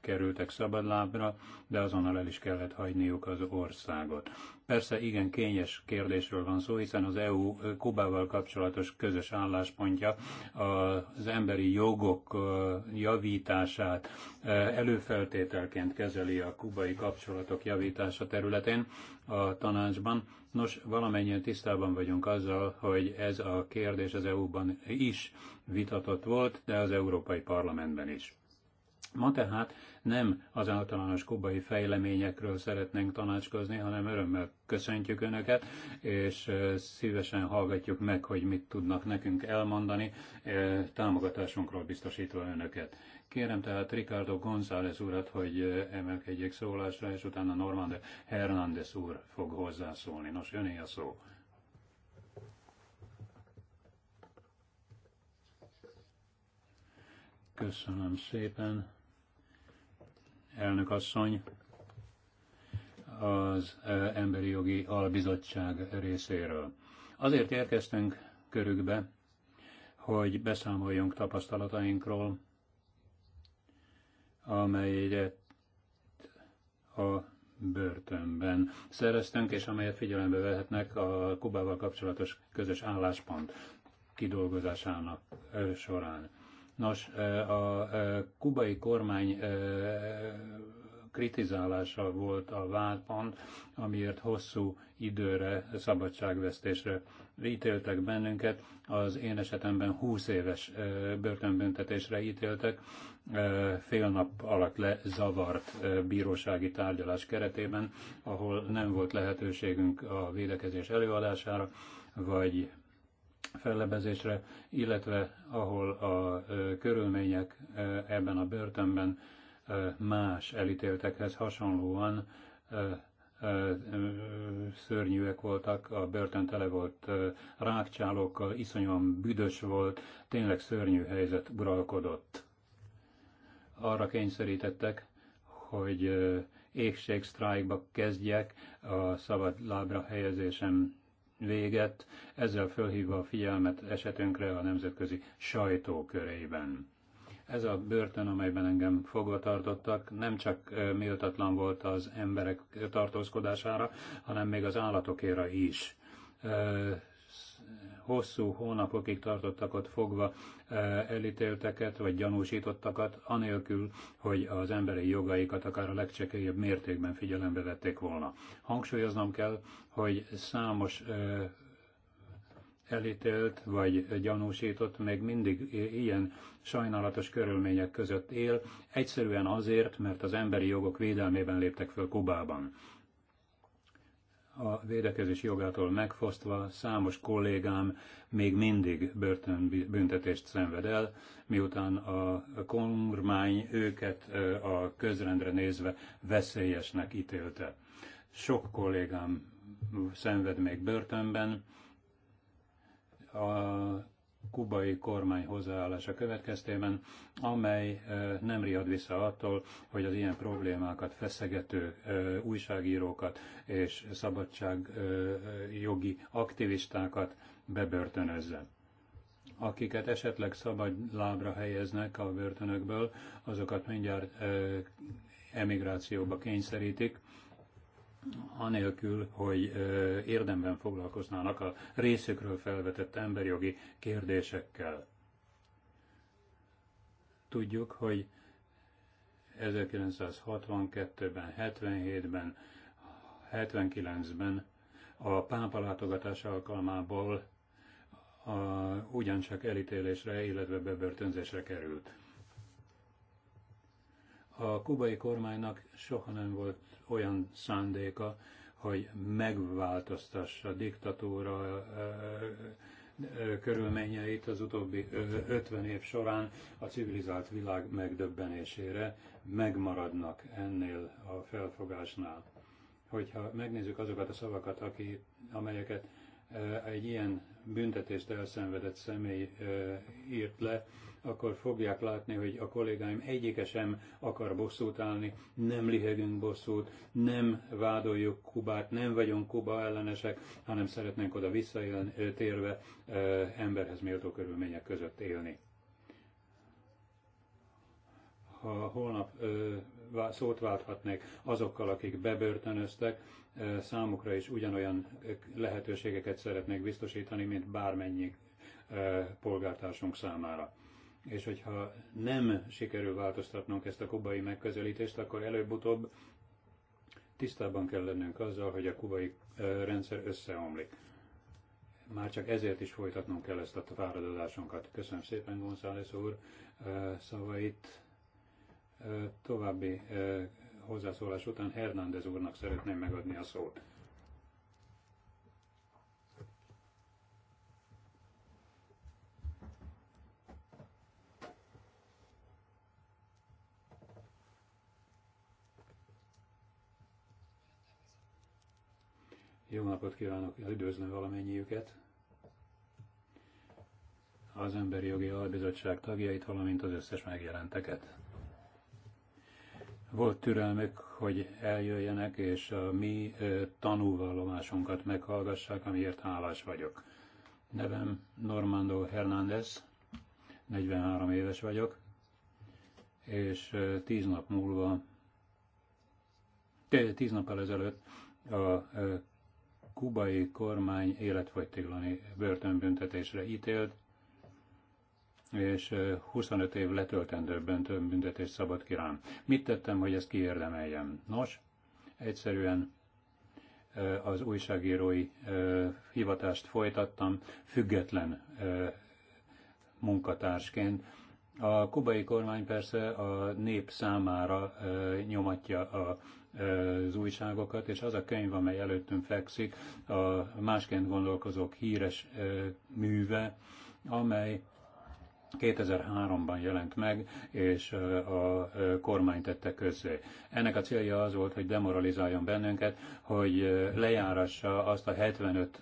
kerültek szabadlábra, de azonnal el is kellett hagyniuk az országot. Persze igen kényes kérdésről van szó, hiszen az EU Kubával kapcsolatos közös álláspontja az emberi jogok javítását előfeltételként kezeli a kubai kapcsolatok javítása területén a tanácsban. Nos, valamennyien tisztában vagyunk azzal, hogy ez a kérdés az EU-ban is vitatott volt, de az Európai Parlamentben is. Ma tehát nem az általános kubai fejleményekről szeretnénk tanácskozni, hanem örömmel köszöntjük Önöket, és szívesen hallgatjuk meg, hogy mit tudnak nekünk elmondani, támogatásunkról biztosítva Önöket. Kérem tehát Ricardo González urat, hogy emelkedjék szólásra, és utána Normand Hernández úr fog hozzászólni. Nos, jönné a szó. Köszönöm szépen elnök asszony, az Emberi Jogi Albizottság részéről. Azért érkeztünk körükbe, hogy beszámoljunk tapasztalatainkról, amelyet a börtönben szereztünk, és amelyet figyelembe vehetnek a Kubával kapcsolatos közös álláspont kidolgozásának során. Nos, a kubai kormány kritizálása volt a vádban, amiért hosszú időre szabadságvesztésre ítéltek bennünket. Az én esetemben 20 éves börtönbüntetésre ítéltek, fél nap alatt lezavart bírósági tárgyalás keretében, ahol nem volt lehetőségünk a védekezés előadására, vagy fellebezésre, illetve ahol a körülmények ebben a börtönben más elítéltekhez hasonlóan szörnyűek voltak, a börtön tele volt rákcsálókkal, iszonyúan büdös volt, tényleg szörnyű helyzet uralkodott. Arra kényszerítettek, hogy égségsztrájkba kezdjek a szabad lábra helyezésem véget, ezzel fölhívva a figyelmet esetünkre a nemzetközi sajtó körében. Ez a börtön, amelyben engem fogva tartottak, nem csak méltatlan volt az emberek tartózkodására, hanem még az állatokéra is hosszú hónapokig tartottak ott fogva elítélteket vagy gyanúsítottakat, anélkül, hogy az emberi jogaikat akár a legcsekélyebb mértékben figyelembe vették volna. Hangsúlyoznom kell, hogy számos elítélt vagy gyanúsított még mindig ilyen sajnálatos körülmények között él, egyszerűen azért, mert az emberi jogok védelmében léptek föl Kubában a védekezés jogától megfosztva számos kollégám még mindig börtönbüntetést szenved el, miután a kormány őket a közrendre nézve veszélyesnek ítélte. Sok kollégám szenved még börtönben, a kubai kormány hozzáállása következtében, amely eh, nem riad vissza attól, hogy az ilyen problémákat feszegető eh, újságírókat és szabadságjogi eh, aktivistákat bebörtönözze. Akiket esetleg szabad lábra helyeznek a börtönökből, azokat mindjárt emigrációba kényszerítik, anélkül, hogy érdemben foglalkoznának a részükről felvetett emberjogi kérdésekkel. Tudjuk, hogy 1962-ben, 77-ben, 79-ben a pápa látogatás alkalmából a, ugyancsak elítélésre, illetve bebörtönzésre került. A kubai kormánynak soha nem volt olyan szándéka, hogy megváltoztassa diktatúra körülményeit az utóbbi 50 év során a civilizált világ megdöbbenésére megmaradnak ennél a felfogásnál. Hogyha megnézzük azokat a szavakat, aki, amelyeket egy ilyen büntetést elszenvedett személy írt le, akkor fogják látni, hogy a kollégáim egyike sem akar bosszút állni, nem lihegünk bosszút, nem vádoljuk Kubát, nem vagyunk Kuba ellenesek, hanem szeretnénk oda visszatérve emberhez méltó körülmények között élni. Ha holnap szót válthatnék azokkal, akik bebörtönöztek, számukra is ugyanolyan lehetőségeket szeretnék biztosítani, mint bármennyi polgártársunk számára és hogyha nem sikerül változtatnunk ezt a kubai megközelítést, akkor előbb-utóbb tisztában kell lennünk azzal, hogy a kubai rendszer összeomlik. Már csak ezért is folytatnunk kell ezt a fáradozásunkat. Köszönöm szépen González úr szavait. További hozzászólás után Hernández úrnak szeretném megadni a szót. Jó napot kívánok, üdvözlöm valamennyiüket. Az Emberi Jogi Albizottság tagjait, valamint az összes megjelenteket. Volt türelmük, hogy eljöjjenek, és a mi tanúvallomásunkat meghallgassák, amiért hálás vagyok. Nevem Normando Hernández, 43 éves vagyok, és tíz nap múlva, tíz nap ezelőtt a kubai kormány életfogytiglani börtönbüntetésre ítélt, és 25 év letöltendő börtönbüntetés szabad ki rám. Mit tettem, hogy ezt kiérdemeljem? Nos, egyszerűen az újságírói hivatást folytattam, független munkatársként. A kubai kormány persze a nép számára nyomatja a az újságokat, és az a könyv, amely előttünk fekszik, a másként gondolkozók híres műve, amely 2003-ban jelent meg, és a kormány tette közzé. Ennek a célja az volt, hogy demoralizáljon bennünket, hogy lejárassa azt a 75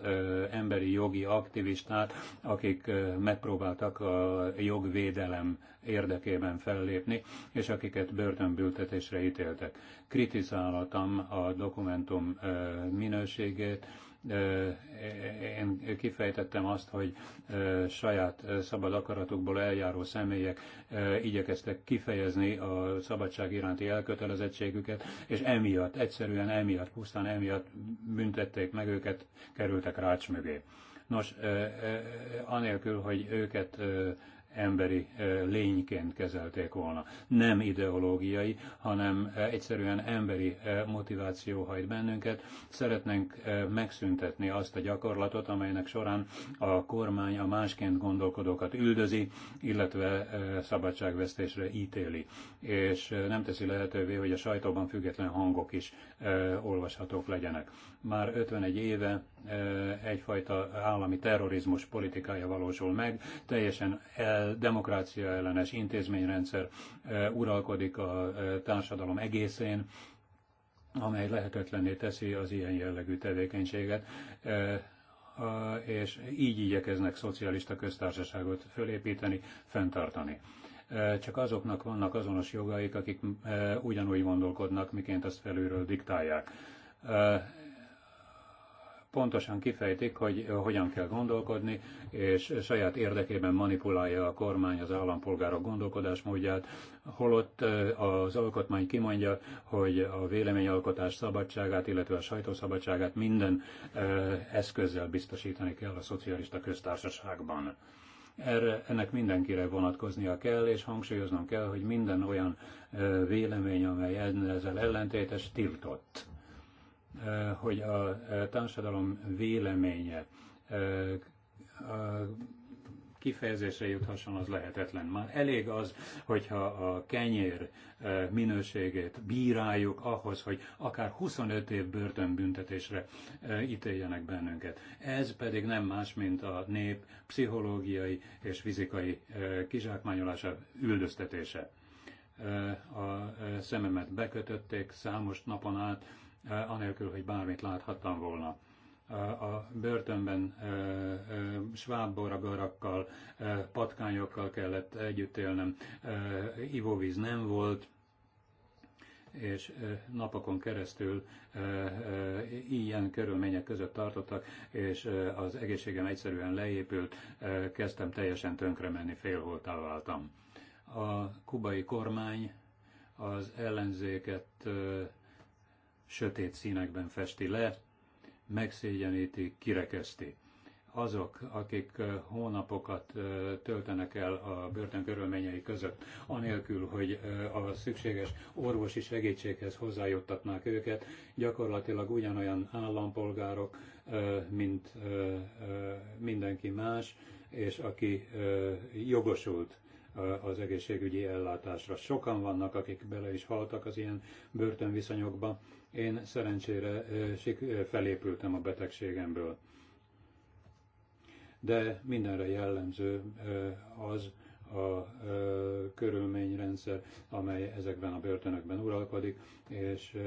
emberi jogi aktivistát, akik megpróbáltak a jogvédelem érdekében fellépni, és akiket börtönbültetésre ítéltek. Kritizáltam a dokumentum minőségét, E, e, e, én kifejtettem azt, hogy saját szabad akaratukból eljáró személyek igyekeztek kifejezni a szabadság iránti elkötelezettségüket, és emiatt, egyszerűen emiatt, pusztán emiatt büntették meg őket, kerültek rács mögé. Nos, anélkül, hogy őket emberi lényként kezelték volna. Nem ideológiai, hanem egyszerűen emberi motiváció hajt bennünket. Szeretnénk megszüntetni azt a gyakorlatot, amelynek során a kormány a másként gondolkodókat üldözi, illetve szabadságvesztésre ítéli. És nem teszi lehetővé, hogy a sajtóban független hangok is olvashatók legyenek már 51 éve egyfajta állami terrorizmus politikája valósul meg, teljesen el, demokrácia ellenes intézményrendszer uralkodik a társadalom egészén, amely lehetetlenné teszi az ilyen jellegű tevékenységet és így igyekeznek szocialista köztársaságot fölépíteni, fenntartani. Csak azoknak vannak azonos jogaik, akik ugyanúgy gondolkodnak, miként azt felülről diktálják pontosan kifejtik, hogy hogyan kell gondolkodni, és saját érdekében manipulálja a kormány az állampolgárok gondolkodásmódját, holott az alkotmány kimondja, hogy a véleményalkotás szabadságát, illetve a sajtószabadságát minden eszközzel biztosítani kell a szocialista köztársaságban erre, ennek mindenkire vonatkoznia kell, és hangsúlyoznom kell, hogy minden olyan vélemény, amely ezzel ellentétes, tiltott. Eh, hogy a eh, társadalom véleménye eh, kifejezésre juthasson, az lehetetlen. Már elég az, hogyha a kenyér minőségét bíráljuk ahhoz, hogy akár 25 év börtönbüntetésre ítéljenek bennünket. Ez pedig nem más, mint a nép pszichológiai és fizikai kizsákmányolása, üldöztetése. A szememet bekötötték számos napon át, Eh, anélkül, hogy bármit láthattam volna. Eh, a börtönben eh, svábborabarakkal, patkányokkal kellett együtt élnem, ivóvíz nem volt, és napokon keresztül ilyen körülmények között tartottak, és az egészségem egyszerűen leépült, kezdtem teljesen tönkre menni, félholtá váltam. A kubai kormány az ellenzéket sötét színekben festi le, megszégyeníti, kirekeszti. Azok, akik hónapokat töltenek el a börtön körülményei között, anélkül, hogy a szükséges orvosi segítséghez hozzájuttatnák őket, gyakorlatilag ugyanolyan állampolgárok, mint mindenki más, és aki jogosult az egészségügyi ellátásra. Sokan vannak, akik bele is haltak az ilyen börtönviszonyokba, én szerencsére felépültem a betegségemből. De mindenre jellemző az a körülményrendszer, amely ezekben a börtönökben uralkodik, és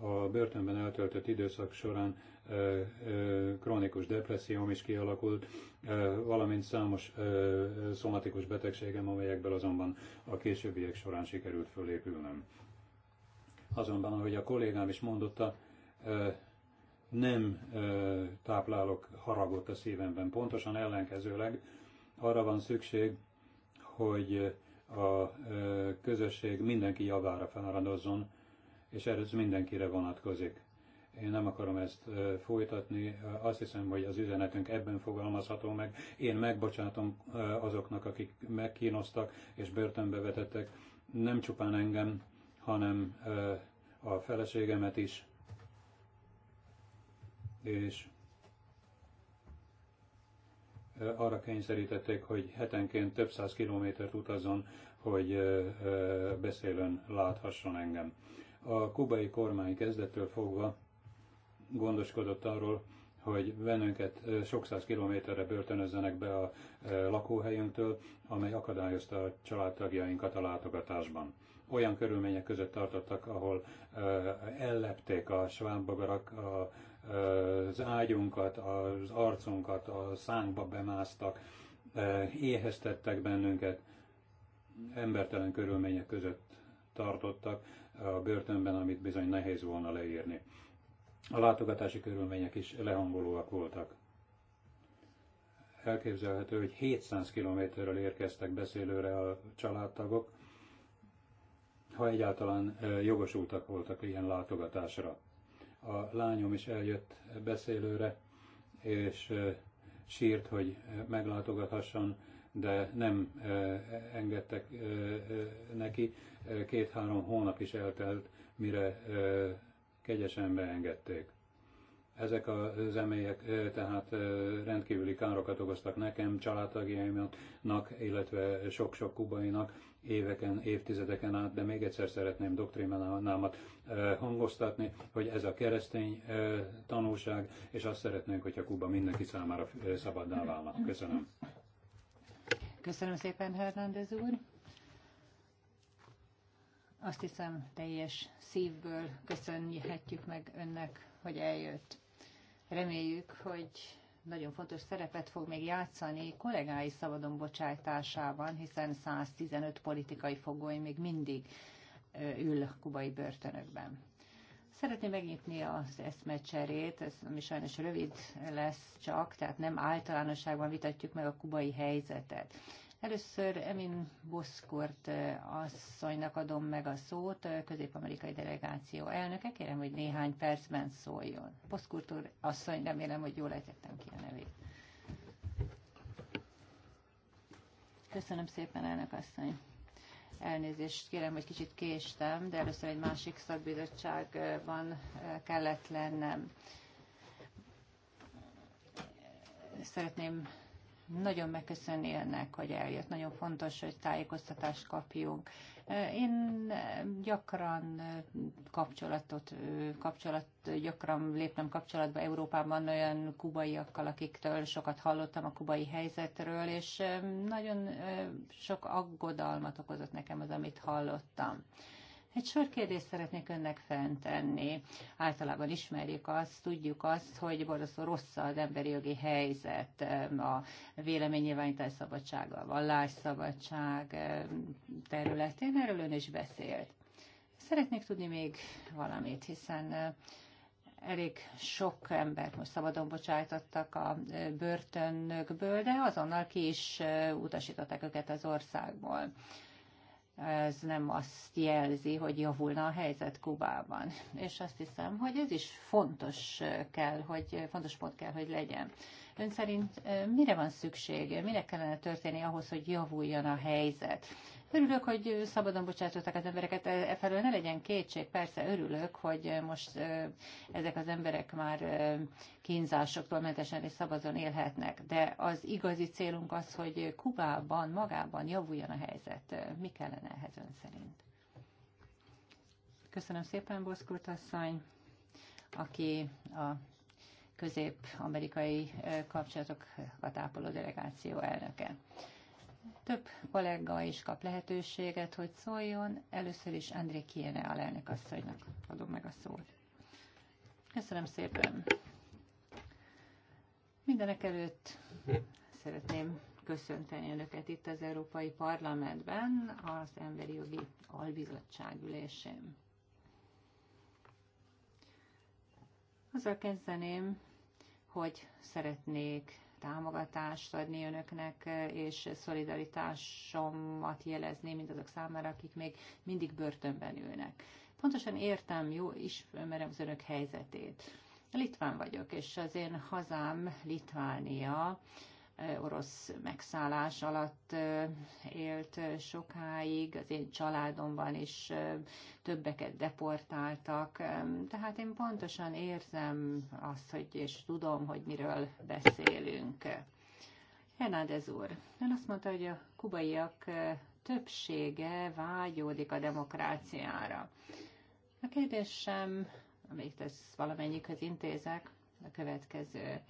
a börtönben eltöltött időszak során krónikus depresszióm is kialakult, valamint számos szomatikus betegségem, amelyekből azonban a későbbiek során sikerült fölépülnöm. Azonban, ahogy a kollégám is mondotta, nem táplálok haragot a szívemben. Pontosan ellenkezőleg arra van szükség, hogy a közösség mindenki javára feladozzon, és ez mindenkire vonatkozik. Én nem akarom ezt folytatni, azt hiszem, hogy az üzenetünk ebben fogalmazható meg. Én megbocsátom azoknak, akik megkínoztak és börtönbe vetettek, nem csupán engem, hanem a feleségemet is, és arra kényszerítették, hogy hetenként több száz kilométert utazon, hogy beszélőn láthasson engem. A kubai kormány kezdettől fogva gondoskodott arról, hogy bennünket sok száz kilométerre börtönözzenek be a lakóhelyünktől, amely akadályozta a családtagjainkat a látogatásban olyan körülmények között tartottak, ahol ellepték a svámbogarak az ágyunkat, az arcunkat, a szánkba bemásztak, éheztettek bennünket, embertelen körülmények között tartottak a börtönben, amit bizony nehéz volna leírni. A látogatási körülmények is lehangolóak voltak. Elképzelhető, hogy 700 kilométerről érkeztek beszélőre a családtagok, ha egyáltalán jogosultak voltak ilyen látogatásra. A lányom is eljött beszélőre, és sírt, hogy meglátogathasson, de nem engedtek neki. Két-három hónap is eltelt, mire kegyesen beengedték. Ezek a zemélyek tehát rendkívüli károkat okoztak nekem, családtagjaimnak, illetve sok-sok kubainak, éveken, évtizedeken át, de még egyszer szeretném doktrinámat hangoztatni, hogy ez a keresztény tanulság, és azt szeretnénk, hogyha Kuba mindenki számára szabaddá válna. Köszönöm. Köszönöm szépen, Hernández úr. Azt hiszem, teljes szívből köszönhetjük meg önnek, hogy eljött. Reméljük, hogy nagyon fontos szerepet fog még játszani kollégái szabadon bocsájtásában, hiszen 115 politikai fogoly még mindig ül kubai börtönökben. Szeretném megnyitni az eszmecserét, ez ami sajnos rövid lesz csak, tehát nem általánosságban vitatjuk meg a kubai helyzetet. Először Emin Boszkort asszonynak adom meg a szót, közép-amerikai delegáció elnöke. Kérem, hogy néhány percben szóljon. Boszkurt úr asszony, remélem, hogy jól ejtettem ki a nevét. Köszönöm szépen, elnök asszony. Elnézést kérem, hogy kicsit késtem, de először egy másik szakbizottságban kellett lennem. Szeretném nagyon megköszönni ennek, hogy eljött. Nagyon fontos, hogy tájékoztatást kapjunk. Én gyakran kapcsolatot, kapcsolat, gyakran léptem kapcsolatba Európában olyan kubaiakkal, akiktől sokat hallottam a kubai helyzetről, és nagyon sok aggodalmat okozott nekem az, amit hallottam. Egy sor kérdést szeretnék önnek fentenni. Általában ismerjük azt, tudjuk azt, hogy borzasztó rossz az emberi jogi helyzet, a véleménynyilvánítás szabadsága, a vallásszabadság területén, erről ön is beszélt. Szeretnék tudni még valamit, hiszen elég sok embert most szabadon bocsájtottak a börtönökből, de azonnal ki is utasították őket az országból ez nem azt jelzi, hogy javulna a helyzet Kubában. És azt hiszem, hogy ez is fontos kell, hogy fontos pont kell, hogy legyen. Ön szerint eh, mire van szükség, mire kellene történni ahhoz, hogy javuljon a helyzet? Örülök, hogy szabadon bocsátották az embereket. Efelől e ne legyen kétség, persze örülök, hogy e, most e, ezek az emberek már kínzásoktól mentesen és szabadon élhetnek, de az igazi célunk az, hogy Kubában magában javuljon a helyzet. Mi kellene ehhez ön szerint? Köszönöm szépen, Boszkurt asszony, aki a közép-amerikai kapcsolatokat ápoló delegáció elnöke. Több kollega is kap lehetőséget, hogy szóljon. Először is André Kiene a asszonynak adom meg a szót. Köszönöm szépen. Mindenek előtt szeretném köszönteni Önöket itt az Európai Parlamentben, az Emberi Jogi Albizottság ülésén. Azzal kezdeném, hogy szeretnék támogatást adni önöknek, és szolidaritásomat jelezni mindazok számára, akik még mindig börtönben ülnek. Pontosan értem, jó, ismerem az önök helyzetét. Litván vagyok, és az én hazám Litvánia orosz megszállás alatt élt sokáig, az én családomban is többeket deportáltak, tehát én pontosan érzem azt, hogy és tudom, hogy miről beszélünk. Hernández úr, ön azt mondta, hogy a kubaiak többsége vágyódik a demokráciára. A kérdésem, amit ezt valamennyikhez intézek, a következő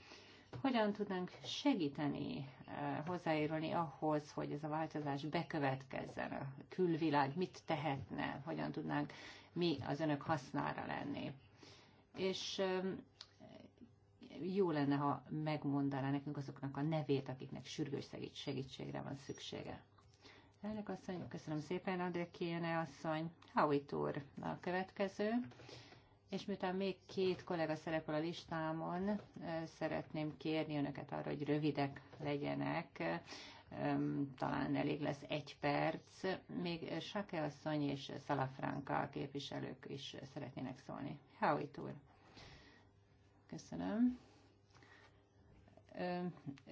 hogyan tudnánk segíteni, eh, hozzájárulni ahhoz, hogy ez a változás bekövetkezzen, a külvilág mit tehetne, hogyan tudnánk mi az önök hasznára lenni. És jó lenne, ha megmondaná nekünk azoknak a nevét, akiknek sürgős segítségre van szüksége. Elnök asszony, köszönöm szépen, André Kéne asszony, Howitt úr a következő. És miután még két kollega szerepel a listámon, szeretném kérni önöket arra, hogy rövidek legyenek. Talán elég lesz egy perc. Még Sake asszony és Szalafránka képviselők is szeretnének szólni. Howitt úr. Köszönöm.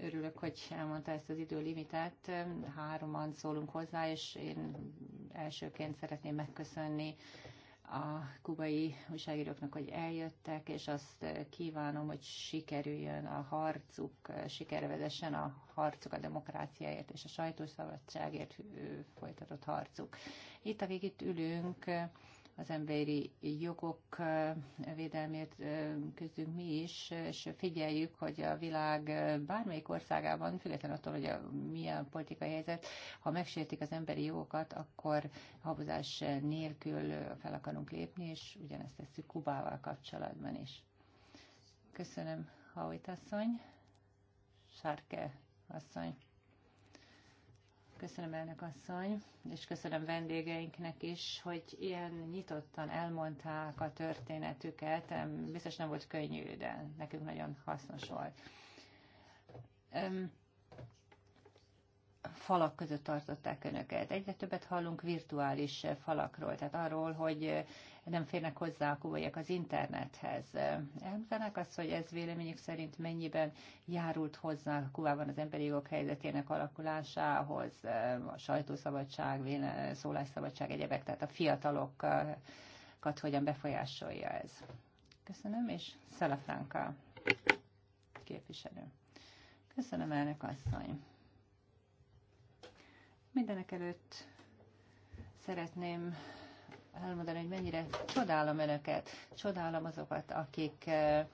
Örülök, hogy elmondta ezt az időlimitet. Hároman szólunk hozzá, és én elsőként szeretném megköszönni a kubai újságíróknak, hogy eljöttek, és azt kívánom, hogy sikerüljön a harcuk, sikervezessen a harcuk a demokráciáért és a sajtószabadságért folytatott harcuk. Itt, akik itt ülünk, az emberi jogok védelmét küzdünk mi is, és figyeljük, hogy a világ bármelyik országában, függetlenül attól, hogy a, milyen politikai helyzet, ha megsértik az emberi jogokat, akkor habozás nélkül fel akarunk lépni, és ugyanezt tesszük Kubával kapcsolatban is. Köszönöm, Hauit asszony. Sárke asszony. Köszönöm, elnök asszony, és köszönöm vendégeinknek is, hogy ilyen nyitottan elmondták a történetüket. Biztos nem volt könnyű, de nekünk nagyon hasznos volt falak között tartották önöket. Egyre többet hallunk virtuális falakról, tehát arról, hogy nem férnek hozzá a kubaiak az internethez. Elmondanák azt, hogy ez véleményük szerint mennyiben járult hozzá Kubában az emberi jogok helyzetének alakulásához, a sajtószabadság, szólásszabadság, egyebek, tehát a fiatalokat hogyan befolyásolja ez. Köszönöm, és Szelefránka képviselő. Köszönöm, elnök asszony. Mindenek előtt szeretném elmondani, hogy mennyire csodálom önöket, csodálom azokat, akik eh,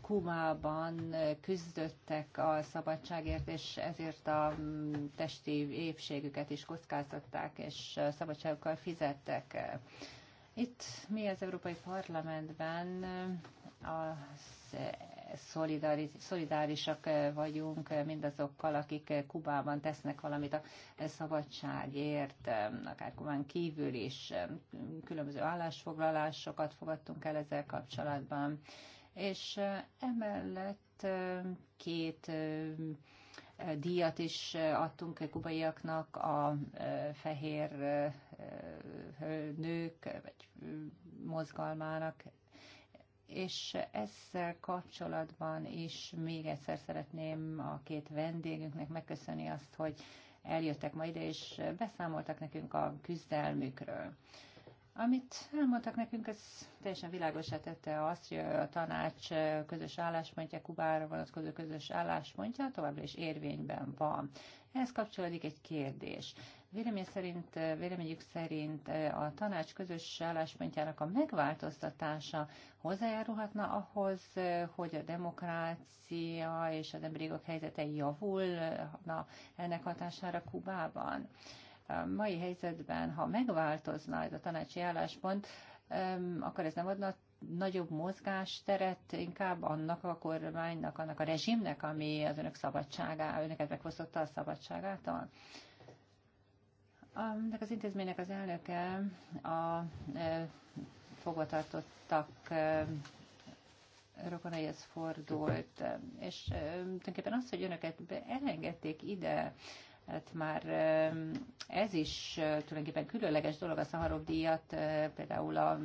Kumában eh, küzdöttek a szabadságért, és ezért a mm, testi épségüket is kockáztatták, és eh, szabadságokkal fizettek. Itt mi az Európai Parlamentben az szolidárisak eh, vagyunk eh, mindazokkal, akik eh, Kubában tesznek valamit a szabadságért, akár Kubán kívül is. Különböző állásfoglalásokat fogadtunk el ezzel kapcsolatban. És emellett két díjat is adtunk kubaiaknak a fehér nők vagy mozgalmának és ezzel kapcsolatban is még egyszer szeretném a két vendégünknek megköszönni azt, hogy eljöttek ma ide, és beszámoltak nekünk a küzdelmükről. Amit elmondtak nekünk, ez teljesen világosá tette azt, hogy a tanács közös álláspontja, Kubára vonatkozó közös álláspontja továbbra is érvényben van. Ehhez kapcsolódik egy kérdés. Vélemény szerint, eh, véleményük szerint eh, a tanács közös álláspontjának a megváltoztatása hozzájárulhatna ahhoz, eh, hogy a demokrácia és az emberi jogok helyzete javulna ennek hatására Kubában. A mai helyzetben, ha megváltozna ez a tanácsi álláspont, akkor ez nem adna nagyobb mozgásteret inkább annak a kormánynak, annak a rezsimnek, ami az önök szabadságá, önöket megfosztotta a szabadságától? Ennek az intézménynek az elnöke a e, fogvatartottak e, rokonaihez fordult, e, és tulajdonképpen az, hogy önöket elengedték ide, hát már ez is tulajdonképpen különleges dolog, a szaharok díjat például a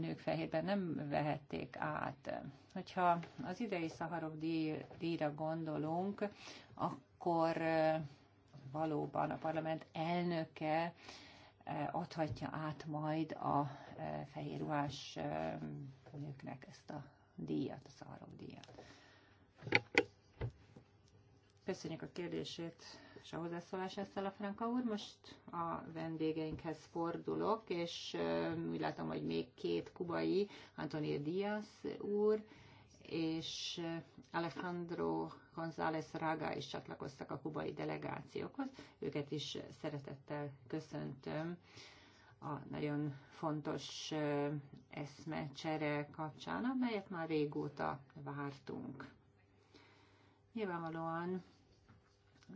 nők fehérben nem vehették át. Hogyha az idei szaharok díj, díjra gondolunk, akkor valóban a parlament elnöke eh, adhatja át majd a eh, fehér ruhás eh, nőknek ezt a díjat, a Szaharov díjat. Köszönjük a kérdését és a hozzászólását, Franka úr. Most a vendégeinkhez fordulok, és úgy látom, hogy még két kubai, Antonio Díaz úr és Alejandro González Raga is csatlakoztak a kubai delegációkhoz. Őket is szeretettel köszöntöm a nagyon fontos eszmecsere kapcsán, amelyet már régóta vártunk. Nyilvánvalóan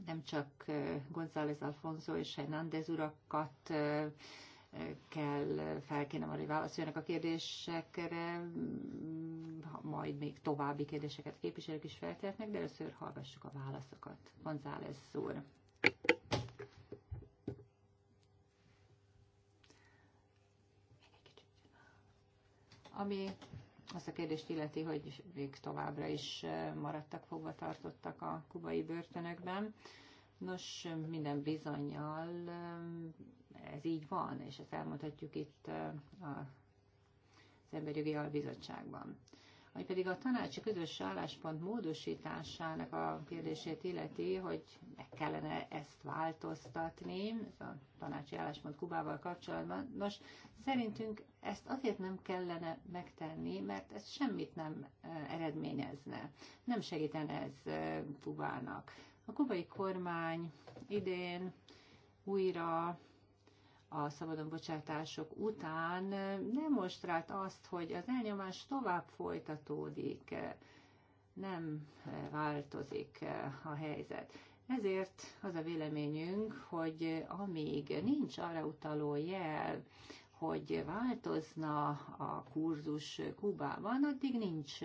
nem csak González Alfonso és Hernández urakat kell, felkérnem, kéne hogy válaszoljanak a kérdésekre, majd még további kérdéseket képviselők is feltehetnek, de először hallgassuk a válaszokat. González úr. Ami azt a kérdést illeti, hogy még továbbra is maradtak fogva tartottak a kubai börtönökben. Nos, minden bizonyal ez így van, és ezt elmondhatjuk itt a az Emberjogi Albizottságban. Ami pedig a tanácsi közös álláspont módosításának a kérdését illeti, hogy meg kellene ezt változtatni, ez a tanácsi álláspont Kubával kapcsolatban. Nos, szerintünk ezt azért nem kellene megtenni, mert ez semmit nem eredményezne. Nem segítene ez Kubának. A kubai kormány idén újra a szabadon bocsátások után demonstrált azt, hogy az elnyomás tovább folytatódik, nem változik a helyzet. Ezért az a véleményünk, hogy amíg nincs arra utaló jel, hogy változna a kurzus Kubában, addig nincs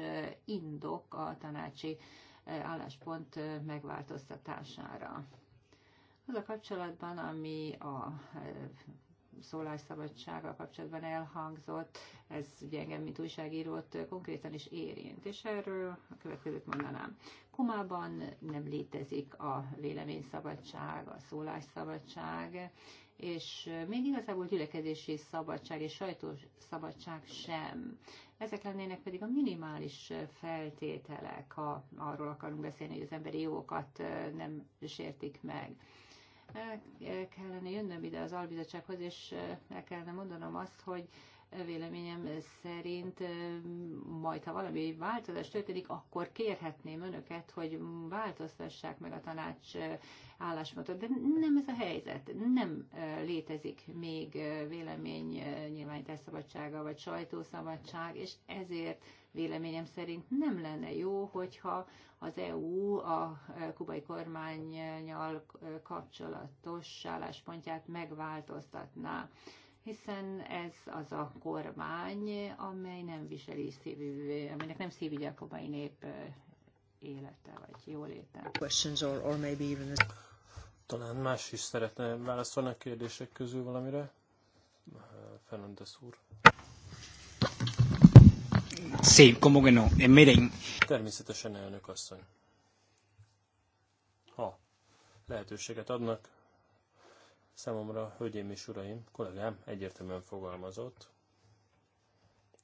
indok a tanácsi álláspont megváltoztatására. Az a kapcsolatban, ami a eh, szólásszabadsággal kapcsolatban elhangzott, ez ugye engem, mint újságírót eh, konkrétan is érint, és erről a következőt mondanám. Kumában nem létezik a véleményszabadság, a szólásszabadság, és eh, még igazából gyülekezési szabadság és sajtószabadság sem. Ezek lennének pedig a minimális feltételek, ha arról akarunk beszélni, hogy az emberi jogokat nem sértik meg. El kellene jönnöm ide az albizottsághoz, és el kellene mondanom azt, hogy véleményem szerint majd, ha valami változás történik, akkor kérhetném önöket, hogy változtassák meg a tanács álláspontot. De nem ez a helyzet. Nem létezik még vélemény nyilvánítás szabadsága, vagy sajtószabadság, és ezért véleményem szerint nem lenne jó, hogyha az EU a e, kubai kormányjal e, kapcsolatos álláspontját megváltoztatná hiszen ez az a kormány, amely nem viseli szívű, aminek nem szívügy a kubai nép e, élete vagy jóléte. Questions or, or maybe even talán más is szeretne válaszolni a kérdések közül valamire. Fernandez úr. Sí, como que no. Eh, miren. Természetesen elnök asszony. Ha lehetőséget adnak, számomra, hölgyeim és uraim, kollégám egyértelműen fogalmazott,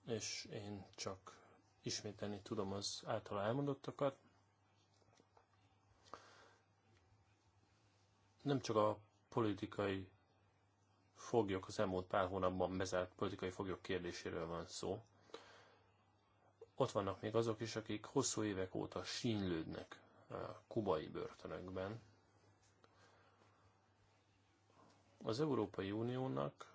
és én csak ismételni tudom az általa elmondottakat. Nem csak a politikai foglyok, az elmúlt pár hónapban bezárt politikai foglyok kérdéséről van szó, ott vannak még azok is, akik hosszú évek óta sínylődnek kubai börtönökben. Az Európai Uniónak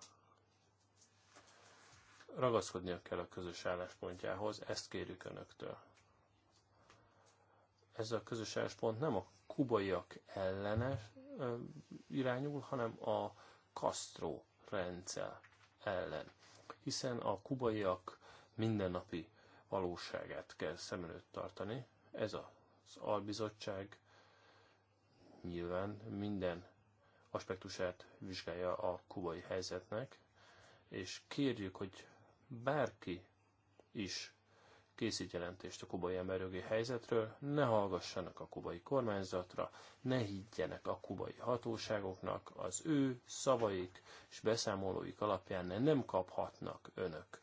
ragaszkodnia kell a közös álláspontjához, ezt kérjük Önöktől. Ez a közös álláspont nem a kubaiak ellene irányul, hanem a Castro rendszer ellen. Hiszen a kubaiak mindennapi valóságát kell szem előtt tartani. Ez az albizottság nyilván minden aspektusát vizsgálja a kubai helyzetnek, és kérjük, hogy bárki is készít jelentést a kubai emberjogi helyzetről, ne hallgassanak a kubai kormányzatra, ne higgyenek a kubai hatóságoknak, az ő szavaik és beszámolóik alapján ne nem kaphatnak önök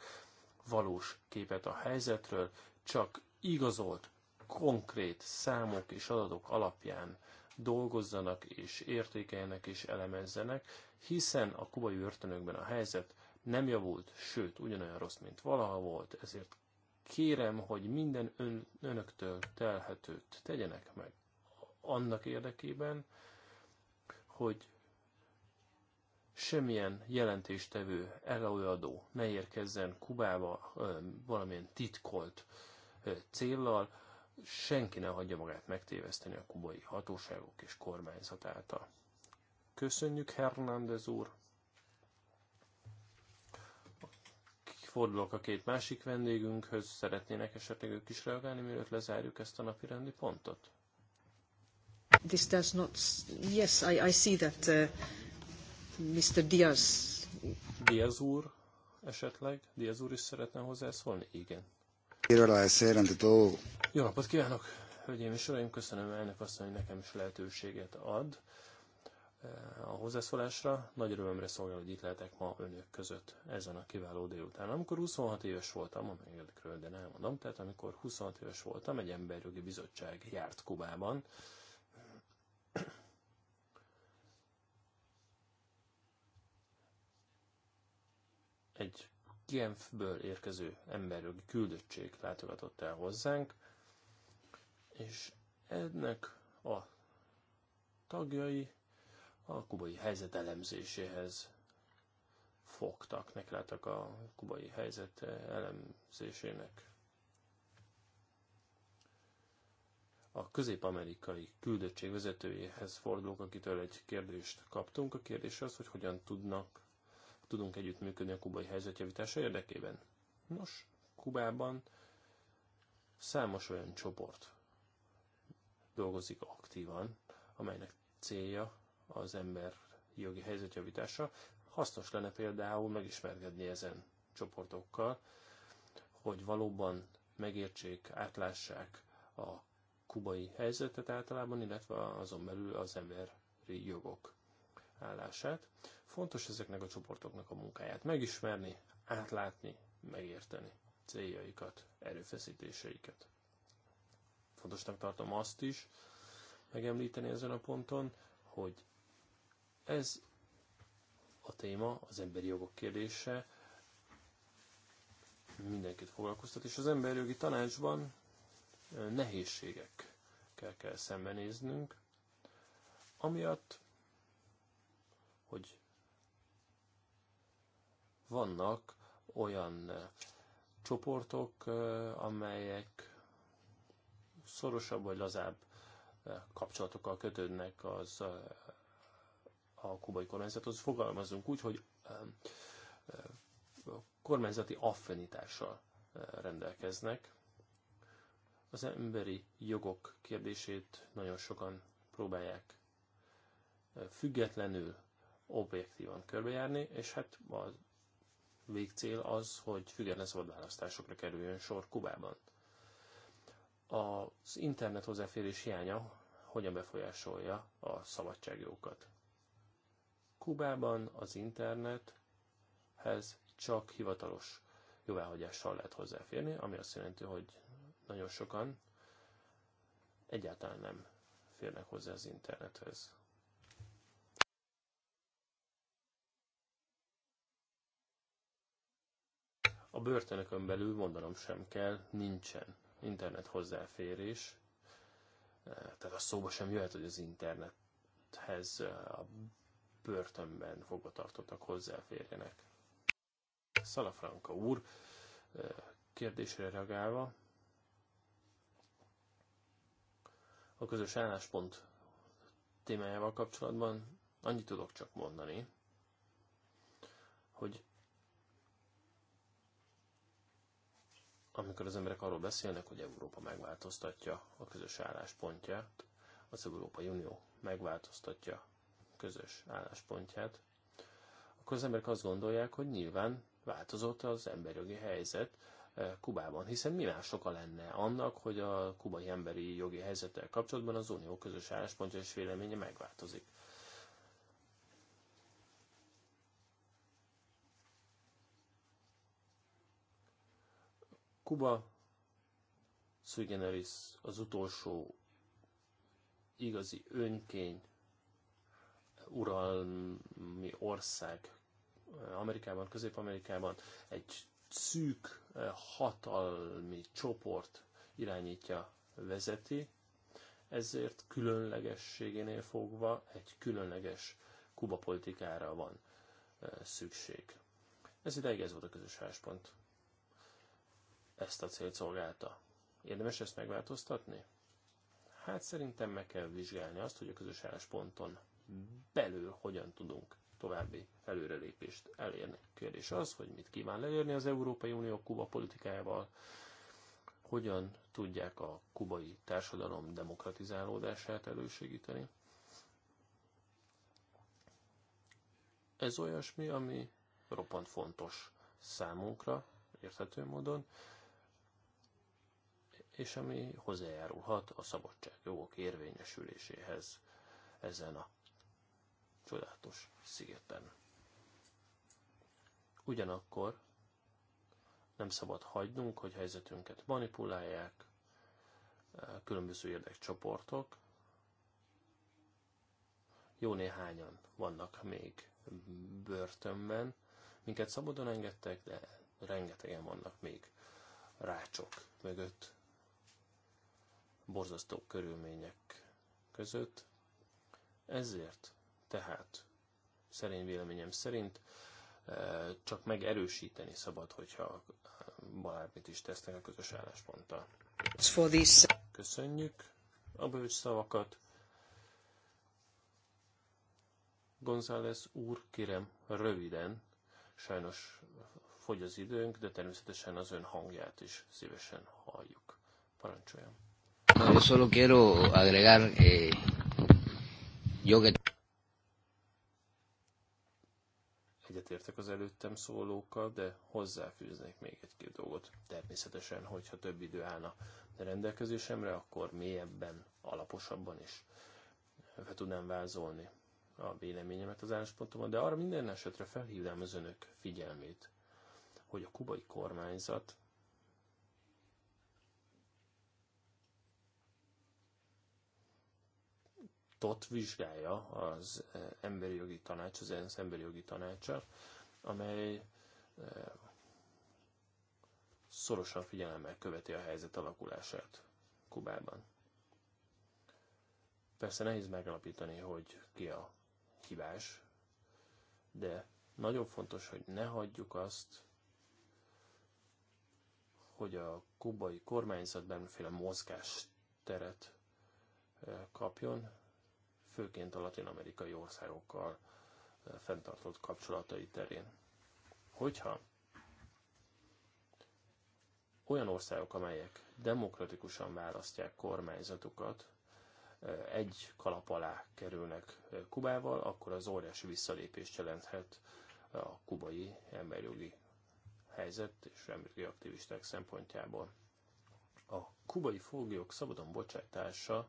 valós képet a helyzetről, csak igazolt, konkrét számok és adatok alapján dolgozzanak és értékeljenek és elemezzenek, hiszen a kubai börtönökben a helyzet nem javult, sőt, ugyanolyan rossz, mint valaha volt, ezért kérem, hogy minden ön, önöktől telhetőt tegyenek meg annak érdekében, hogy semmilyen jelentéstevő, előadó ne érkezzen Kubába valamilyen titkolt céllal, senki ne hagyja magát megtéveszteni a kubai hatóságok és kormányzat által. Köszönjük, Hernández úr! Fordulok a két másik vendégünkhöz, szeretnének esetleg ők is reagálni, mielőtt lezárjuk ezt a napi rendi pontot? This does not... Yes, I, I see that uh, Mr. Diaz. Diaz úr esetleg? Diaz úr is szeretne hozzászólni? Igen. Jó napot kívánok, hölgyeim és uraim, köszönöm elnök azt, hogy nekem is lehetőséget ad eh, a hozzászólásra. Nagy örömömre szolgál, hogy itt lehetek ma önök között ezen a kiváló délután. Amikor 26 éves voltam, amelyekről de nem mondom, tehát amikor 26 éves voltam, egy emberjogi bizottság járt Kubában, egy Genfből érkező emberről küldöttség látogatott el hozzánk, és ennek a tagjai a kubai helyzet elemzéséhez fogtak, nekiálltak a kubai helyzet elemzésének. A közép-amerikai küldöttség vezetőjéhez fordulok, akitől egy kérdést kaptunk. A kérdés az, hogy hogyan tudnak tudunk együttműködni a kubai helyzetjavítása érdekében. Nos, Kubában számos olyan csoport dolgozik aktívan, amelynek célja az ember jogi helyzetjavítása. Hasznos lenne például megismerkedni ezen csoportokkal, hogy valóban megértsék, átlássák a kubai helyzetet általában, illetve azon belül az emberi jogok állását. Fontos ezeknek a csoportoknak a munkáját megismerni, átlátni, megérteni céljaikat, erőfeszítéseiket. Fontosnak tartom azt is megemlíteni ezen a ponton, hogy ez a téma, az emberi jogok kérdése mindenkit foglalkoztat, és az emberi jogi tanácsban nehézségekkel kell szembenéznünk, amiatt, hogy vannak olyan eh, csoportok, eh, amelyek szorosabb vagy lazább eh, kapcsolatokkal kötődnek az a kubai kormányzathoz. Fogalmazunk úgy, hogy kormányzati affinitással rendelkeznek. Az emberi jogok kérdését nagyon sokan próbálják függetlenül, objektívan körbejárni, és hát az végcél az, hogy független szabad választásokra kerüljön sor Kubában. Az internet hozzáférés hiánya hogyan befolyásolja a szabadságjókat? Kubában az internethez csak hivatalos jóváhagyással lehet hozzáférni, ami azt jelenti, hogy nagyon sokan egyáltalán nem férnek hozzá az internethez. A börtönökön belül mondanom sem kell, nincsen internet hozzáférés, eh, tehát a szóba sem jöhet, hogy az internethez eh, a börtönben fogvatartottak hozzáférjenek. Szalafranka úr eh, kérdésre reagálva, a közös álláspont témájával kapcsolatban annyit tudok csak mondani, hogy amikor az emberek arról beszélnek, hogy Európa megváltoztatja a közös álláspontját, az Európai Unió megváltoztatja közös álláspontját, akkor az emberek azt gondolják, hogy nyilván változott az emberjogi helyzet eh, Kubában, hiszen mi más oka lenne annak, hogy a kubai emberi jogi helyzettel kapcsolatban az unió közös álláspontja és véleménye megváltozik. Kuba, sui az utolsó igazi önkény uralmi ország eh, Amerikában, Közép-Amerikában egy szűk eh, hatalmi csoport irányítja, vezeti, ezért különlegességénél fogva egy különleges Kuba politikára van eh, szükség. Ez ideig ez volt a közös álláspont ezt a célt szolgálta. Érdemes ezt megváltoztatni? Hát szerintem meg kell vizsgálni azt, hogy a közös állásponton belül hogyan tudunk további előrelépést elérni. Kérdés az, hogy mit kíván elérni az Európai Unió Kuba politikájával, hogyan tudják a kubai társadalom demokratizálódását elősegíteni. Ez olyasmi, ami roppant fontos számunkra, érthető módon, és ami hozzájárulhat a szabadság jogok érvényesüléséhez ezen a csodálatos szigeten. Ugyanakkor nem szabad hagynunk, hogy helyzetünket manipulálják különböző érdekcsoportok. Jó néhányan vannak még börtönben. Minket szabadon engedtek, de rengetegen vannak még rácsok mögött borzasztó körülmények között. Ezért tehát szerény véleményem szerint e, csak megerősíteni szabad, hogyha bármit is tesznek a közös állásponttal. Köszönjük a bős szavakat. González úr, kérem, röviden, sajnos fogy az időnk, de természetesen az ön hangját is szívesen halljuk. Parancsoljam. No, yo solo quiero agregar, eh, yo que... Egyetértek az előttem szólókkal, de hozzáfűznék még egy-két dolgot. Természetesen, hogyha több idő állna a rendelkezésemre, akkor mélyebben, alaposabban is fel tudnám vázolni a véleményemet az álláspontomat, de arra minden esetre felhívnám az önök figyelmét, hogy a kubai kormányzat tot vizsgálja az eh, emberi jogi tanács, az ENSZ emberi jogi tanácsa, amely eh, szorosan figyelemmel követi a helyzet alakulását Kubában. Persze nehéz megalapítani, hogy ki a hibás, de nagyon fontos, hogy ne hagyjuk azt, hogy a kubai kormányzat bármiféle teret eh, kapjon, főként a latin-amerikai országokkal eh, fenntartott kapcsolatai terén. Hogyha olyan országok, amelyek demokratikusan választják kormányzatukat, eh, egy kalap alá kerülnek eh, Kubával, akkor az óriási visszalépést jelenthet a kubai emberjogi helyzet és emberjogi aktivisták szempontjából. A kubai foglyok szabadon bocsátása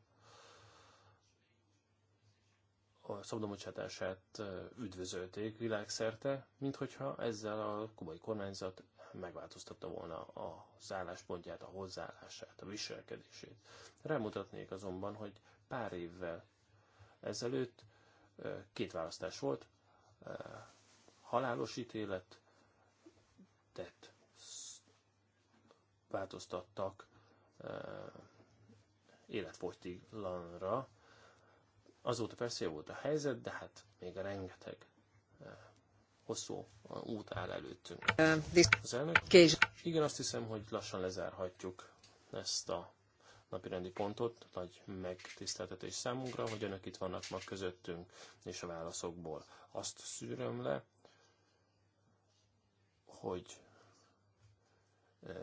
a szabadonbocsátását üdvözölték világszerte, minthogyha ezzel a kubai kormányzat megváltoztatta volna az álláspontját, a hozzáállását, a viselkedését. Rámutatnék azonban, hogy pár évvel ezelőtt két választás volt, halálos ítélet tett, változtattak életfogytiglanra, Azóta persze volt a helyzet, de hát még a rengeteg eh, hosszú út áll előttünk. Eh, Az elnök? Igen, azt hiszem, hogy lassan lezárhatjuk ezt a napirendi pontot. Nagy megtiszteltetés számunkra, hogy önök itt vannak ma közöttünk, és a válaszokból azt szűröm le, hogy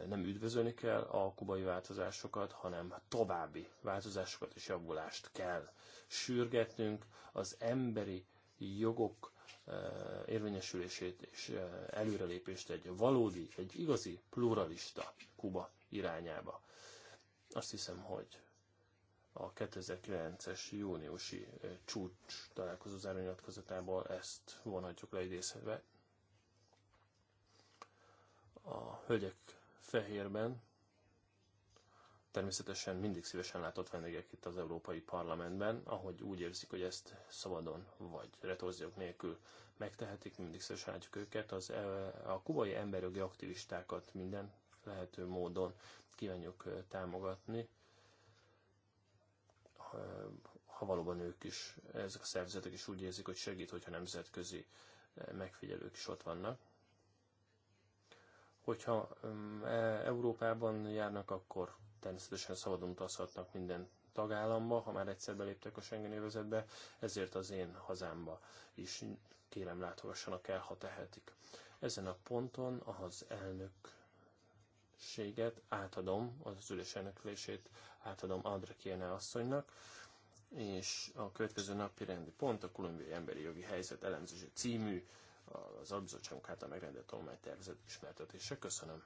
nem üdvözölni kell a kubai változásokat, hanem további változásokat és javulást kell sürgetnünk, az emberi jogok érvényesülését és előrelépést egy valódi, egy igazi pluralista Kuba irányába. Azt hiszem, hogy a 2009-es júniusi csúcs találkozó zárónyilatkozatából ezt vonhatjuk leidézhetve. A hölgyek fehérben. Természetesen mindig szívesen látott vendégek itt az Európai Parlamentben, ahogy úgy érzik, hogy ezt szabadon vagy retorziók nélkül megtehetik, mindig szívesen látjuk őket. Az, e, a kubai emberjogi aktivistákat minden lehető módon kívánjuk támogatni, ha valóban ők is, ezek a szervezetek is úgy érzik, hogy segít, hogyha nemzetközi megfigyelők is ott vannak. Hogyha e, Európában járnak, akkor természetesen szabadon utazhatnak minden tagállamba, ha már egyszer beléptek a Schengen övezetbe, ezért az én hazámba is kérem látogassanak el, ha tehetik. Ezen a ponton az elnökséget átadom, az ülés elnöklését átadom Andra Kiene asszonynak, és a következő napi rendi pont a kolumbiai emberi jogi helyzet elemzése című az albizottságunk által megrendelt tanulmánytervezet ismertetése. Köszönöm.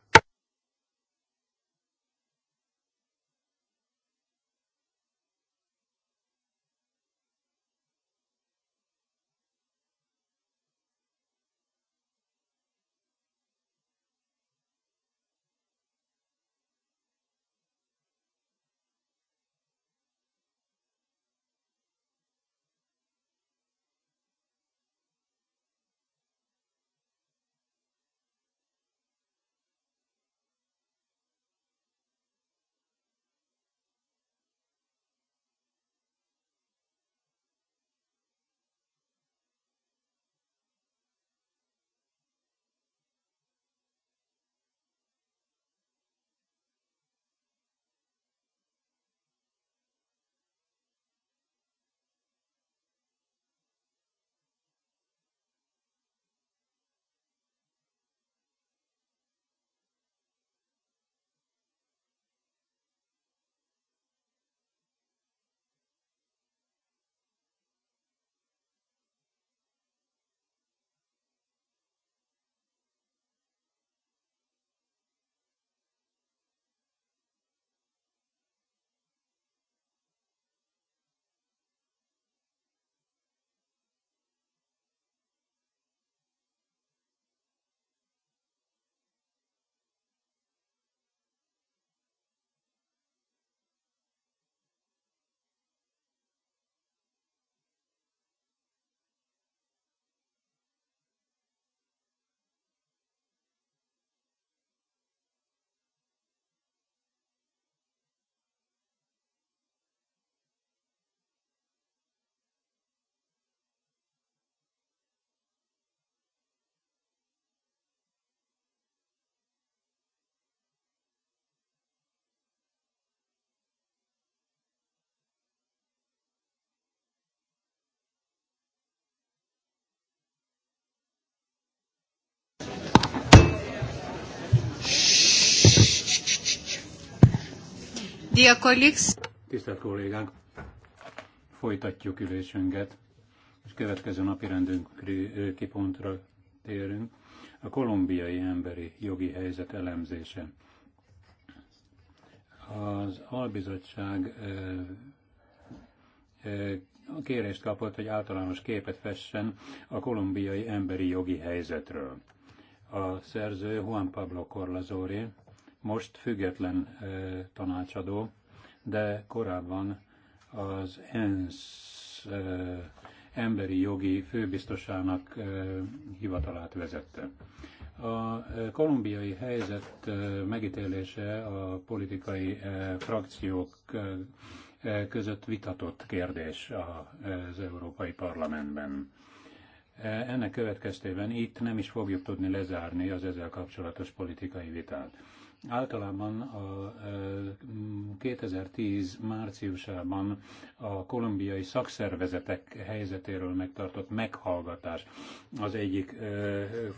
Dear colleagues. Tisztelt kollégák, folytatjuk ülésünket, és következő napi rendünk kipontra térünk. A kolumbiai emberi jogi helyzet elemzése. Az albizottság a kérést kapott, hogy általános képet fessen a kolumbiai emberi jogi helyzetről. A szerző Juan Pablo Corlazori, most független tanácsadó, de korábban az ENSZ emberi jogi főbiztosának hivatalát vezette. A kolumbiai helyzet megítélése a politikai frakciók között vitatott kérdés az Európai Parlamentben. Ennek következtében itt nem is fogjuk tudni lezárni az ezzel kapcsolatos politikai vitát. Általában a 2010 e, márciusában a kolumbiai szakszervezetek helyzetéről megtartott meghallgatás az egyik e,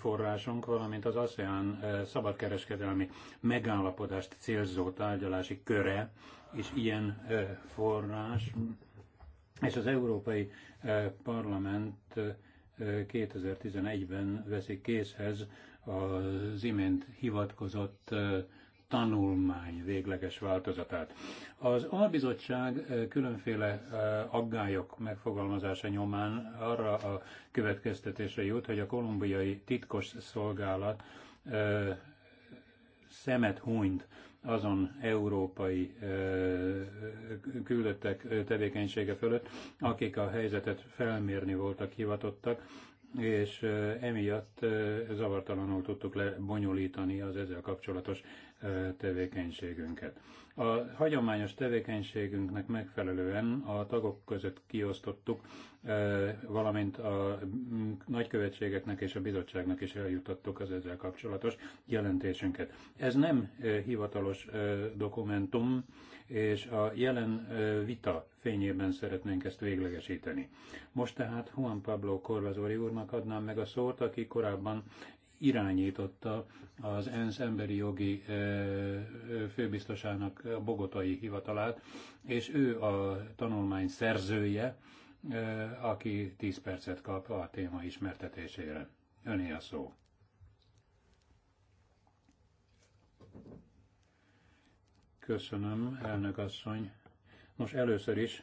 forrásunk, valamint az ASEAN e, szabadkereskedelmi megállapodást célzó tárgyalási köre, és ilyen forrás, és az Európai Parlament 2011-ben veszi készhez az imént hivatkozott tanulmány végleges változatát. Az albizottság különféle aggályok megfogalmazása nyomán arra a következtetésre jut, hogy a kolumbiai titkos szolgálat szemet hunyt azon európai küldöttek tevékenysége fölött, akik a helyzetet felmérni voltak hivatottak, és emiatt zavartalanul tudtuk lebonyolítani az ezzel kapcsolatos tevékenységünket. A hagyományos tevékenységünknek megfelelően a tagok között kiosztottuk, valamint a nagykövetségeknek és a bizottságnak is eljutottuk az ezzel kapcsolatos jelentésünket. Ez nem hivatalos dokumentum, és a jelen vita fényében szeretnénk ezt véglegesíteni. Most tehát Juan Pablo Corvazori úrnak adnám meg a szót, aki korábban irányította az ENSZ emberi jogi főbiztosának bogotai hivatalát, és ő a tanulmány szerzője, aki 10 percet kap a téma ismertetésére. Öné a szó. Köszönöm, elnök asszony. Nos, először is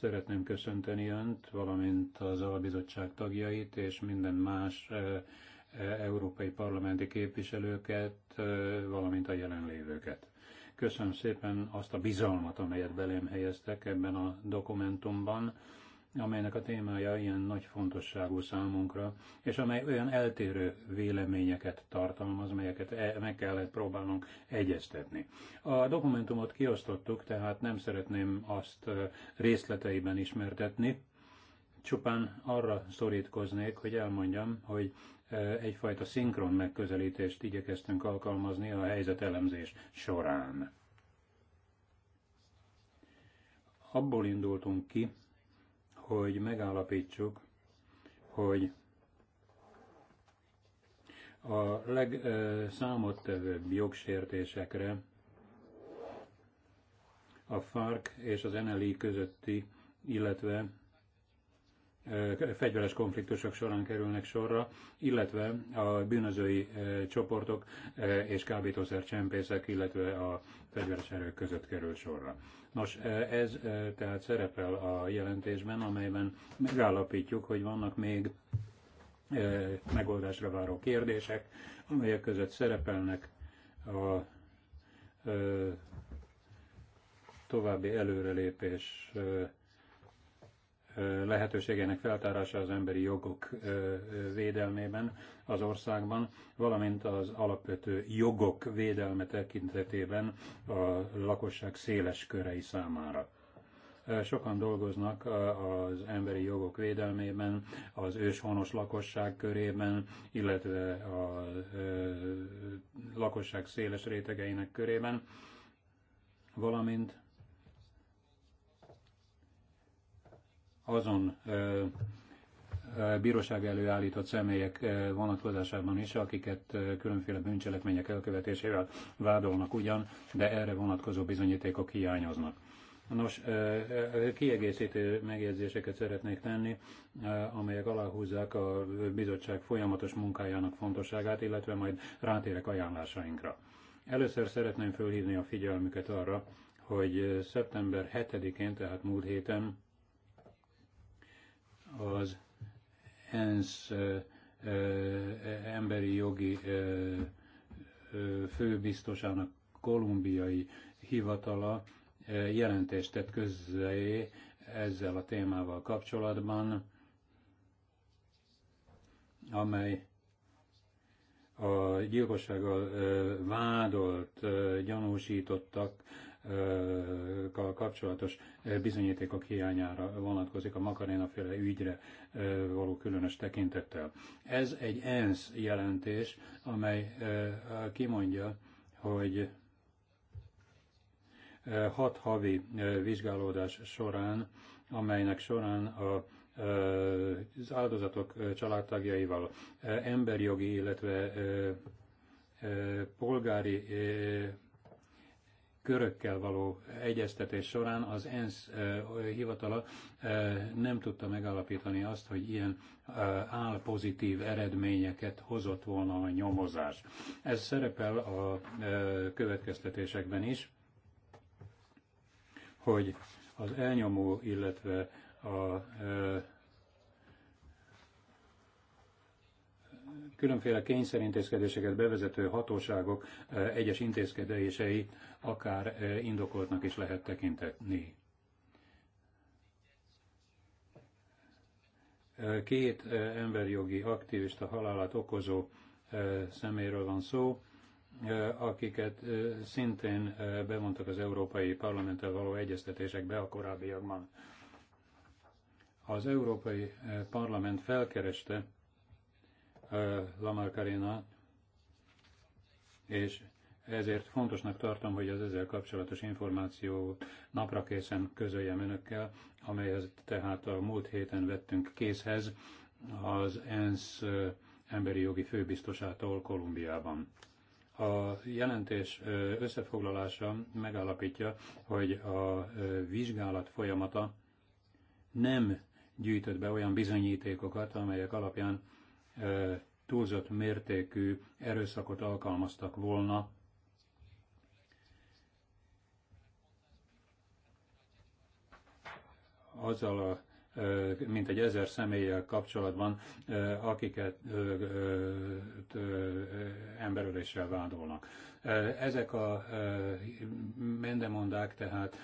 szeretném köszönteni Önt, valamint az albizottság tagjait és minden más e, e, európai parlamenti képviselőket, e, valamint a jelenlévőket. Köszönöm szépen azt a bizalmat, amelyet belém helyeztek ebben a dokumentumban, amelynek a témája ilyen nagy fontosságú számunkra, és amely olyan eltérő véleményeket tartalmaz, melyeket e, meg kellett próbálnunk egyeztetni. A dokumentumot kiosztottuk, tehát nem szeretném azt részleteiben ismertetni, csupán arra szorítkoznék, hogy elmondjam, hogy egyfajta szinkron megközelítést igyekeztünk alkalmazni a helyzetelemzés során. Abból indultunk ki, hogy megállapítsuk, hogy a legszámottevőbb jogsértésekre a FARC és az NLI közötti, illetve fegyveres konfliktusok során kerülnek sorra, illetve a bűnözői csoportok és csempészek, illetve a fegyveres erők között kerül sorra. Nos, e, ez e, tehát szerepel a jelentésben, amelyben megállapítjuk, hogy vannak még e, megoldásra váró kérdések, amelyek között szerepelnek a további előrelépés lehetőségének feltárása az emberi jogok védelmében az országban, valamint az alapvető jogok védelme tekintetében a lakosság széles körei számára. Sokan dolgoznak az emberi jogok védelmében, az őshonos lakosság körében, illetve a lakosság széles rétegeinek körében, valamint azon bíróság előállított állított személyek vonatkozásában is, akiket különféle bűncselekmények elkövetésével vádolnak ugyan, de erre vonatkozó bizonyítékok hiányoznak. Nos, kiegészítő megjegyzéseket szeretnék tenni, amelyek aláhúzzák a bizottság folyamatos munkájának fontosságát, illetve majd rátérek ajánlásainkra. Először szeretném fölhívni a figyelmüket arra, hogy szeptember 7-én, tehát múlt héten az ENSZ emberi jogi főbiztosának kolumbiai hivatala jelentést tett közzé ezzel a témával kapcsolatban, amely a gyilkossággal vádolt, gyanúsítottak kapcsolatos bizonyítékok hiányára vonatkozik a Makarena féle ügyre való különös tekintettel. Ez egy ENSZ jelentés, amely kimondja, hogy hat havi vizsgálódás során, amelynek során a az áldozatok családtagjaival, emberi jogi, illetve polgári körökkel való egyeztetés során az ENSZ hivatala nem tudta megalapítani azt, hogy ilyen pozitív eredményeket hozott volna a nyomozás. Ez szerepel a következtetésekben is, hogy az elnyomó, illetve a különféle kényszerintézkedéseket bevezető hatóságok egyes intézkedései akár indokoltnak is lehet tekinteni. Két emberjogi aktivista halálát okozó szeméről van szó, akiket szintén bevontak az Európai Parlamenttel való egyeztetésekbe a korábbiakban. Az Európai Parlament felkereste Lamar Karina és ezért fontosnak tartom, hogy az ezzel kapcsolatos információ napra készen közöljem önökkel, amelyhez tehát a múlt héten vettünk készhez az ENSZ emberi jogi főbiztosától Kolumbiában. A jelentés összefoglalása megállapítja, hogy a vizsgálat folyamata nem gyűjtött be olyan bizonyítékokat, amelyek alapján túlzott mértékű erőszakot alkalmaztak volna azzal a mint egy ezer személlyel kapcsolatban, akiket emberöléssel vádolnak. Ezek a mendemondák tehát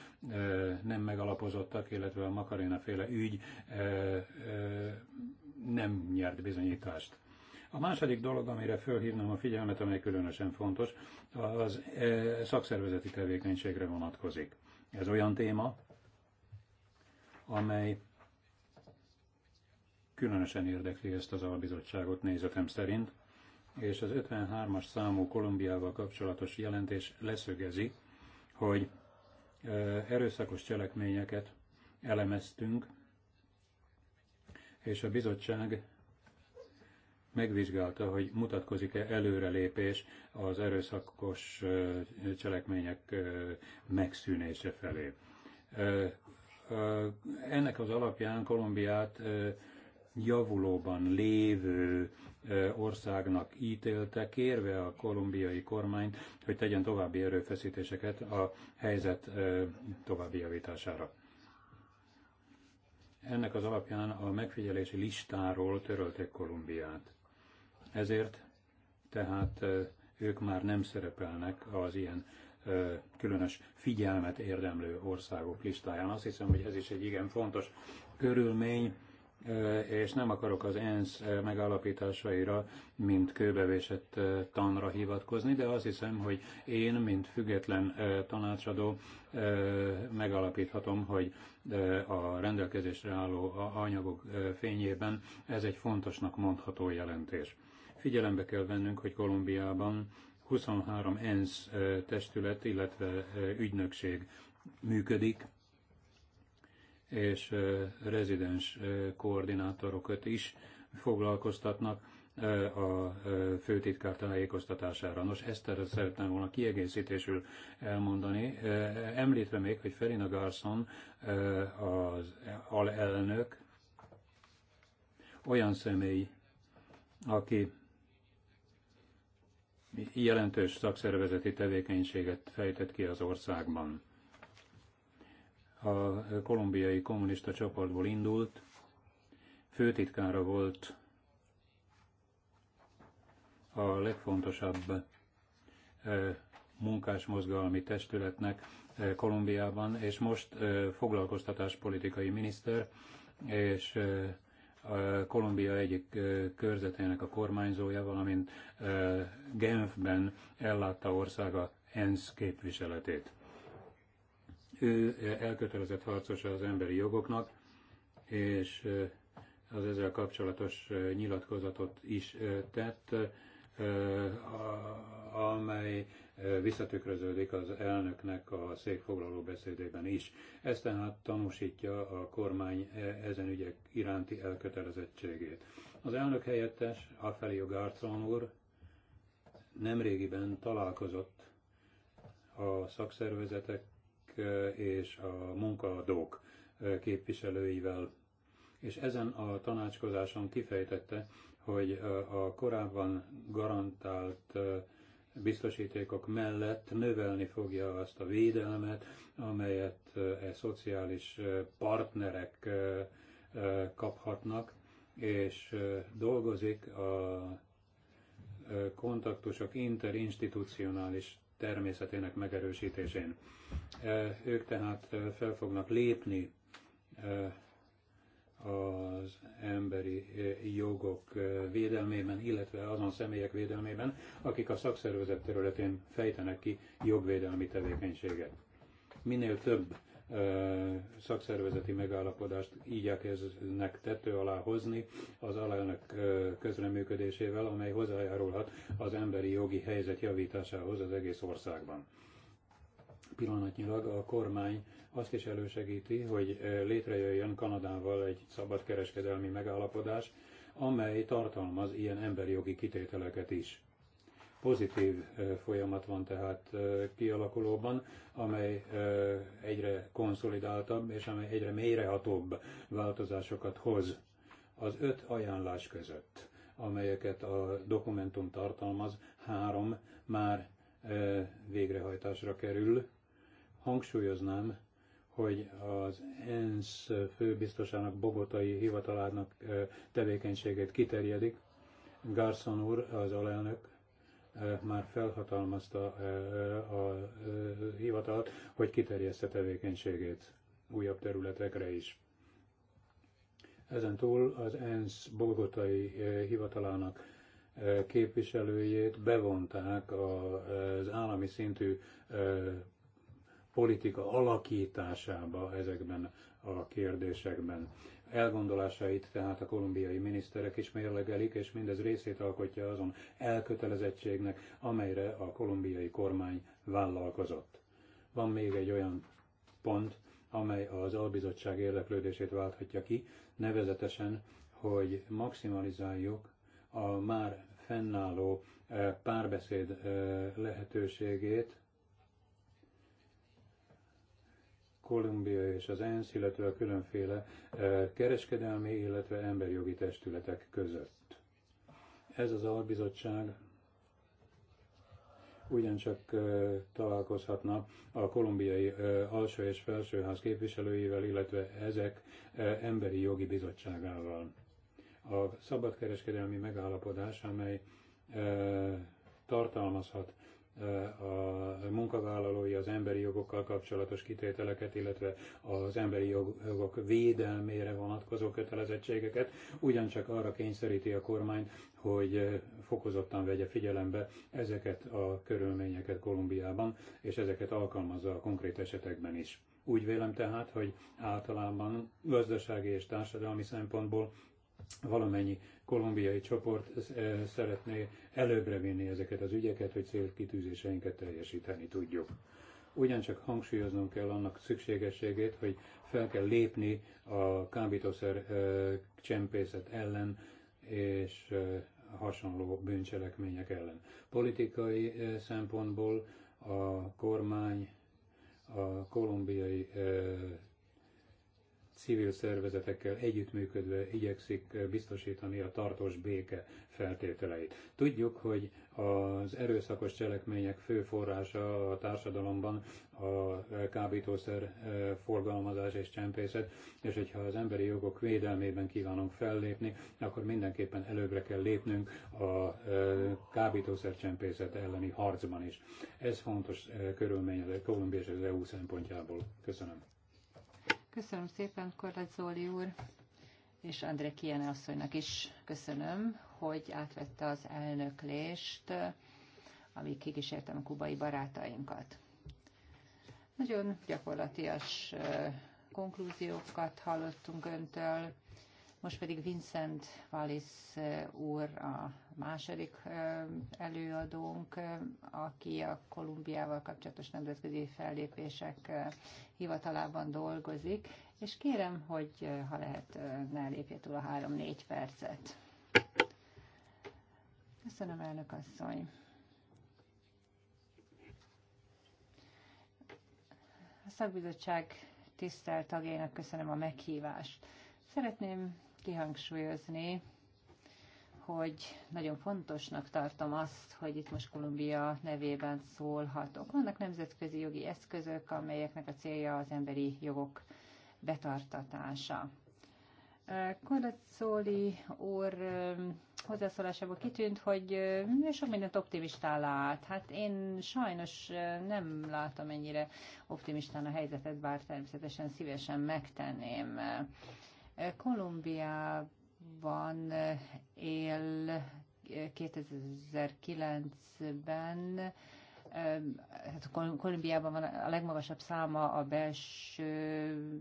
nem megalapozottak, illetve a makaréna féle ügy nem nyert bizonyítást. A második dolog, amire fölhívnám a figyelmet, amely különösen fontos, az szakszervezeti tevékenységre vonatkozik. Ez olyan téma, amely különösen érdekli ezt az albizottságot nézetem szerint, és az 53-as számú Kolumbiával kapcsolatos jelentés leszögezi, hogy erőszakos cselekményeket elemeztünk, és a bizottság megvizsgálta, hogy mutatkozik-e előrelépés az erőszakos cselekmények megszűnése felé. Ennek az alapján Kolumbiát javulóban lévő országnak ítélte, kérve a kolumbiai kormányt, hogy tegyen további erőfeszítéseket a helyzet további javítására. Ennek az alapján a megfigyelési listáról törölték Kolumbiát. Ezért tehát ők már nem szerepelnek az ilyen különös figyelmet érdemlő országok listáján. Azt hiszem, hogy ez is egy igen fontos körülmény, és nem akarok az ENSZ megállapításaira, mint kőbevésett tanra hivatkozni, de azt hiszem, hogy én, mint független tanácsadó megalapíthatom, hogy a rendelkezésre álló anyagok fényében ez egy fontosnak mondható jelentés. Figyelembe kell vennünk, hogy Kolumbiában 23 ENSZ testület, illetve ügynökség működik, és rezidens koordinátorokat is foglalkoztatnak a főtitkár tájékoztatására. Nos, ezt erre szeretném volna kiegészítésül elmondani. Említve még, hogy Ferina Garson, az alelnök, olyan személy, aki jelentős szakszervezeti tevékenységet fejtett ki az országban. A kolumbiai kommunista csoportból indult, főtitkára volt a legfontosabb eh, munkásmozgalmi testületnek eh, Kolumbiában, és most eh, foglalkoztatáspolitikai miniszter, és a Kolumbia egyik körzetének a kormányzója, valamint Genfben ellátta országa ENSZ képviseletét. Ő elkötelezett harcosa az emberi jogoknak, és az ezzel kapcsolatos nyilatkozatot is tett, amely visszatükröződik az elnöknek a székfoglaló beszédében is. Ez tehát tanúsítja a kormány e, ezen ügyek iránti elkötelezettségét. Az elnök helyettes, Afelio Garcon úr, nemrégiben találkozott a szakszervezetek e, és a munkadók e, képviselőivel, és ezen a tanácskozáson kifejtette, hogy a korábban garantált biztosítékok mellett növelni fogja azt a védelmet, amelyet e szociális partnerek kaphatnak, és dolgozik a kontaktusok interinstitucionális természetének megerősítésén. Ők tehát fel fognak lépni az emberi eh, jogok eh, védelmében, illetve azon személyek védelmében, akik a szakszervezet területén fejtenek ki jogvédelmi tevékenységet. Minél több eh, szakszervezeti megállapodást igyekeznek tető alá hozni az alelnök közreműködésével, amely hozzájárulhat az emberi jogi helyzet javításához az egész országban. Pillanatnyilag a kormány azt is elősegíti, hogy eh, létrejöjjön Kanadával egy szabadkereskedelmi megállapodás, amely tartalmaz ilyen emberi jogi kitételeket is. Pozitív eh, folyamat van tehát eh, kialakulóban, amely egyre konszolidáltabb és amely egyre mélyrehatóbb változásokat hoz az öt ajánlás között, amelyeket a dokumentum tartalmaz, három már végrehajtásra kerül, hangsúlyoznám, hogy az ENSZ főbiztosának, bogotai hivatalának tevékenységét kiterjedik. Garson úr, az alelnök, már felhatalmazta a hivatalt, hogy kiterjeszte tevékenységét újabb területekre is. Ezen túl az ENSZ bogotai hivatalának képviselőjét bevonták az állami szintű politika alakításába ezekben a kérdésekben. Elgondolásait tehát a kolumbiai miniszterek is mérlegelik, és mindez részét alkotja azon elkötelezettségnek, amelyre a kolumbiai kormány vállalkozott. Van még egy olyan pont, amely az albizottság érdeklődését válthatja ki, nevezetesen, hogy maximalizáljuk a már fennálló eh, párbeszéd eh, lehetőségét Kolumbia és az ENSZ, illetve a különféle eh, kereskedelmi, illetve emberjogi testületek között. Ez az albizottság ugyancsak eh, találkozhatna a kolumbiai eh, alsó és felsőház képviselőivel, illetve ezek emberi jogi bizottságával. A szabadkereskedelmi megállapodás, amely tartalmazhat a munkavállalói az emberi jogokkal kapcsolatos kitételeket, illetve az emberi jogok védelmére vonatkozó kötelezettségeket, ugyancsak arra kényszeríti a kormány, hogy fokozottan vegye figyelembe ezeket a körülményeket Kolumbiában, és ezeket alkalmazza a konkrét esetekben is. Úgy vélem tehát, hogy általában gazdasági és társadalmi szempontból valamennyi kolumbiai csoport eh, szeretné előbbre vinni ezeket az ügyeket, hogy célkitűzéseinket teljesíteni tudjuk. Ugyancsak hangsúlyoznom kell annak szükségességét, hogy fel kell lépni a kábítószer eh, csempészet ellen és eh, hasonló bűncselekmények ellen. Politikai szempontból a kormány a kolumbiai civil szervezetekkel együttműködve igyekszik biztosítani a tartós béke feltételeit. Tudjuk, hogy az erőszakos cselekmények fő forrása a társadalomban a kábítószer eh, forgalmazás és csempészet, és hogyha az emberi jogok védelmében kívánunk fellépni, akkor mindenképpen előbbre kell lépnünk a eh, kábítószer csempészet elleni harcban is. Ez fontos eh, körülmény a Kolumbia és az EU szempontjából. Köszönöm. Köszönöm szépen, Korlát Zoli úr, és André Kiene asszonynak is köszönöm, hogy átvette az elnöklést, amíg kikísértem a kubai barátainkat. Nagyon gyakorlatias konklúziókat hallottunk öntől, most pedig Vincent Wallis úr a második előadónk, aki a Kolumbiával kapcsolatos nemzetközi fellépések hivatalában dolgozik, és kérem, hogy ha lehet, ne lépje túl a három-négy percet. Köszönöm, elnök asszony. A szakbizottság tisztelt tagjainak köszönöm a meghívást. Szeretném kihangsúlyozni, hogy nagyon fontosnak tartom azt, hogy itt most Kolumbia nevében szólhatok. Vannak nemzetközi jogi eszközök, amelyeknek a célja az emberi jogok betartatása. Koracóli úr hozzászólásából kitűnt, hogy sok mindent optimistán lát. Hát én sajnos nem látom ennyire optimistán a helyzetet, bár természetesen szívesen megtenném. Kolumbiában él 2009-ben eh, eh, hát Kolumbiában van a legmagasabb száma a belső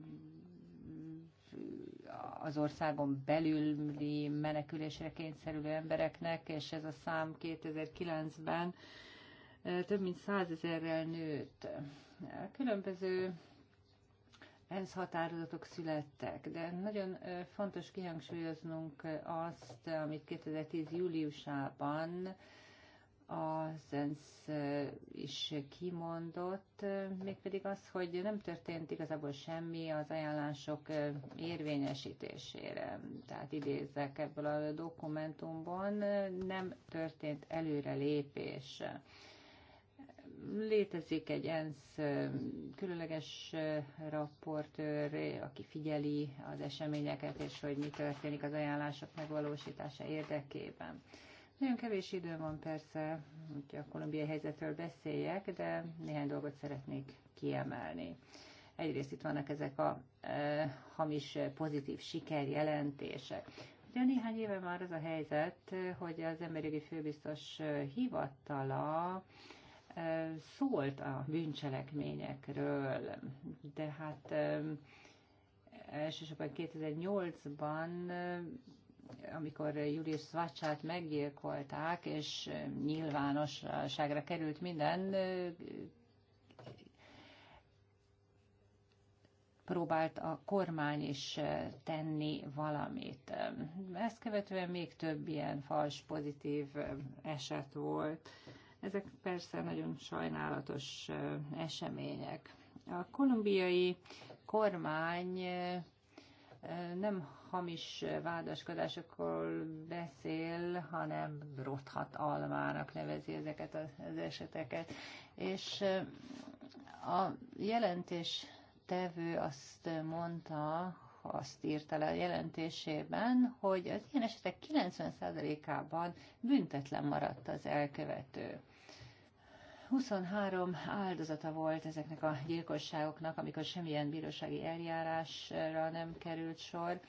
az országon belüli menekülésre kényszerülő embereknek, és ez a szám 2009-ben eh, több mint százezerrel nőtt. Különböző ENSZ határozatok születtek, de nagyon fontos kihangsúlyoznunk azt, amit 2010. júliusában az ENSZ is kimondott, mégpedig az, hogy nem történt igazából semmi az ajánlások érvényesítésére. Tehát idézek ebből a dokumentumban, nem történt előrelépés. lépés. Létezik egy ENSZ különleges raportőr, aki figyeli az eseményeket, és hogy mi történik az ajánlások megvalósítása érdekében. Nagyon kevés idő van persze, hogy a kolumbiai helyzetről beszéljek, de néhány dolgot szeretnék kiemelni. Egyrészt itt vannak ezek a e, hamis pozitív sikerjelentések. Ugye néhány éve már az a helyzet, hogy az emberi főbiztos hivatala szólt a bűncselekményekről, de hát elsősorban 2008-ban amikor Julius Svacsát meggyilkolták, és nyilvánosságra került minden, próbált a kormány is tenni valamit. Ezt követően még több ilyen fals pozitív eset volt. Ezek persze nagyon sajnálatos események. A kolumbiai kormány nem hamis vádaskodásokról beszél, hanem rothat almának nevezi ezeket az eseteket. És a jelentés tevő azt mondta, azt írta le a jelentésében, hogy az ilyen esetek 90%-ában büntetlen maradt az elkövető. 23 áldozata volt ezeknek a gyilkosságoknak, amikor semmilyen bírósági eljárásra nem került sor,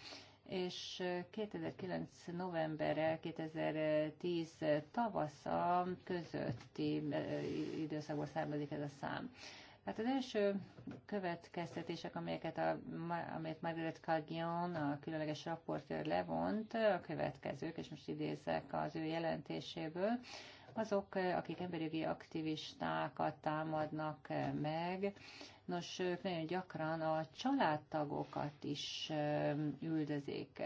és 2009. novemberre 2010 tavasza közötti eh, időszakból származik ez a szám. Hát az első következtetések, amelyeket a, amelyet Margaret Cargion, a különleges raportőr levont, a következők, és most idézek az ő jelentéséből, azok, akik emberjogi aktivistákat támadnak meg, nos, ők nagyon gyakran a családtagokat is üldözik.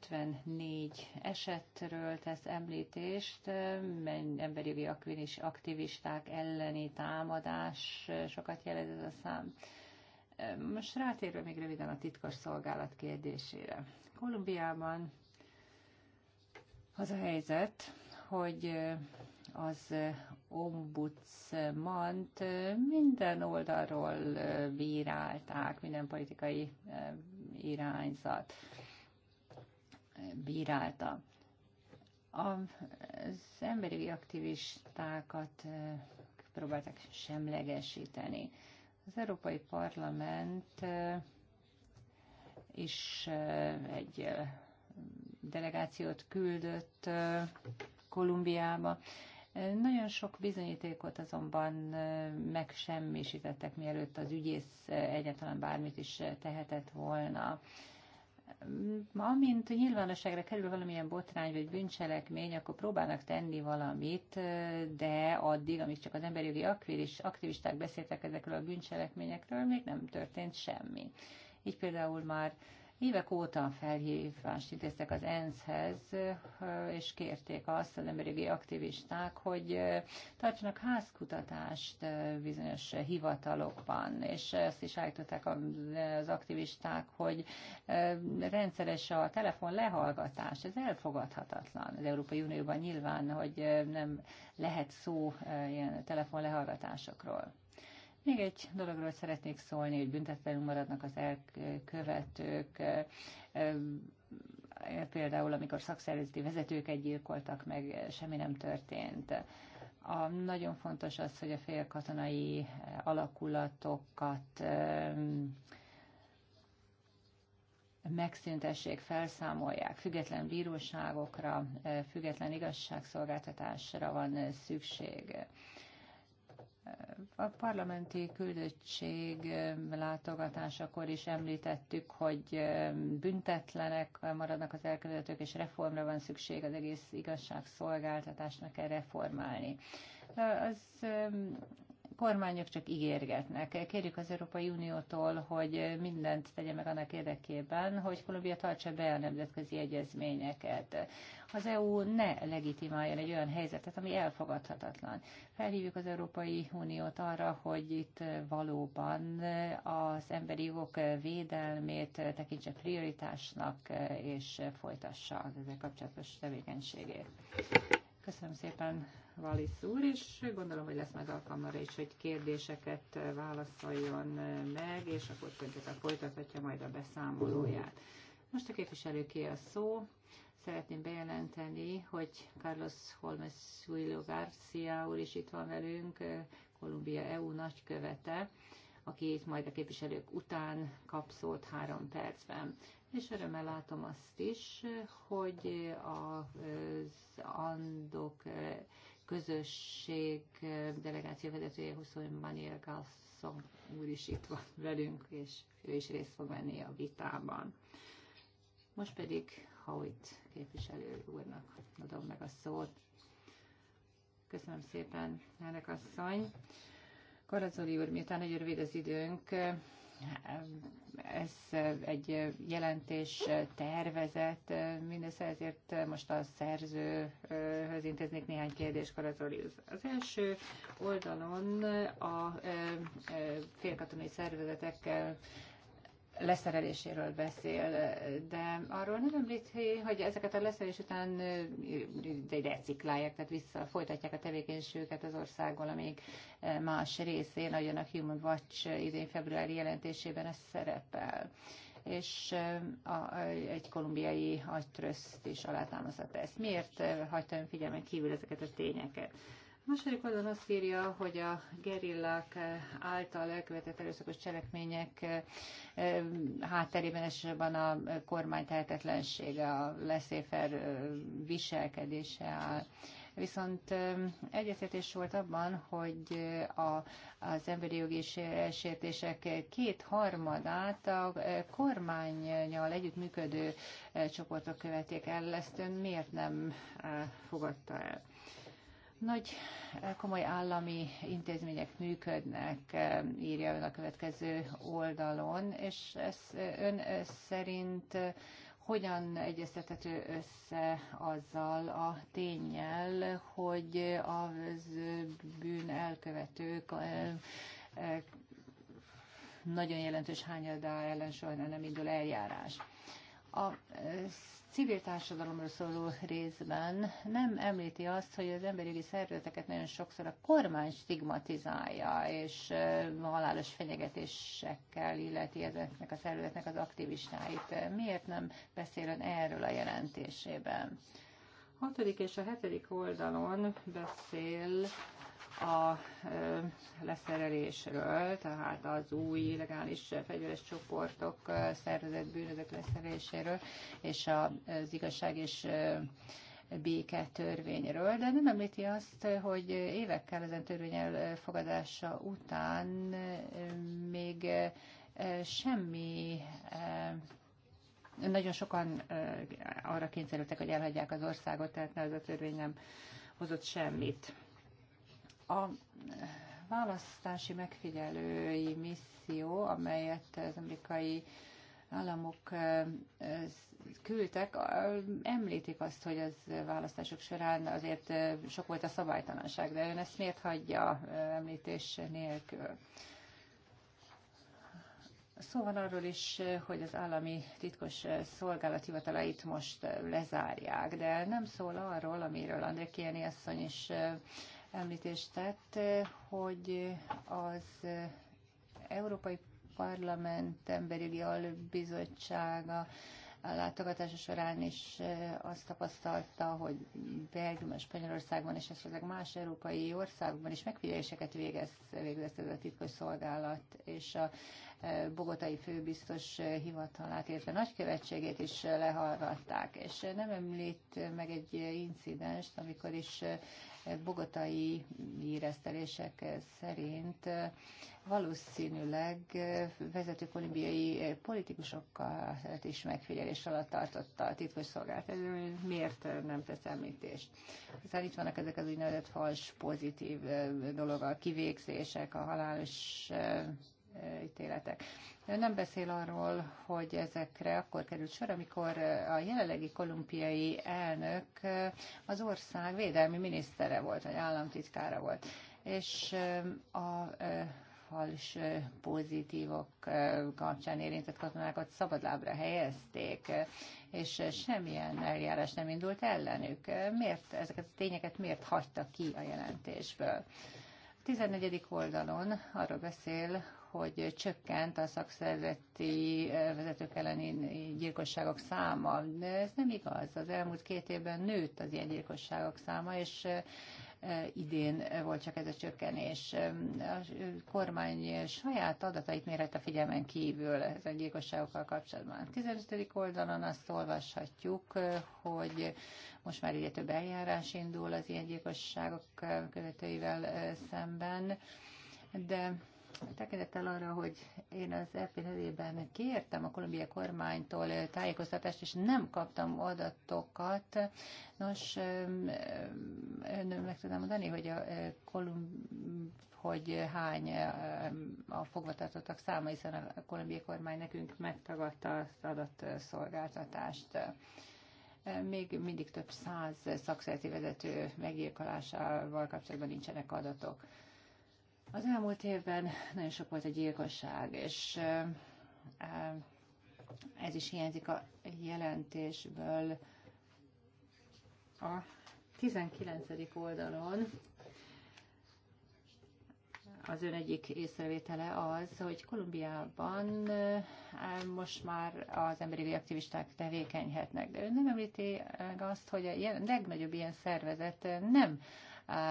54 esetről tesz említést, emberi jogi aktivisták elleni támadás, sokat jelent ez a szám. Most rátérve még röviden a titkos szolgálat kérdésére. Kolumbiában az a helyzet, hogy az ombudsmant minden oldalról bírálták, minden politikai eh, irányzat bírálta. Az emberi aktivistákat próbálták semlegesíteni. Az Európai Parlament is egy delegációt küldött Kolumbiába. Nagyon sok bizonyítékot azonban megsemmisítettek, mielőtt az ügyész egyáltalán bármit is tehetett volna amint nyilvánosságra kerül valamilyen botrány vagy bűncselekmény, akkor próbálnak tenni valamit, de addig, amíg csak az emberi jogi aktivisták beszéltek ezekről a bűncselekményekről, még nem történt semmi. Így például már Évek óta felhívást idéztek az ENSZ-hez, és kérték azt az emberi aktivisták, hogy tartsanak házkutatást bizonyos hivatalokban, és azt is állították az aktivisták, hogy rendszeres a telefon lehallgatás, ez elfogadhatatlan. Az Európai Unióban nyilván, hogy nem lehet szó ilyen telefon lehallgatásokról. Még egy dologról szeretnék szólni, hogy büntetlenül maradnak az elkövetők. Például, amikor szakszervezeti vezetőket gyilkoltak meg, semmi nem történt. A, nagyon fontos az, hogy a félkatonai alakulatokat megszüntessék, felszámolják, független bíróságokra, független igazságszolgáltatásra van szükség. A parlamenti küldöttség látogatásakor is említettük, hogy büntetlenek maradnak az elkövetők, és reformra van szükség az egész igazságszolgáltatásnak kell reformálni. Az kormányok csak ígérgetnek. Kérjük az Európai Uniótól, hogy mindent tegye meg annak érdekében, hogy Kolumbia tartsa be a nemzetközi egyezményeket. Az EU ne legitimáljon egy olyan helyzetet, ami elfogadhatatlan. Felhívjuk az Európai Uniót arra, hogy itt valóban az emberi jogok védelmét tekintse prioritásnak, és folytassa az ezzel kapcsolatos tevékenységét. Köszönöm szépen, Valisz úr, és gondolom, hogy lesz majd alkalma is, hogy kérdéseket válaszoljon meg, és akkor tulajdonképpen folytathatja majd a beszámolóját. Most a ki a szó. Szeretném bejelenteni, hogy Carlos Holmes Huilo Garcia úr is itt van velünk, Kolumbia EU nagykövete, aki itt majd a képviselők után kap szót három percben. És örömmel látom azt is, hogy az Andok közösség delegáció vezetője Huszon Manuel Galszom úr is itt van velünk, és ő is részt fog venni a vitában. Most pedig Hauit képviselő úrnak adom meg a szót. Köszönöm szépen, Nárek asszony. Karazoli úr, miután nagyon rövid az időnk, ez egy jelentés tervezet, mindössze ezért most a szerzőhöz intéznék néhány kérdést, Karatorius. Az első oldalon a félkatonai szervezetekkel leszereléséről beszél, de arról nem említi, hogy ezeket a leszerelés után reciklálják, tehát vissza folytatják a tevékenységüket az országból, amíg más részén, ahogyan a Human Watch idén februári jelentésében ez szerepel és a, egy kolumbiai agytröszt is alátámasztotta ezt. Miért hagyta ön figyelmen kívül ezeket a tényeket? második oldalon azt írja, hogy a gerillák eh, által elkövetett erőszakos cselekmények eh, eh, hátterében esetben a kormány tehetetlensége, a leszéfer viselkedése áll. Viszont egyetértés volt abban, hogy a, az emberi jogi sértések kétharmadát a kormányjal együttműködő csoportok követték el. Ezt ön miért nem fogadta el? Nagy eh, komoly állami intézmények működnek, eh, írja ön a következő oldalon, és ez eh, ön szerint hogyan egyeztethető össze azzal a tényel, hogy a bűn elkövetők nagyon jelentős hányadá ellen soha nem indul eljárás. A civil társadalomról szóló részben nem említi azt, hogy az emberi szervezeteket nagyon sokszor a kormány stigmatizálja, és halálos fenyegetésekkel illeti ezeknek a szervezetnek az aktivistáit. Miért nem beszél ön erről a jelentésében? A hatodik és a hetedik oldalon beszél a leszerelésről, tehát az új illegális fegyveres csoportok szervezett bűnözők leszereléséről, és az igazság és béke törvényről, de nem említi azt, hogy évekkel ezen törvény elfogadása után még semmi nagyon sokan arra kényszerültek, hogy elhagyják az országot, tehát ez a törvény nem hozott semmit. A választási megfigyelői misszió, amelyet az amerikai államok küldtek, említik azt, hogy az választások során azért sok volt a szabálytalanság, de ön ezt miért hagyja említés nélkül? Szó van arról is, hogy az állami titkos szolgálat hivatalait most lezárják, de nem szól arról, amiről André Kieni asszony is említést tett, hogy az Európai Parlament Emberi Bizottsága a látogatása során is azt tapasztalta, hogy Belgiumban, Spanyolországban és esetleg más európai országban is megfigyeléseket végez, végzett ez a titkos szolgálat, és a bogotai főbiztos hivatalát, illetve nagykövetségét is lehallgatták. És nem említ meg egy incidens, amikor is bogotai híresztelések szerint valószínűleg vezető kolumbiai politikusokkal is megfigyelés alatt tartotta a titkos szolgálat. Miért nem tesz említést? Aztán itt vannak ezek az úgynevezett fals pozitív dolog, a kivégzések, a halálos ítéletek. Nem beszél arról, hogy ezekre akkor került sor, amikor a jelenlegi kolumbiai elnök az ország védelmi minisztere volt, vagy államtitkára volt. És a fals pozitívok kapcsán érintett katonákat szabadlábra helyezték, és semmilyen eljárás nem indult ellenük. Miért ezeket a tényeket miért hagyta ki a jelentésből? A 14. oldalon arról beszél, hogy csökkent a szakszervezeti eh, vezetők elleni gyilkosságok száma. De ez nem igaz. Az elmúlt két évben nőtt az ilyen gyilkosságok száma, és eh, idén volt csak ez a csökkenés. Eh, a kormány saját adatait mérhet a figyelmen kívül ezen gyilkosságokkal kapcsolatban. A 15. oldalon azt olvashatjuk, hogy most már ugye több eljárás indul az ilyen gyilkosságok követőivel szemben, de tekintettel arra, hogy én az EP nevében kértem a kolumbiai kormánytól tájékoztatást, és nem kaptam adatokat. Nos, ön meg tudom mondani, hogy a kolumb hogy hány a fogvatartottak száma, hiszen a kolumbiai kormány nekünk megtagadta az adatszolgáltatást. Még mindig több száz szakszereti vezető meggyilkolásával kapcsolatban nincsenek adatok. Az elmúlt évben nagyon sok volt a gyilkosság, és ez is hiányzik a jelentésből. A 19. oldalon az ön egyik észrevétele az, hogy Kolumbiában most már az emberi aktivisták tevékenyhetnek, de ön nem említi azt, hogy a legnagyobb ilyen szervezet nem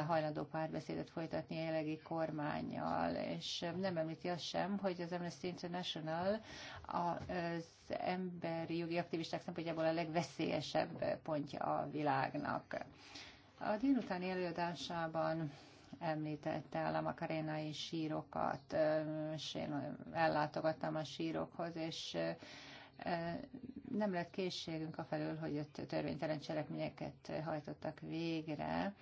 hajlandó párbeszédet folytatni a jelenlegi kormányjal, és nem említi azt sem, hogy az Amnesty International az emberi jogi aktivisták szempontjából a legveszélyesebb pontja a világnak. A délutáni előadásában említette a lamakarénai sírokat, és én ellátogattam a sírokhoz, és e, nem lett készségünk a felől, hogy ott törvénytelen cselekményeket hajtottak végre,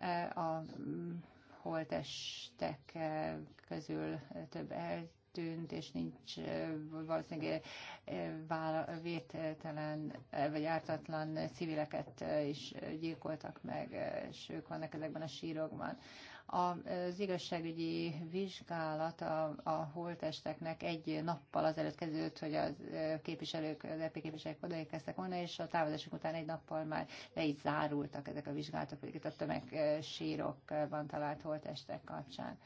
E, a mm, holtestek e, közül több eltűnt, és nincs e, valószínűleg védtelen vagy ártatlan civileket is gyilkoltak meg, és ők vannak ezekben a sírokban. Az igazságügyi vizsgálat a, a holtesteknek egy nappal azelőtt kezdődött, hogy a képviselők, az EP képviselők odaérkeztek volna, és a távozásuk után egy nappal már le is zárultak ezek a vizsgálatok, pedig itt a tömegsírokban talált holtestek kapcsán.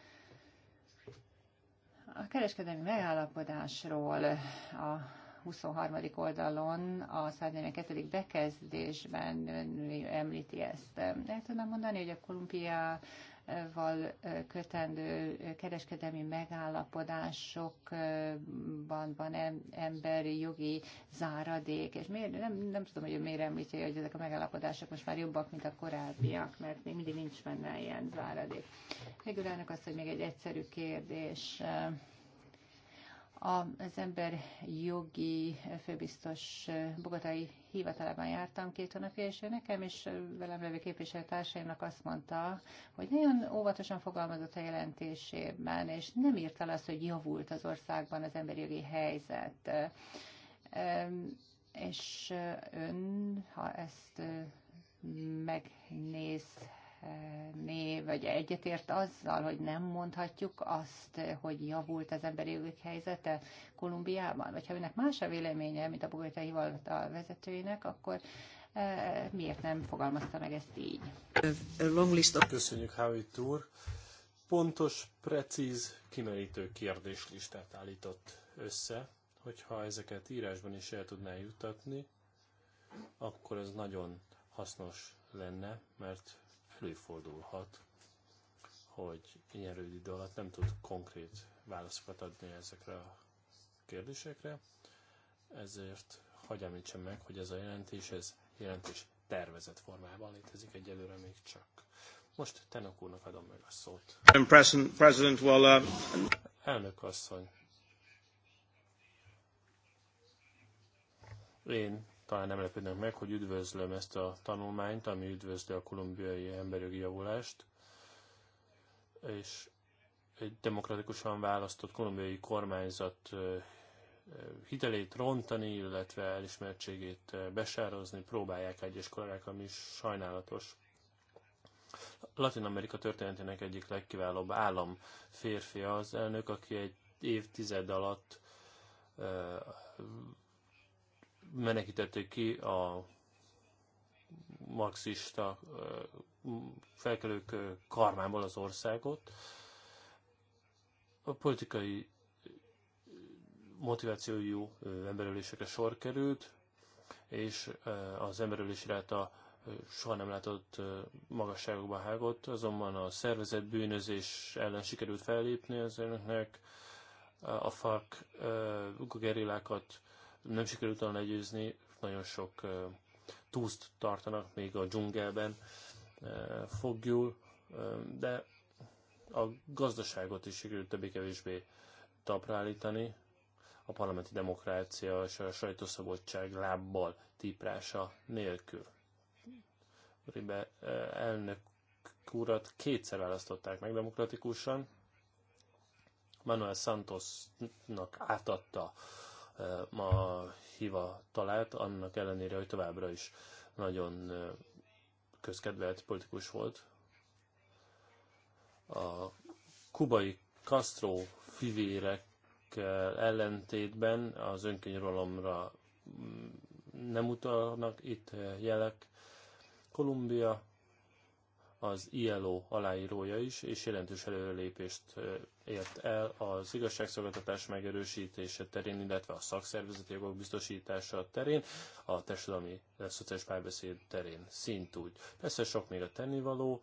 A kereskedelmi megállapodásról a 23. oldalon, a 142. bekezdésben említi ezt. El tudnám mondani, hogy a Kolumbia val kötendő kereskedelmi megállapodásokban van emberi jogi záradék, és miért, nem, nem tudom, hogy miért említi, hogy ezek a megállapodások most már jobbak, mint a korábbiak, mert még mindig nincs benne ilyen záradék. Végül ennek az, hogy még egy egyszerű kérdés az ember jogi főbiztos bogotai hivatalában jártam két hónapja, és ő nekem és velem levő képviselőtársaimnak azt mondta, hogy nagyon óvatosan fogalmazott a jelentésében, és nem írta le azt, hogy javult az országban az emberi jogi helyzet. És ön, ha ezt megnéz, né, vagy egyetért azzal, hogy nem mondhatjuk azt, hogy javult az emberi jogok helyzete Kolumbiában? Vagy ha önnek más a véleménye, mint a bogotai hivatal vezetőinek, akkor e, miért nem fogalmazta meg ezt így? Köszönjük, Howitt úr! Pontos, precíz, kimerítő kérdéslistát állított össze, hogyha ezeket írásban is el tudná juttatni, akkor ez nagyon hasznos lenne, mert előfordulhat, hogy ilyen rövid idő alatt nem tud konkrét válaszokat adni ezekre a kérdésekre, ezért hagyjam említsem meg, hogy ez a jelentés, ez jelentés tervezett formában létezik egyelőre még csak. Most Tenok úrnak adom meg a szót. President, well, uh... Elnök asszony. Én talán nem lepődnek meg, hogy üdvözlöm ezt a tanulmányt, ami üdvözli a kolumbiai emberjogi javulást, és egy demokratikusan választott kolumbiai kormányzat hitelét rontani, illetve elismertségét besározni próbálják egyes kollégák, ami sajnálatos. Latin Amerika történetének egyik legkiválóbb állam férfi az elnök, aki egy évtized alatt menekítették ki a marxista felkelők karmából az országot. A politikai motivációjú emberölésekre sor került, és az emberölés a soha nem látott magasságokba hágott, azonban a szervezet bűnözés ellen sikerült fellépni az önöknek, a FARC gerillákat nem sikerült olyan legyőzni, nagyon sok túszt tartanak még a dzsungelben fogjul, de a gazdaságot is sikerült többé-kevésbé taprálítani, a parlamenti demokrácia és a sajtószabadság lábbal típrása nélkül. Ribe elnök urat kétszer választották meg demokratikusan, Manuel Santosnak átadta ma hiva talált, annak ellenére, hogy továbbra is nagyon közkedvelt politikus volt. A kubai Castro fivérek ellentétben az önkényrólomra mm, nem utalnak itt jelek. Kolumbia az ILO aláírója is, és jelentős előrelépést ért el az igazságszolgáltatás megerősítése terén, illetve a szakszervezeti jogok biztosítása terén, a társadalmi szociális párbeszéd terén szintúgy. Persze sok még a tennivaló.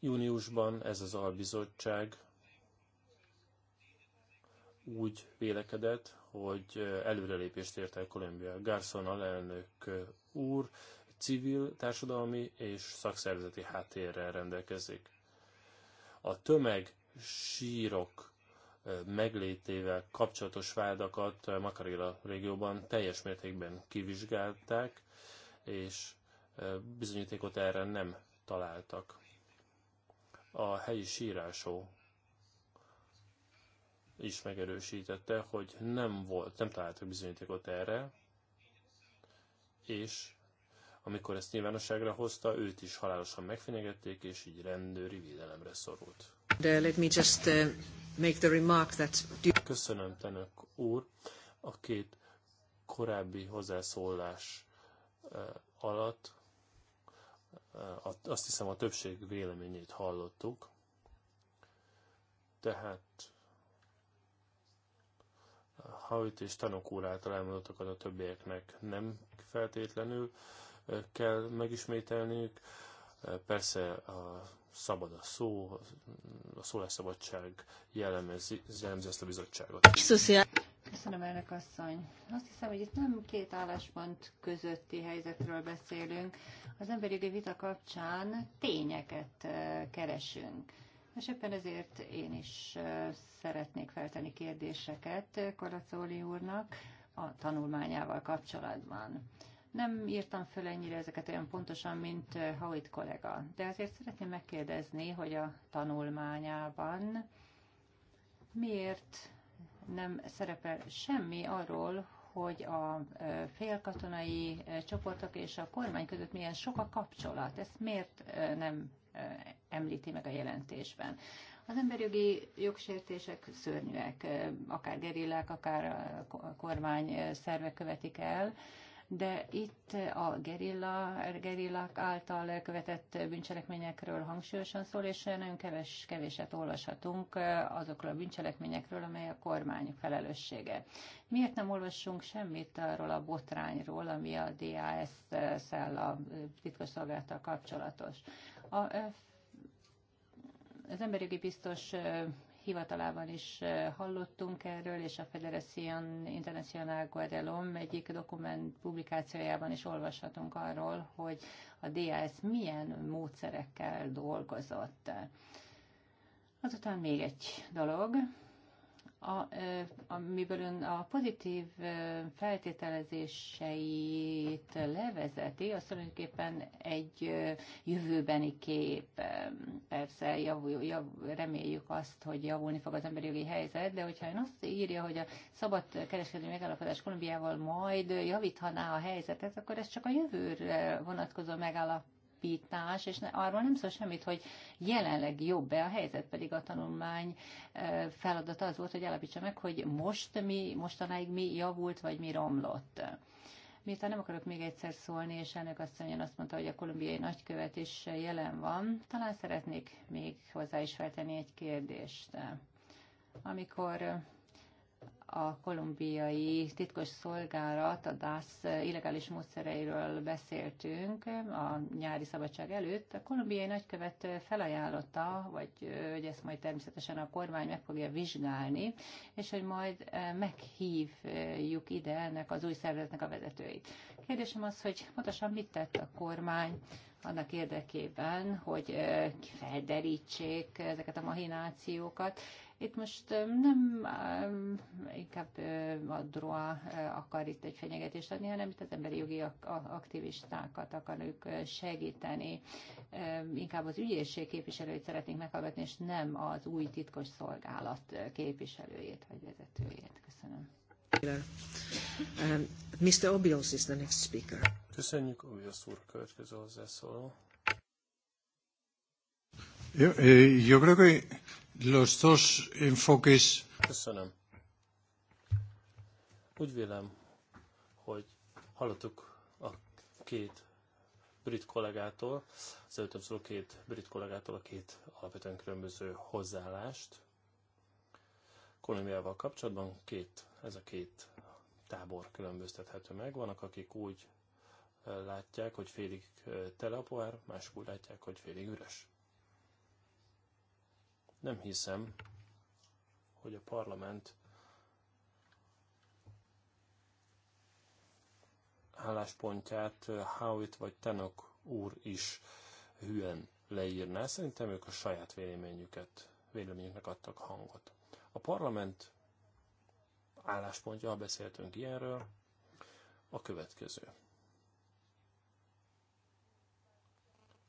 Júniusban ez az albizottság úgy vélekedett, hogy előrelépést ért el Kolumbia. Garson alelnök úr civil, társadalmi és szakszervezeti háttérrel rendelkezik. A tömeg sírok eh, meglétével kapcsolatos vádakat eh, Makarila régióban teljes mértékben kivizsgálták, és eh, bizonyítékot erre nem találtak. A helyi sírásó is megerősítette, hogy nem volt, nem találtak bizonyítékot erre, és amikor ezt nyilvánosságra hozta, őt is halálosan megfenyegették, és így rendőri védelemre szorult. De let me just uh, make the remark that... Köszönöm, Tenök úr. A két korábbi hozzászólás uh, alatt uh, azt hiszem a többség véleményét hallottuk. Tehát Hajt és Tanok úr által a többieknek nem feltétlenül kell megismételniük. Persze a szabad a szó, a szólásszabadság jellemezi, jellemzi ezt a bizottságot. Köszönöm, elnök asszony. Azt hiszem, hogy itt nem két álláspont közötti helyzetről beszélünk. Az emberi jogi vita kapcsán tényeket keresünk. És éppen ezért én is szeretnék feltenni kérdéseket Koracóli úrnak a tanulmányával kapcsolatban. Nem írtam föl ennyire ezeket olyan pontosan, mint Hauit kollega, de azért szeretném megkérdezni, hogy a tanulmányában miért nem szerepel semmi arról, hogy a félkatonai csoportok és a kormány között milyen sok a kapcsolat. Ezt miért nem említi meg a jelentésben? Az emberjogi jogsértések szörnyűek, akár gerillák, akár a kormány szervek követik el, de itt a gerilla, gerillák által követett bűncselekményekről hangsúlyosan szól, és nagyon keves, keveset olvashatunk azokról a bűncselekményekről, amely a kormány felelőssége. Miért nem olvassunk semmit arról a botrányról, ami a DAS-szel, a titkosszolgálattal kapcsolatos? A az emberjogi biztos hivatalában is hallottunk erről, és a Federación Internacional Guadalom egyik dokument publikációjában is olvashatunk arról, hogy a DAS milyen módszerekkel dolgozott. Azután még egy dolog, a, amiből ön a pozitív feltételezéseit levezeti, az tulajdonképpen egy jövőbeni kép. Persze javul, jav, reméljük azt, hogy javulni fog az emberi jogi helyzet, de hogyha ön azt írja, hogy a szabad kereskedő megállapodás Kolumbiával majd javíthaná a helyzetet, akkor ez csak a jövőre vonatkozó megállapodás alapítás, és arról nem szól semmit, hogy jelenleg jobb-e a helyzet, pedig a tanulmány e, feladata az volt, hogy alapítsa meg, hogy most mi, mostanáig mi javult, vagy mi romlott. Miután nem akarok még egyszer szólni, és ennek mondja, azt mondta, hogy a kolumbiai nagykövet is jelen van, talán szeretnék még hozzá is feltenni egy kérdést. Amikor a kolumbiai titkos szolgálat, a DASZ illegális módszereiről beszéltünk a nyári szabadság előtt, a kolumbiai nagykövet felajánlotta, vagy hogy ezt majd természetesen a kormány meg fogja vizsgálni, és hogy majd eh, meghívjuk ide ennek az új szervezetnek a vezetőit. Kérdésem az, hogy pontosan mit tett a kormány annak érdekében, hogy eh, felderítsék ezeket a mahinációkat, itt most nem inkább a DROA akar itt egy fenyegetést adni, hanem itt az emberi jogi aktivistákat akarjuk segíteni. Inkább az ügyészség képviselőit szeretnénk meghallgatni, és nem az új titkos szolgálat képviselőjét vagy vezetőjét. Köszönöm. Uh, Mr. Obios is the next speaker. Köszönjük, Obios úr, következő hozzászóló. Yo, eh, yo creo que los dos enfoques. Köszönöm. Úgy vélem, hogy hallottuk a két brit kollégától, az előttem szóló két brit kollégától a két alapvetően különböző hozzáállást. Kolumbiával kapcsolatban két, ez a két tábor különböztethető meg. Vannak, akik úgy látják, hogy félig tele a pohár, mások úgy látják, hogy félig üres. Nem hiszem, hogy a parlament álláspontját eh, Howitt vagy Tenok úr is hülyen leírná. Szerintem ők a saját véleményüket, véleményüknek adtak hangot. A parlament álláspontja, ha beszéltünk ilyenről, a következő.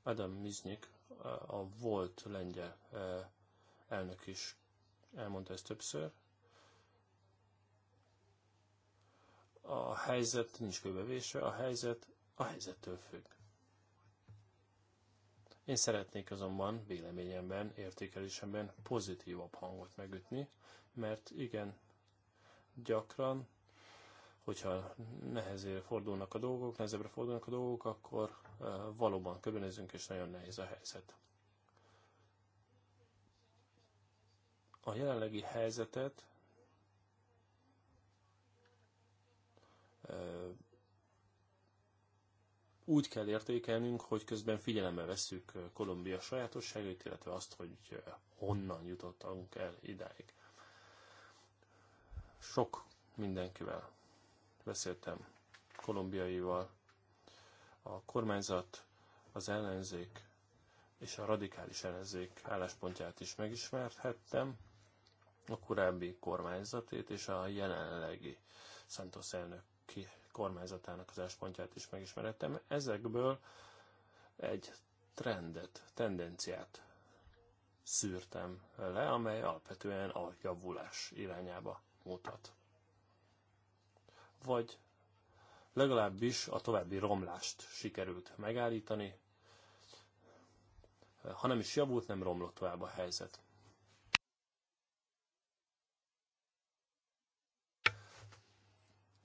Adam Miznyik, eh, a volt lengyel eh, elnök is elmondta ezt többször. A helyzet nincs kőbevésve, a helyzet a helyzettől függ. Én szeretnék azonban véleményemben, értékelésemben pozitívabb hangot megütni, mert igen, gyakran, hogyha nehezére fordulnak a dolgok, nehezebbre fordulnak a dolgok, akkor eh, valóban köbönözünk, és nagyon nehéz a helyzet. a jelenlegi helyzetet úgy kell értékelnünk, hogy közben figyelembe vesszük Kolumbia sajátosságait, illetve azt, hogy honnan jutottunk el idáig. Sok mindenkivel beszéltem, kolumbiaival, a kormányzat, az ellenzék és a radikális ellenzék álláspontját is megismerhettem a korábbi kormányzatét és a jelenlegi Santos elnök kormányzatának az álláspontját is megismerettem. Ezekből egy trendet, tendenciát szűrtem le, amely alapvetően a javulás irányába mutat. Vagy legalábbis a további romlást sikerült megállítani, ha nem is javult, nem romlott tovább a helyzet.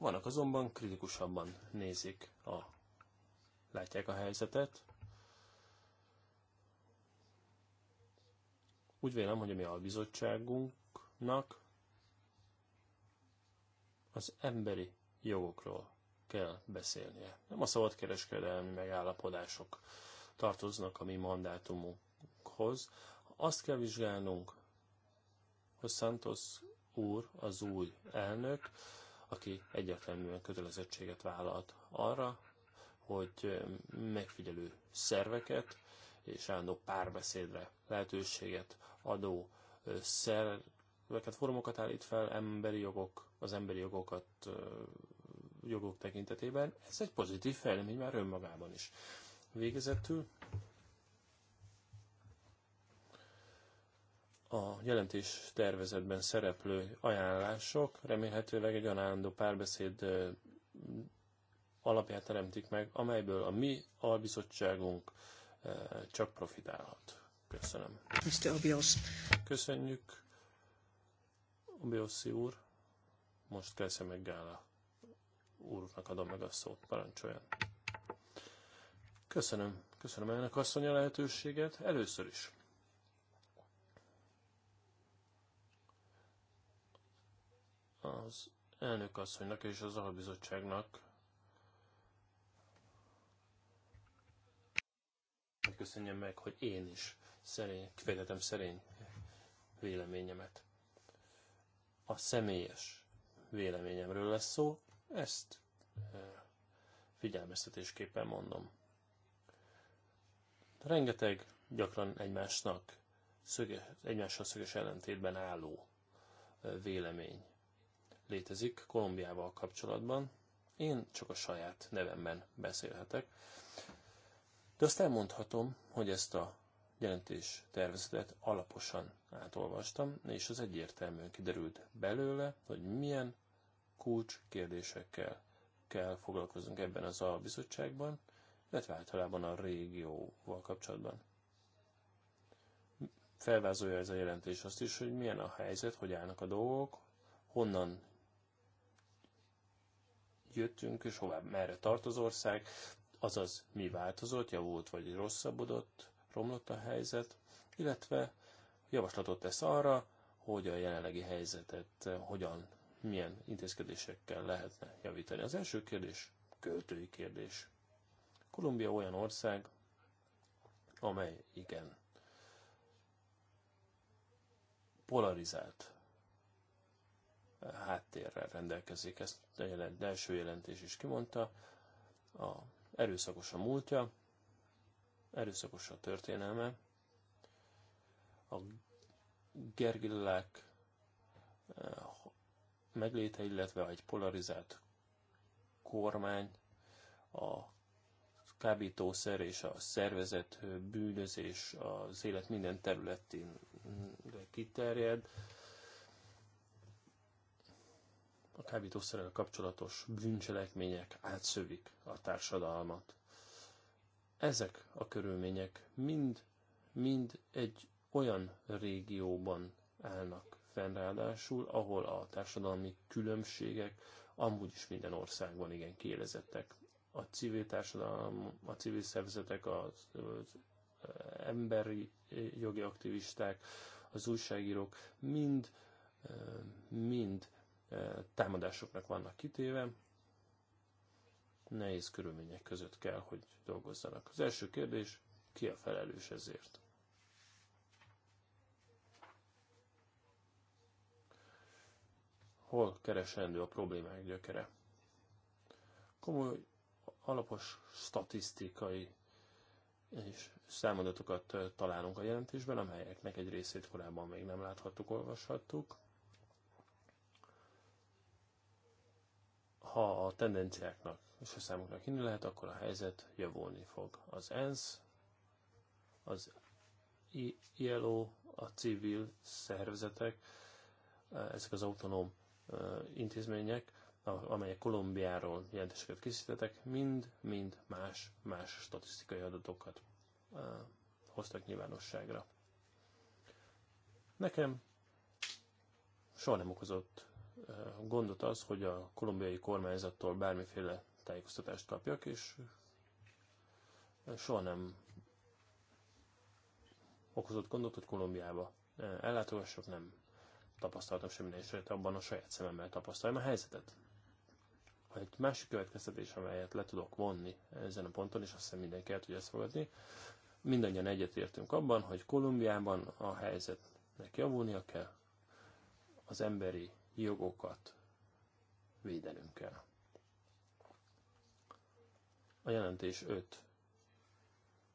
Vannak azonban kritikusabban nézik a, látják a helyzetet. Úgy vélem, hogy mi a bizottságunknak az emberi jogokról kell beszélnie. Nem a szabadkereskedelmi megállapodások tartoznak a mi mandátumunkhoz. Azt kell vizsgálnunk, hogy Santos úr, az új elnök, aki egyértelműen kötelezettséget vállalt arra, hogy um, megfigyelő szerveket és állandó párbeszédre lehetőséget adó szerveket, formokat állít fel emberi jogok, az emberi jogokat jogok tekintetében. Ez egy pozitív fejlemény már önmagában is. Végezetül a jelentés tervezetben szereplő ajánlások remélhetőleg egy olyan állandó párbeszéd alapját teremtik meg, amelyből a mi albizottságunk csak profitálhat. Köszönöm. Mr. Obios. Köszönjük, Obiosi úr. Most Kelsey meg Gála úrnak adom meg a szót. Parancsoljon. Köszönöm. Köszönöm ennek asszony a lehetőséget. Először is az elnök asszonynak és az albizottságnak. köszönjem meg, hogy én is szerény, kifejezetem szerény véleményemet. A személyes véleményemről lesz szó, ezt eh, figyelmeztetésképpen mondom. Rengeteg gyakran egymásnak szöge, egymással szöges ellentétben álló eh, vélemény létezik Kolumbiával kapcsolatban. Én csak a saját nevemben beszélhetek. De azt elmondhatom, hogy ezt a jelentés tervezetet alaposan átolvastam, és az egyértelműen kiderült belőle, hogy milyen kulcs kérdésekkel kell foglalkozunk ebben az albizottságban, illetve általában a régióval kapcsolatban. Felvázolja ez a jelentés azt is, hogy milyen a helyzet, hogy állnak a dolgok, honnan jöttünk, és hová, merre tart az ország, azaz mi változott, javult vagy rosszabbodott, romlott a helyzet, illetve javaslatot tesz arra, hogy a jelenlegi helyzetet hogyan, milyen intézkedésekkel lehetne javítani. Az első kérdés költői kérdés. Kolumbia olyan ország, amely igen polarizált háttérrel rendelkezik. Ezt a jelent, első jelentés is kimondta. A erőszakos a múltja, erőszakos a történelme. A gergillák eh, megléte, illetve egy polarizált kormány, a kábítószer és a szervezet bűnözés az élet minden területén mm, kiterjed, a kábítószerrel kapcsolatos bűncselekmények átszövik a társadalmat. Ezek a körülmények mind, mind egy olyan régióban állnak fenn ráadásul, ahol a társadalmi különbségek amúgy is minden országban igen kélezettek. A civil társadalom, a civil szervezetek, az, az eh, emberi eh, jogi aktivisták, az újságírók mind, eh, mind támadásoknak vannak kitéve, nehéz körülmények között kell, hogy dolgozzanak. Az első kérdés, ki a felelős ezért? Hol keresendő a problémák gyökere? Komoly, alapos statisztikai és számadatokat találunk a jelentésben, amelyeknek egy részét korábban még nem láthattuk, olvashattuk. Ha a tendenciáknak és a számoknak hinni lehet, akkor a helyzet javulni fog. Az ENSZ, az ILO, a civil szervezetek, ezek az autonóm intézmények, amelyek Kolumbiáról jelentéseket készítettek, mind-mind más-más statisztikai adatokat hoztak nyilvánosságra. Nekem soha nem okozott gondot az, hogy a kolumbiai kormányzattól bármiféle tájékoztatást kapjak, és soha nem okozott gondot, hogy Kolumbiába ellátogassak, nem tapasztaltam semmi eset, abban a saját szememmel tapasztaljam a helyzetet. Egy másik következtetés, amelyet le tudok vonni ezen a ponton, és azt hiszem mindenki el tudja ezt fogadni, mindannyian egyetértünk abban, hogy Kolumbiában a helyzetnek javulnia kell, az emberi jogokat védenünk kell. A jelentés 5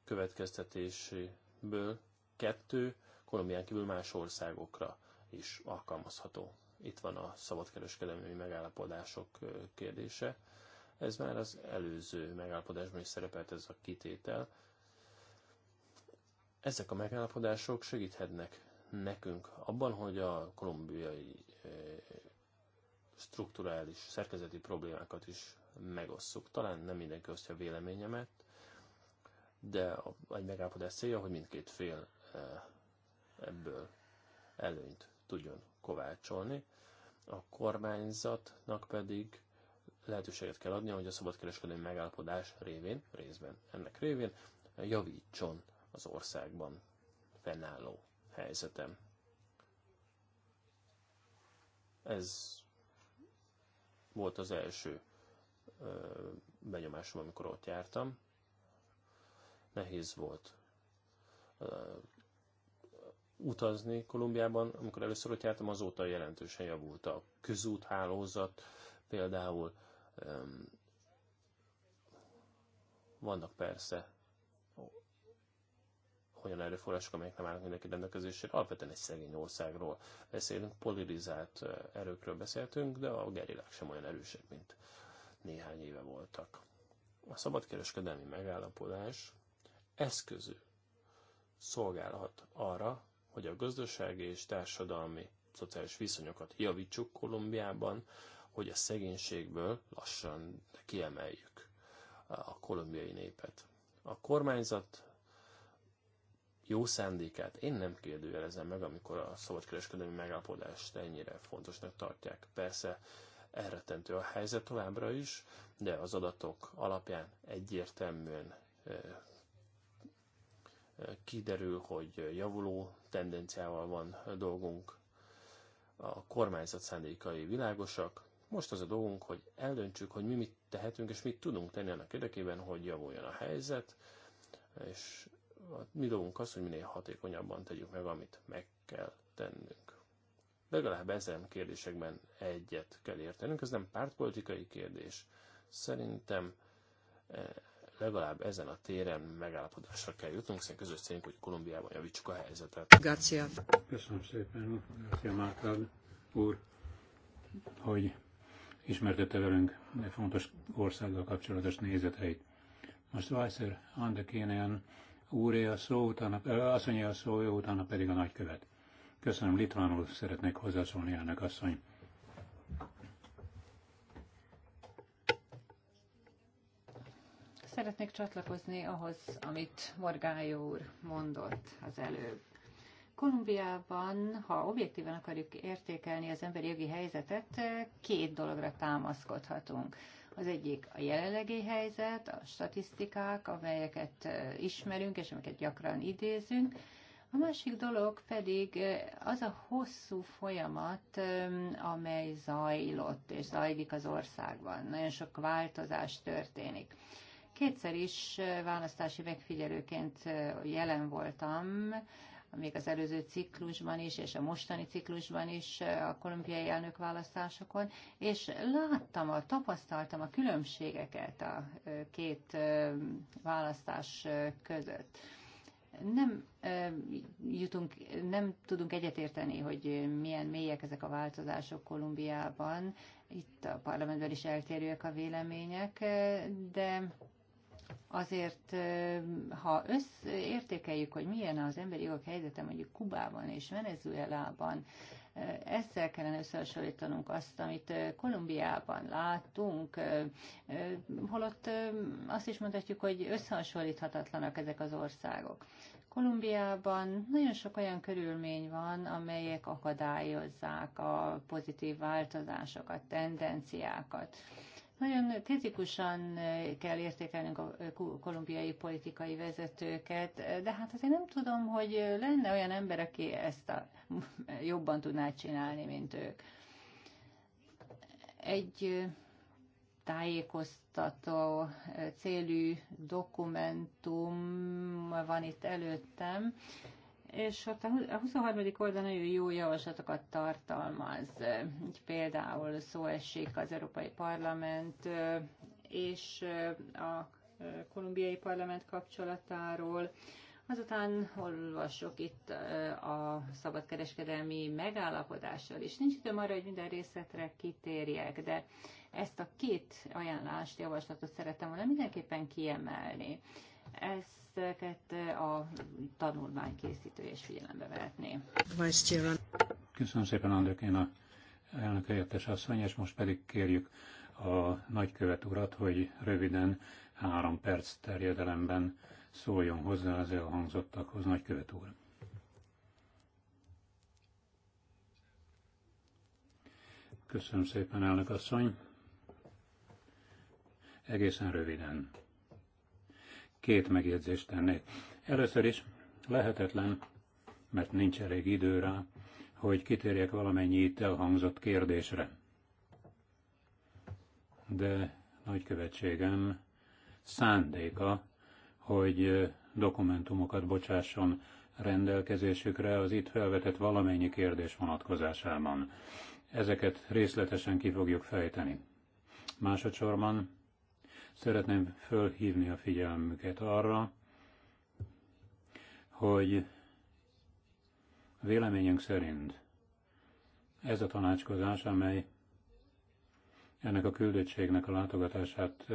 következtetéséből kettő Kolumbián kívül más országokra is alkalmazható. Itt van a szabadkereskedelmi megállapodások kérdése. Ez már az előző megállapodásban is szerepelt ez a kitétel. Ezek a megállapodások segíthetnek nekünk abban, hogy a kolumbiai strukturális, szerkezeti problémákat is megosszuk. Talán nem mindenki osztja véleményemet, de a, egy megállapodás célja, hogy mindkét fél e, ebből előnyt tudjon kovácsolni. A kormányzatnak pedig lehetőséget kell adnia, hogy a szabadkereskedelmi megállapodás révén, részben ennek révén javítson az országban fennálló helyzetem. Ez volt az első benyomásom, amikor ott jártam. Nehéz volt utazni Kolumbiában. Amikor először ott jártam, azóta jelentősen javult a közúthálózat, például vannak persze olyan erőforrások, amelyek nem állnak mindenki rendelkezésére. Alapvetően egy szegény országról beszélünk, polarizált erőkről beszéltünk, de a gerillák sem olyan erősek, mint néhány éve voltak. A szabadkereskedelmi megállapodás eszközű szolgálhat arra, hogy a gazdasági és társadalmi szociális viszonyokat javítsuk Kolumbiában, hogy a szegénységből lassan kiemeljük a kolumbiai népet. A kormányzat jó szándékát én nem kérdőjelezem meg, amikor a szabadkereskedelmi megállapodást ennyire fontosnak tartják. Persze elrettentő a helyzet továbbra is, de az adatok alapján egyértelműen kiderül, hogy javuló tendenciával van dolgunk, a kormányzat szándékai világosak. Most az a dolgunk, hogy eldöntsük, hogy mi mit tehetünk és mit tudunk tenni annak érdekében, hogy javuljon a helyzet, és a mi dolgunk az, hogy minél hatékonyabban tegyük meg, amit meg kell tennünk. Legalább ezen kérdésekben egyet kell értenünk, ez nem pártpolitikai kérdés. Szerintem eh, legalább ezen a téren megállapodásra kell jutnunk, hiszen közös célunk, hogy Kolumbiában javítsuk a helyzetet. Gácia. Köszönöm szépen, Gácia Márkád úr, hogy ismertette velünk fontos országgal kapcsolatos nézeteit. Most Weiser Andekénen úré a szó, utána, asszonyé a szó, jó, utána pedig a nagykövet. Köszönöm, Litvánul szeretnék hozzászólni, ennek asszony. Szeretnék csatlakozni ahhoz, amit Morgályó úr mondott az előbb. Kolumbiában, ha objektíven akarjuk értékelni az emberi jogi helyzetet, két dologra támaszkodhatunk. Az egyik a jelenlegi helyzet, a statisztikák, amelyeket ismerünk és amiket gyakran idézünk, a másik dolog pedig az a hosszú folyamat, amely zajlott és zajlik az országban. Nagyon sok változás történik. Kétszer is választási megfigyelőként jelen voltam, még az előző ciklusban is, és a mostani ciklusban is eh, a kolumbiai elnök választásokon, és láttam, a, tapasztaltam a különbségeket a eh, két eh, választás között. Nem jutunk, nem tudunk egyetérteni, hogy milyen mélyek ezek a változások Kolumbiában. Itt a parlamentben is eltérőek a vélemények, de azért, ha összértékeljük, hogy milyen az emberi jogok helyzete mondjuk Kubában és Venezuelában, ezzel kellene összehasonlítanunk azt, amit Kolumbiában láttunk, holott azt is mondhatjuk, hogy összehasonlíthatatlanak ezek az országok. Kolumbiában nagyon sok olyan körülmény van, amelyek akadályozzák a pozitív változásokat, tendenciákat. Nagyon kritikusan eh, kell értékelnünk a eh, kolumbiai politikai vezetőket, eh, de hát azért nem tudom, hogy lenne olyan ember, aki ezt a, jobban tudná csinálni, mint ők. Egy tájékoztató célű dokumentum van itt előttem, és ott hát a 23. oldal nagyon jó javaslatokat tartalmaz. Így például szó esik az Európai Parlament és a kolumbiai parlament kapcsolatáról. Azután olvasok itt a szabadkereskedelmi megállapodással is. Nincs időm arra, hogy minden részletre kitérjek, de ezt a két ajánlást, javaslatot szerettem volna mindenképpen kiemelni. Ezeket a tanulmány készítő és figyelembe vehetné. Köszönöm szépen, a elnök helyettes asszony, és most pedig kérjük a nagykövet urat, hogy röviden három perc terjedelemben szóljon hozzá az elhangzottakhoz, nagykövet úr. Köszönöm szépen, elnök asszony. Egészen röviden. Két megjegyzést tennék. Először is lehetetlen, mert nincs elég idő rá, hogy kitérjek valamennyi itt elhangzott kérdésre. De nagykövetségem szándéka, hogy dokumentumokat bocsásson rendelkezésükre az itt felvetett valamennyi kérdés vonatkozásában. Ezeket részletesen ki fogjuk fejteni. Másodszorban Szeretném fölhívni a figyelmüket arra, hogy véleményünk szerint ez a tanácskozás, amely ennek a küldöttségnek a látogatását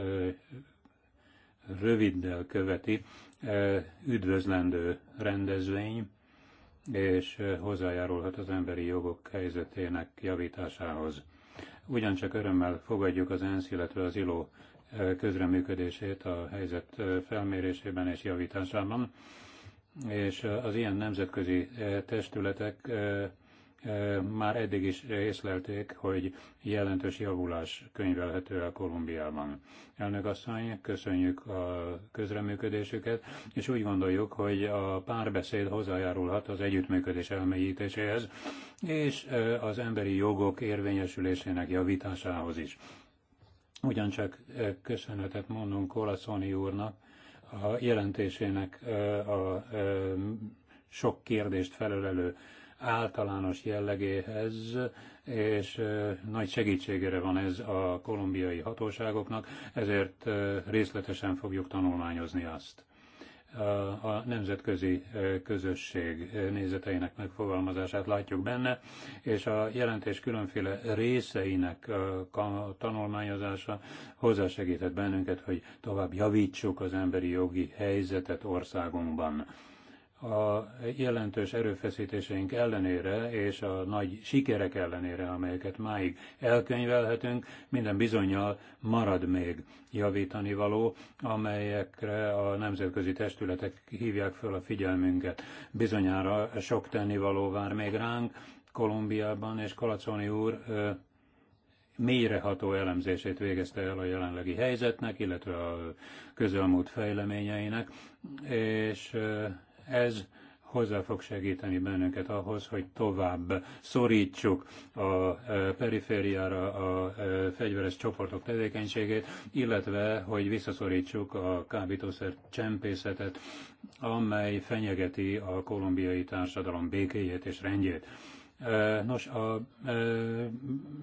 röviddel követi, üdvözlendő rendezvény, és hozzájárulhat az emberi jogok helyzetének javításához. Ugyancsak örömmel fogadjuk az ENSZ, illetve az ILO közreműködését a helyzet felmérésében és javításában, és az ilyen nemzetközi eh, testületek eh, eh, már eddig is észlelték, hogy jelentős javulás könyvelhető el Kolumbiában. Elnök asszony, köszönjük a közreműködésüket, és úgy gondoljuk, hogy a párbeszéd hozzájárulhat az együttműködés elmélyítéséhez, és az emberi jogok érvényesülésének javításához is. Ugyancsak köszönetet mondunk Olaszoni úrnak a jelentésének a sok kérdést felölelő általános jellegéhez, és nagy segítségére van ez a kolumbiai hatóságoknak, ezért részletesen fogjuk tanulmányozni azt a nemzetközi közösség nézeteinek megfogalmazását látjuk benne, és a jelentés különféle részeinek a tanulmányozása hozzásegített bennünket, hogy tovább javítsuk az emberi jogi helyzetet országunkban a jelentős erőfeszítéseink ellenére és a nagy sikerek ellenére, amelyeket máig elkönyvelhetünk, minden bizonyal marad még javítani való, amelyekre a nemzetközi testületek hívják föl a figyelmünket. Bizonyára sok tennivaló vár még ránk, Kolumbiában, és Kalaconi úr mélyreható elemzését végezte el a jelenlegi helyzetnek, illetve a közelmúlt fejleményeinek, és ez hozzá fog segíteni bennünket ahhoz, hogy tovább szorítsuk a e, perifériára a e, fegyveres csoportok tevékenységét, illetve hogy visszaszorítsuk a kábítószer csempészetet, amely fenyegeti a kolumbiai társadalom békéjét és rendjét. E, nos, a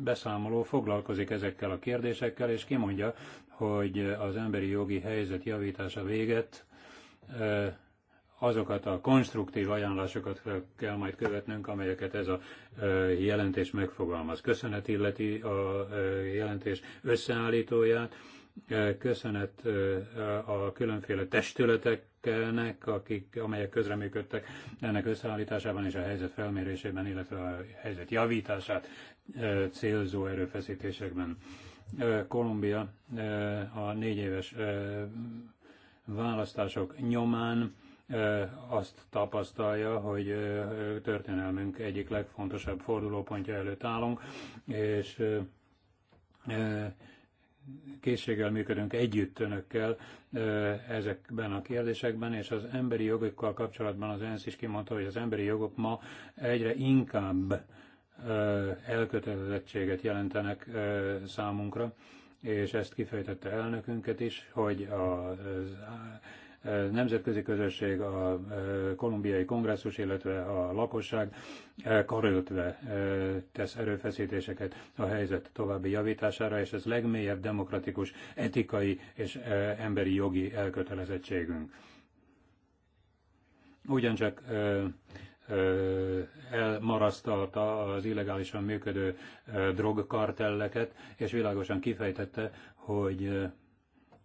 beszámoló foglalkozik ezekkel a kérdésekkel, és kimondja, hogy az emberi jogi helyzet javítása véget azokat a konstruktív ajánlásokat kell majd követnünk, amelyeket ez a jelentés megfogalmaz. Köszönet illeti a jelentés összeállítóját, köszönet a különféle testületeknek, akik, amelyek közreműködtek ennek összeállításában és a helyzet felmérésében, illetve a helyzet javítását célzó erőfeszítésekben. Kolumbia a négy éves választások nyomán azt tapasztalja, hogy történelmünk egyik legfontosabb fordulópontja előtt állunk, és készséggel működünk együtt önökkel ezekben a kérdésekben, és az emberi jogokkal kapcsolatban az ENSZ is kimondta, hogy az emberi jogok ma egyre inkább elkötelezettséget jelentenek számunkra, és ezt kifejtette elnökünket is, hogy az nemzetközi közösség, a kolumbiai kongresszus, illetve a lakosság karöltve tesz erőfeszítéseket a helyzet további javítására, és ez legmélyebb demokratikus, etikai és emberi jogi elkötelezettségünk. Ugyancsak elmarasztalta az illegálisan működő drogkartelleket, és világosan kifejtette, hogy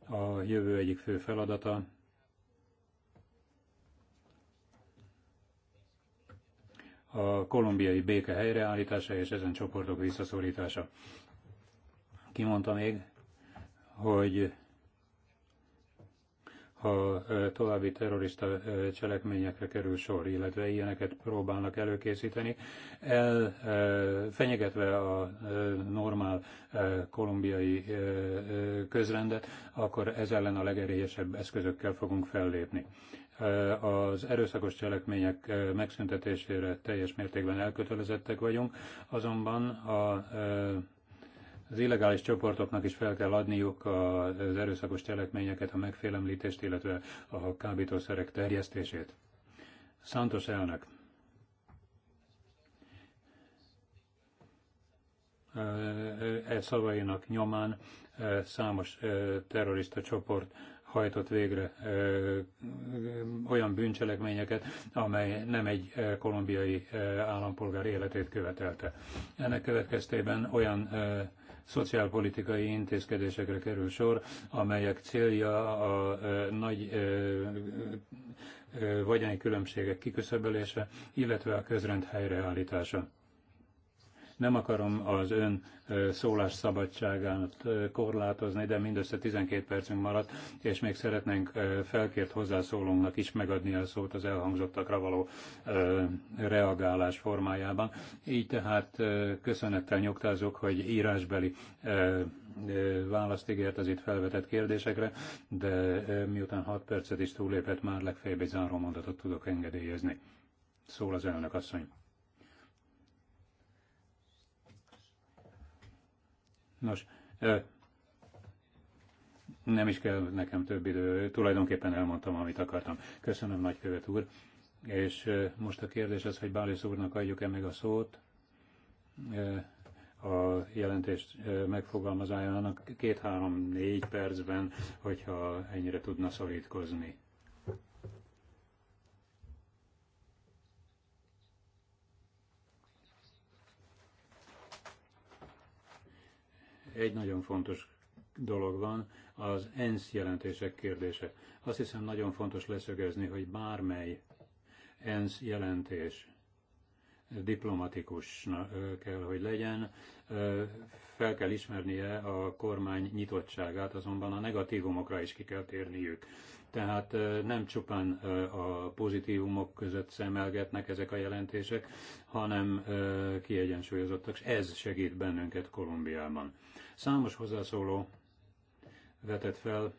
a jövő egyik fő feladata a kolumbiai béke helyreállítása és ezen csoportok visszaszorítása. Kimondta még, hogy ha további terrorista cselekményekre kerül sor, illetve ilyeneket próbálnak előkészíteni, el fenyegetve a normál kolumbiai közrendet, akkor ez ellen a legerélyesebb eszközökkel fogunk fellépni. Eh, az erőszakos cselekmények eh, megszüntetésére teljes mértékben elkötelezettek vagyunk, azonban a eh, az illegális csoportoknak is fel kell adniuk az erőszakos cselekményeket, a megfélemlítést, illetve a kábítószerek terjesztését. Santos elnök. E szavainak nyomán számos terrorista csoport hajtott végre olyan bűncselekményeket, amely nem egy kolumbiai állampolgár életét követelte. Ennek következtében olyan szociálpolitikai intézkedésekre kerül sor, amelyek célja a nagy vagyoni különbségek kiküszöbölése, illetve a közrend helyreállítása. Nem akarom az ön szólás szabadságát korlátozni, de mindössze 12 percünk maradt, és még szeretnénk felkért hozzászólónknak is megadni a szót az elhangzottakra való reagálás formájában. Így tehát köszönettel nyugtázok, hogy írásbeli választ ígért az itt felvetett kérdésekre, de miután 6 percet is túlépett, már legfeljebb egy záró mondatot tudok engedélyezni. Szól az elnök asszony. Nos, nem is kell nekem több idő, tulajdonképpen elmondtam, amit akartam. Köszönöm, nagykövet úr. És most a kérdés az, hogy Bális úrnak adjuk-e meg a szót a jelentést megfogalmazájának két-három-négy percben, hogyha ennyire tudna szorítkozni. egy nagyon fontos dolog van, az ENSZ jelentések kérdése. Azt hiszem nagyon fontos leszögezni, hogy bármely ENSZ jelentés diplomatikus kell, hogy legyen, fel kell ismernie a kormány nyitottságát, azonban a negatívumokra is ki kell térniük tehát nem csupán a pozitívumok között szemelgetnek ezek a jelentések, hanem kiegyensúlyozottak, és ez segít bennünket Kolumbiában. Számos hozzászóló vetett fel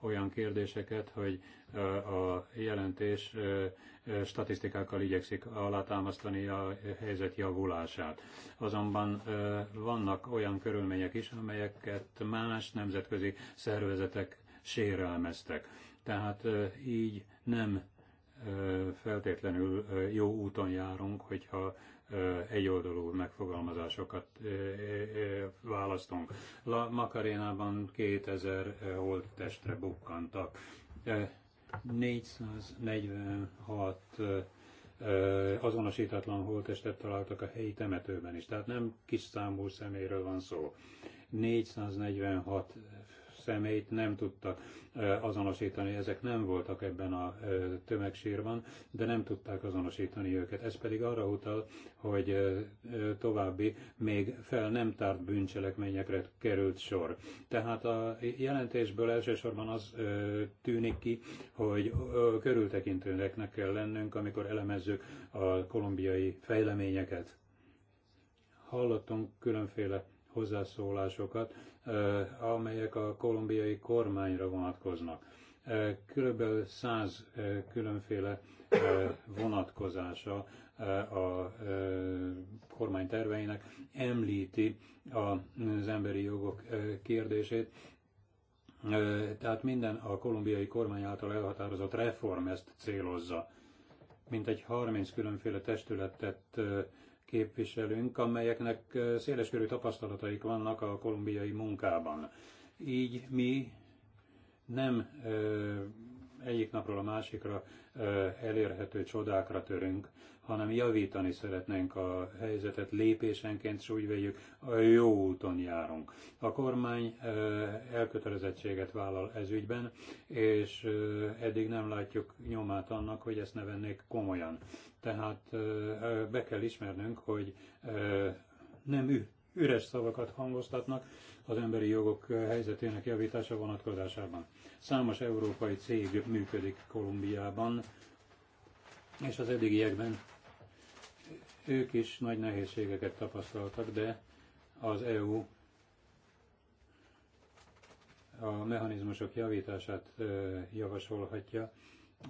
olyan kérdéseket, hogy a jelentés statisztikákkal igyekszik alátámasztani a helyzet javulását. Azonban vannak olyan körülmények is, amelyeket más nemzetközi szervezetek sérelmeztek. Tehát így nem feltétlenül jó úton járunk, hogyha egyoldalú megfogalmazásokat választunk. La Makarénában 2000 holttestre bukkantak. 446 azonosítatlan holttestet találtak a helyi temetőben is, tehát nem kis számú szeméről van szó. 446 személyt nem tudtak azonosítani, ezek nem voltak ebben a tömegsírban, de nem tudták azonosítani őket. Ez pedig arra utal, hogy további, még fel nem tárt bűncselekményekre került sor. Tehát a jelentésből elsősorban az tűnik ki, hogy körültekintőnek kell lennünk, amikor elemezzük a kolumbiai fejleményeket. Hallottunk különféle hozzászólásokat, amelyek a kolumbiai kormányra vonatkoznak. Körülbelül száz különféle vonatkozása a kormány terveinek említi az emberi jogok kérdését, tehát minden a kolumbiai kormány által elhatározott reform ezt célozza. Mint egy 30 különféle testületet képviselünk, amelyeknek széleskörű tapasztalataik vannak a kolumbiai munkában. Így mi nem ö, egyik napról a másikra ö, elérhető csodákra törünk, hanem javítani szeretnénk a helyzetet lépésenként, és úgy vegyük, a jó úton járunk. A kormány ö, elkötelezettséget vállal ez ügyben, és ö, eddig nem látjuk nyomát annak, hogy ezt ne vennék komolyan. Tehát be kell ismernünk, hogy nem ő üres szavakat hangoztatnak az emberi jogok helyzetének javítása vonatkozásában. Számos európai cég működik Kolumbiában, és az eddigiekben ők is nagy nehézségeket tapasztaltak, de az EU a mechanizmusok javítását javasolhatja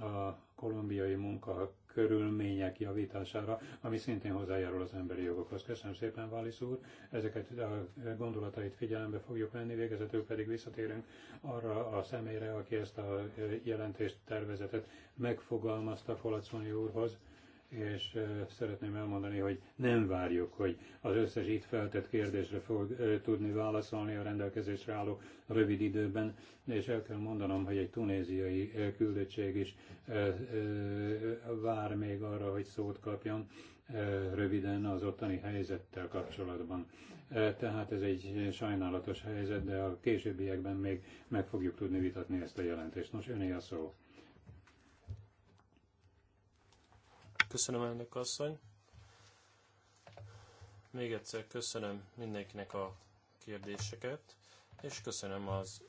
a kolumbiai munka körülmények javítására, ami szintén hozzájárul az emberi jogokhoz. Köszönöm szépen, Válisz úr, ezeket a gondolatait figyelembe fogjuk venni, végezetül pedig visszatérünk arra a személyre, aki ezt a jelentést, tervezetet megfogalmazta Kolaconi úrhoz és szeretném elmondani, hogy nem várjuk, hogy az összes itt feltett kérdésre fog tudni válaszolni a rendelkezésre álló rövid időben, és el kell mondanom, hogy egy tunéziai küldöttség is vár még arra, hogy szót kapjon röviden az ottani helyzettel kapcsolatban. Tehát ez egy sajnálatos helyzet, de a későbbiekben még meg fogjuk tudni vitatni ezt a jelentést. Nos, öné a szó. Köszönöm, elnök asszony. Még egyszer köszönöm mindenkinek a kérdéseket, és köszönöm az,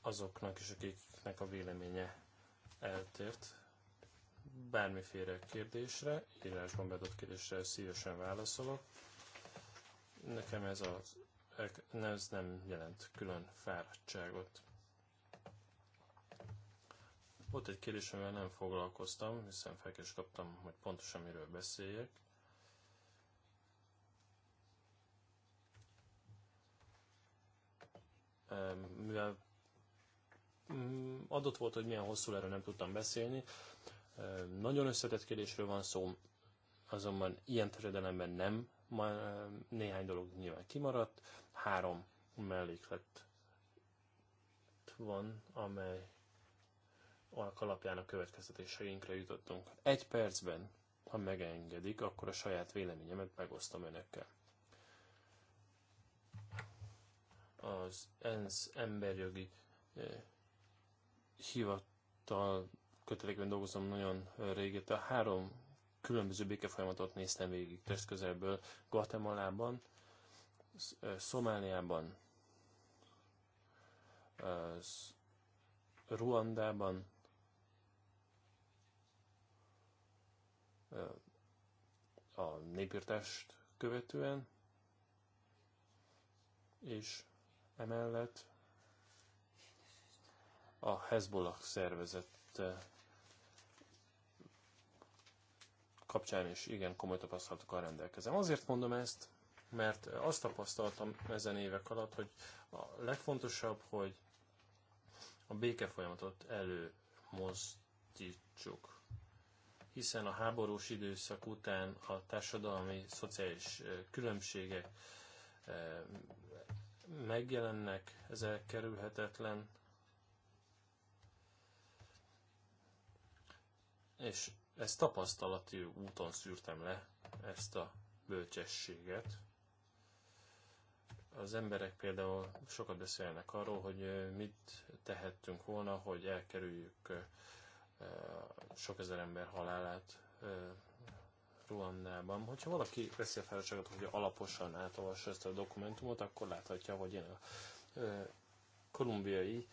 azoknak is, akiknek a véleménye eltért. Bármiféle kérdésre, írásban bedott kérdésre szívesen válaszolok. Nekem ez, az, ez nem jelent külön fáradtságot. Volt egy kérdés, amivel nem foglalkoztam, hiszen felkés kaptam, hogy pontosan miről beszéljek. Mivel mm, adott volt, hogy milyen hosszú erről nem tudtam beszélni, nagyon összetett kérdésről van szó, azonban ilyen terjedelemben nem, néhány dolog nyilván kimaradt, három melléklet van, amely alapján a következtetéseinkre jutottunk. Egy percben, ha megengedik, akkor a saját véleményemet megosztom önökkel. Az ENSZ emberjogi eh, hivatal kötelékben dolgozom nagyon régét. a három különböző békefolyamatot néztem végig testközelből Guatemalában, eh, Szomáliában, Ruandában, a népírtást követően, és emellett a Hezbollah szervezet kapcsán is igen komoly tapasztalatokkal rendelkezem. Azért mondom ezt, mert azt tapasztaltam ezen évek alatt, hogy a legfontosabb, hogy a béke folyamatot előmozdítsuk hiszen a háborús időszak után a társadalmi, szociális különbségek megjelennek, ez elkerülhetetlen, és ezt tapasztalati úton szűrtem le, ezt a bölcsességet. Az emberek például sokat beszélnek arról, hogy mit tehettünk volna, hogy elkerüljük sok ezer ember halálát Ruandában. Hogyha valaki veszi a fáradtságot, hogy alaposan átolvassa ezt a dokumentumot, akkor láthatja, hogy én a kolumbiai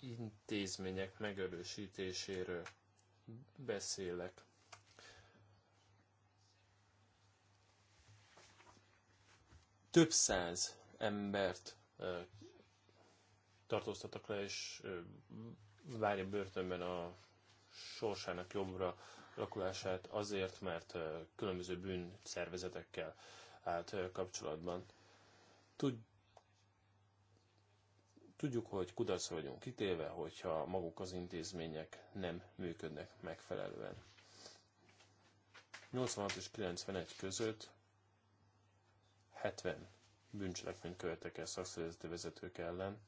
intézmények megerősítéséről beszélek. Több száz embert tartóztattak le, és várja börtönben a sorsának jobbra lakulását azért, mert különböző bűnszervezetekkel állt kapcsolatban. Tud, tudjuk, hogy kudarcra vagyunk kitéve, hogyha maguk az intézmények nem működnek megfelelően. 86 és 91 között 70 bűncselekményt követek el szakszervezeti vezetők ellen,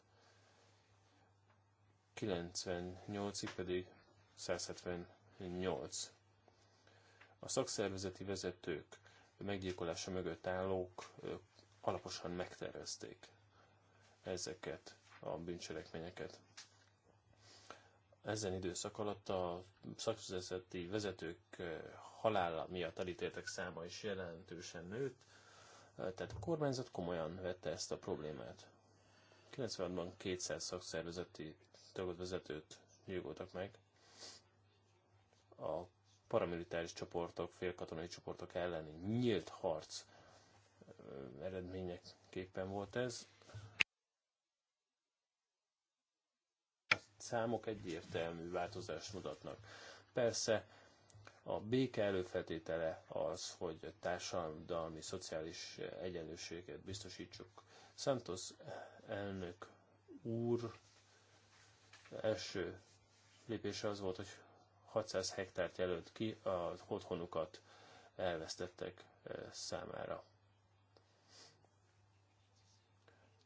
98-ig pedig 178. A szakszervezeti vezetők meggyilkolása mögött állók alaposan megtervezték ezeket a bűncselekményeket. Ezen időszak alatt a szakszervezeti vezetők halála miatt elítéltek száma is jelentősen nőtt, tehát a kormányzat komolyan vette ezt a problémát. 96-ban 200 szakszervezeti dolgot vezetőt gyilkoltak meg. A paramilitáris csoportok, félkatonai csoportok elleni nyílt harc eredményeképpen volt ez. A számok egyértelmű változást mutatnak. Persze a béke előfeltétele az, hogy társadalmi, szociális egyenlőséget biztosítsuk. Santos elnök úr első lépése az volt, hogy 600 hektárt jelölt ki, a otthonukat elvesztettek számára.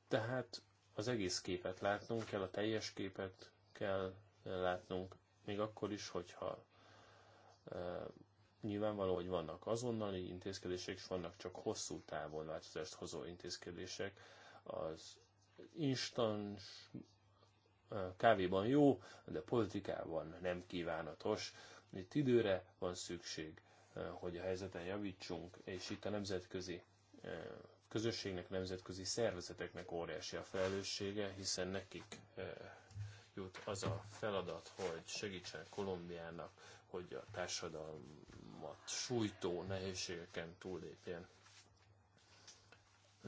Tehát az egész képet látnunk kell, a teljes képet kell látnunk, még akkor is, hogyha e, nyilvánvaló, hogy vannak azonnali intézkedések, és vannak csak hosszú távon változást hozó intézkedések. Az instans kávéban jó, de politikában nem kívánatos. Itt időre van szükség, hogy a helyzeten javítsunk, és itt a nemzetközi közösségnek, nemzetközi szervezeteknek óriási a felelőssége, hiszen nekik jut az a feladat, hogy segítsenek Kolumbiának, hogy a társadalmat sújtó nehézségeken túllépjen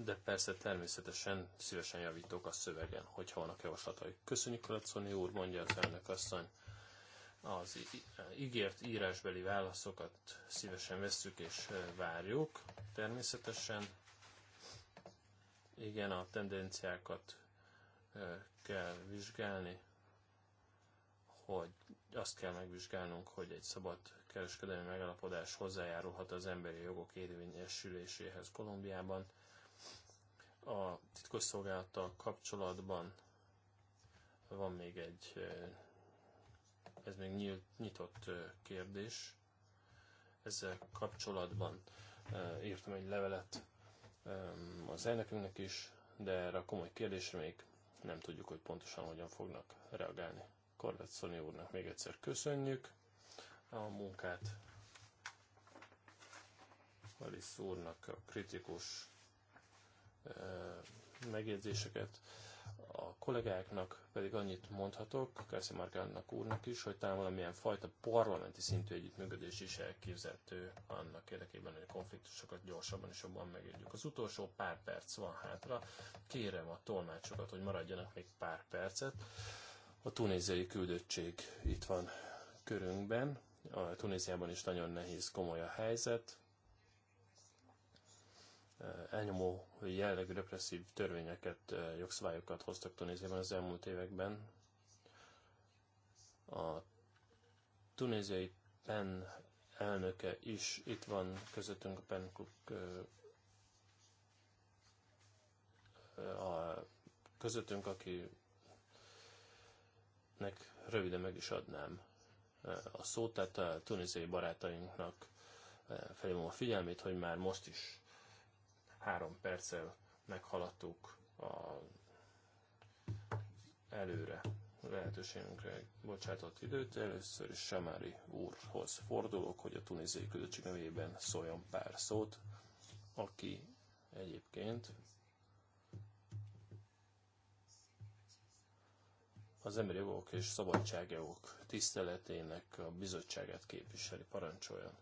de persze természetesen szívesen javítok a szövegen, hogyha vannak javaslatai. Köszönjük, Kalaconi úr, mondja az elnök asszony. Az ígért írásbeli válaszokat szívesen vesszük és várjuk. Természetesen igen, a tendenciákat kell vizsgálni, hogy azt kell megvizsgálnunk, hogy egy szabad kereskedelmi megállapodás hozzájárulhat az emberi jogok érvényesüléséhez Kolumbiában a titkosszolgálattal kapcsolatban van még egy, ez még nyílt, nyitott kérdés. Ezzel kapcsolatban írtam egy levelet az elnökünknek is, de erre a komoly kérdésre még nem tudjuk, hogy pontosan hogyan fognak reagálni. Korvett Szoni úrnak még egyszer köszönjük a munkát. Alisz úrnak a kritikus megjegyzéseket. A kollégáknak pedig annyit mondhatok, Kászi Markánnak úrnak is, hogy talán valamilyen fajta parlamenti szintű együttműködés is elképzelhető annak érdekében, hogy a konfliktusokat gyorsabban és jobban megérjük. Az utolsó pár perc van hátra. Kérem a tolmácsokat, hogy maradjanak még pár percet. A tunéziai küldöttség itt van körünkben. A Tunéziában is nagyon nehéz, komoly a helyzet elnyomó jellegű represszív törvényeket, jogszabályokat hoztak Tunéziában az elmúlt években. A tunéziai PEN elnöke is itt van közöttünk a PEN klub, a, közöttünk, akinek röviden meg is adnám a szót, tehát a tunéziai barátainknak felhívom a figyelmét, hogy már most is három perccel meghaladtuk a előre lehetőségünkre bocsátott időt. Először is Samári úrhoz fordulok, hogy a tunizai küldöttség nevében szóljon pár szót, aki egyébként az emberi jogok és szabadságjogok tiszteletének a bizottságát képviseli. Parancsoljon!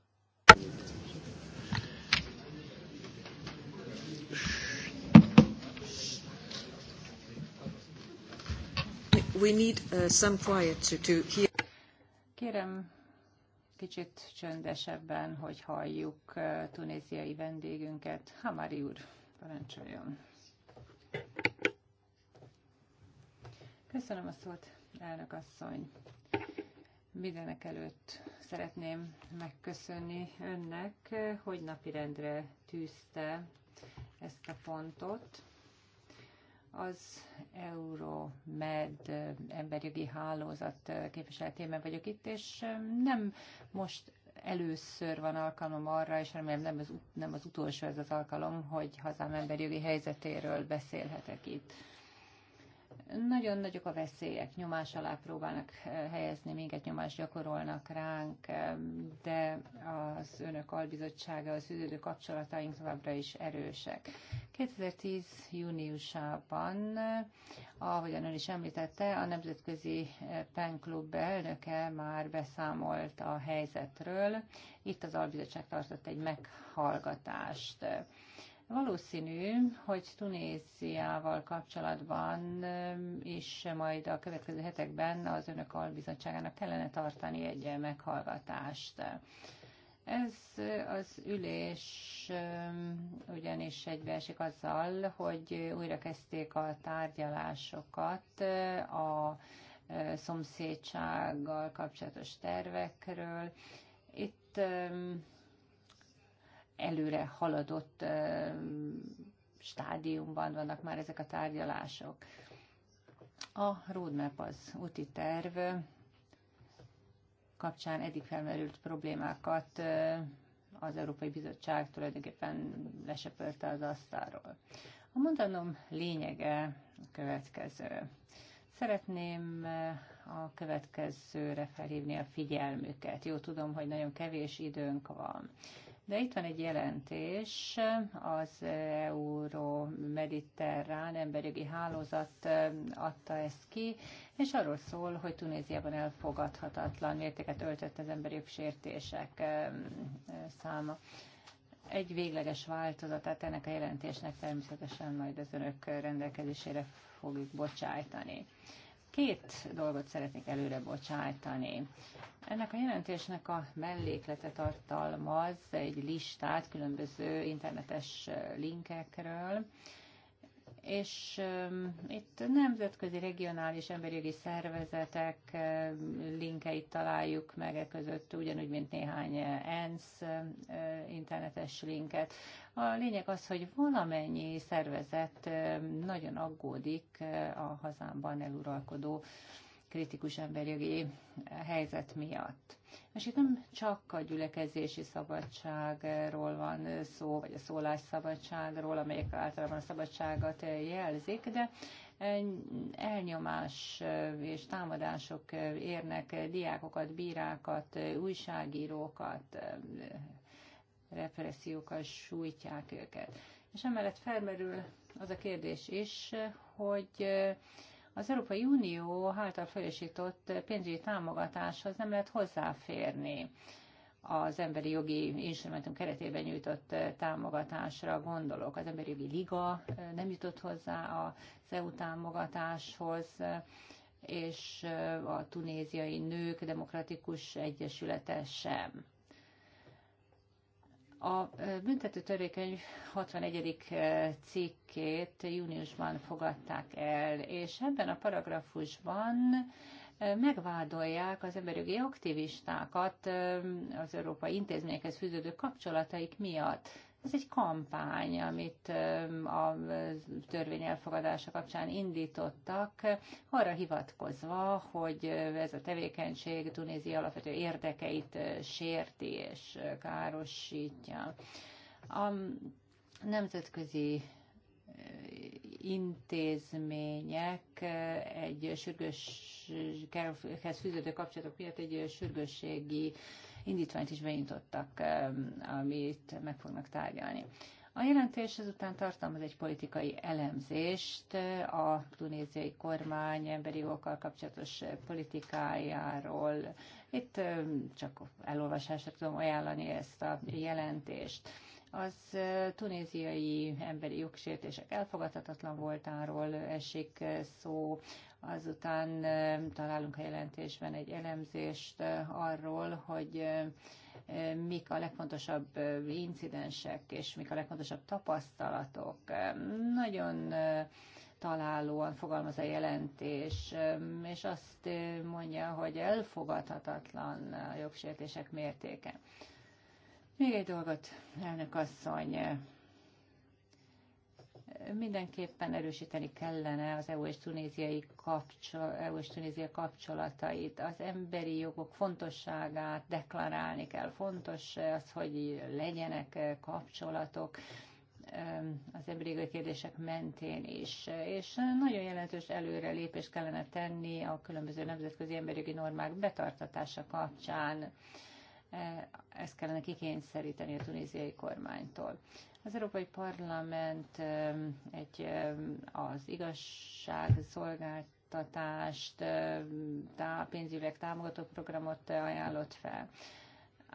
We need uh, some quiet to, to hear. Kérem, kicsit csöndesebben, hogy halljuk uh, tunéziai vendégünket. Hamari úr, parancsoljon. Köszönöm a szót, elnök asszony. Mindenek előtt szeretném megköszönni önnek, hogy napirendre tűzte ezt a pontot. Az Euromed eh, emberjogi hálózat eh, képviseletében vagyok itt, és eh, nem most először van alkalmam arra, és remélem nem az, nem az utolsó ez az alkalom, hogy hazám emberjogi helyzetéről beszélhetek itt. Nagyon nagyok a veszélyek, nyomás alá próbálnak eh, helyezni, minket nyomást gyakorolnak ránk, eh, de az önök albizottsága, az üződő kapcsolataink továbbra is erősek. 2010. júniusában, eh, ahogyan ön is említette, a Nemzetközi PEN Klub elnöke már beszámolt a helyzetről. Itt az albizottság tartott egy meghallgatást. Valószínű, hogy Tunéziával kapcsolatban is majd a következő hetekben az önök albizottságának kellene tartani egy meghallgatást. Ez az ülés ugyanis egybeesik azzal, hogy újra kezdték a tárgyalásokat a szomszédsággal kapcsolatos tervekről. Itt előre haladott stádiumban vannak már ezek a tárgyalások. A roadmap az úti terv kapcsán eddig felmerült problémákat az Európai Bizottság tulajdonképpen lesöpörte az asztalról. A mondanom lényege a következő. Szeretném a következőre felhívni a figyelmüket. Jó, tudom, hogy nagyon kevés időnk van. De itt van egy jelentés az Euró-Mediterrán emberjogi hálózat adta ezt ki, és arról szól, hogy Tunéziában elfogadhatatlan mértéket öltött az emberi sértések száma. Egy végleges változatát ennek a jelentésnek természetesen majd az önök rendelkezésére fogjuk bocsájtani. Két dolgot szeretnék előre bocsájtani. Ennek a jelentésnek a melléklete tartalmaz egy listát különböző internetes linkekről, és itt nemzetközi, regionális emberjogi szervezetek linkeit találjuk meg e között, ugyanúgy, mint néhány ENSZ internetes linket. A lényeg az, hogy valamennyi szervezet nagyon aggódik a hazámban eluralkodó kritikus emberjogi helyzet miatt. És itt nem csak a gyülekezési szabadságról van szó, vagy a szólásszabadságról, amelyek általában a szabadságot jelzik, de elnyomás és támadások érnek diákokat, bírákat, újságírókat, represziókat, sújtják őket. És emellett felmerül az a kérdés is, hogy az Európai Unió által fölösított pénzügyi támogatáshoz nem lehet hozzáférni az emberi jogi instrumentum keretében nyújtott támogatásra gondolok. Az emberi jogi liga eh, nem jutott hozzá az EU támogatáshoz, és eh, a tunéziai nők demokratikus egyesülete sem. A büntető törvékeny 61. cikkét júniusban fogadták el, és ebben a paragrafusban megvádolják az emberjogi aktivistákat az európai intézményekhez fűződő kapcsolataik miatt. Ez egy kampány, amit a törvény elfogadása kapcsán indítottak, arra hivatkozva, hogy ez a tevékenység Tunézia alapvető érdekeit sérti és károsítja. A nemzetközi intézmények egy kell, fűződő kapcsolatok miatt egy sürgősségi indítványt is beintottak, um, amit meg fognak tárgyalni. A jelentés ezután tartalmaz egy politikai elemzést uh, a tunéziai kormány emberi jogokkal kapcsolatos politikájáról. Itt um, csak elolvasásra tudom ajánlani ezt a jelentést. Az uh, tunéziai emberi jogsértések elfogadhatatlan voltáról esik uh, szó, Azután találunk a jelentésben egy elemzést arról, hogy mik a legfontosabb incidensek, és mik a legfontosabb tapasztalatok. Nagyon találóan fogalmaz a jelentés, és azt mondja, hogy elfogadhatatlan a jogsértések mértéke. Még egy dolgot, elnök asszony, mindenképpen erősíteni kellene az EU és, tunéziai kapcsol, EU és Tunézia kapcsolatait, az emberi jogok fontosságát deklarálni kell. Fontos az, hogy legyenek kapcsolatok az emberi kérdések mentén is, és nagyon jelentős előrelépést kellene tenni a különböző nemzetközi emberi jogi normák betartatása kapcsán e, ezt kellene kikényszeríteni a tunéziai kormánytól. Az Európai Parlament egy az igazságszolgáltatást, tá, pénzügyek támogató programot ajánlott fel.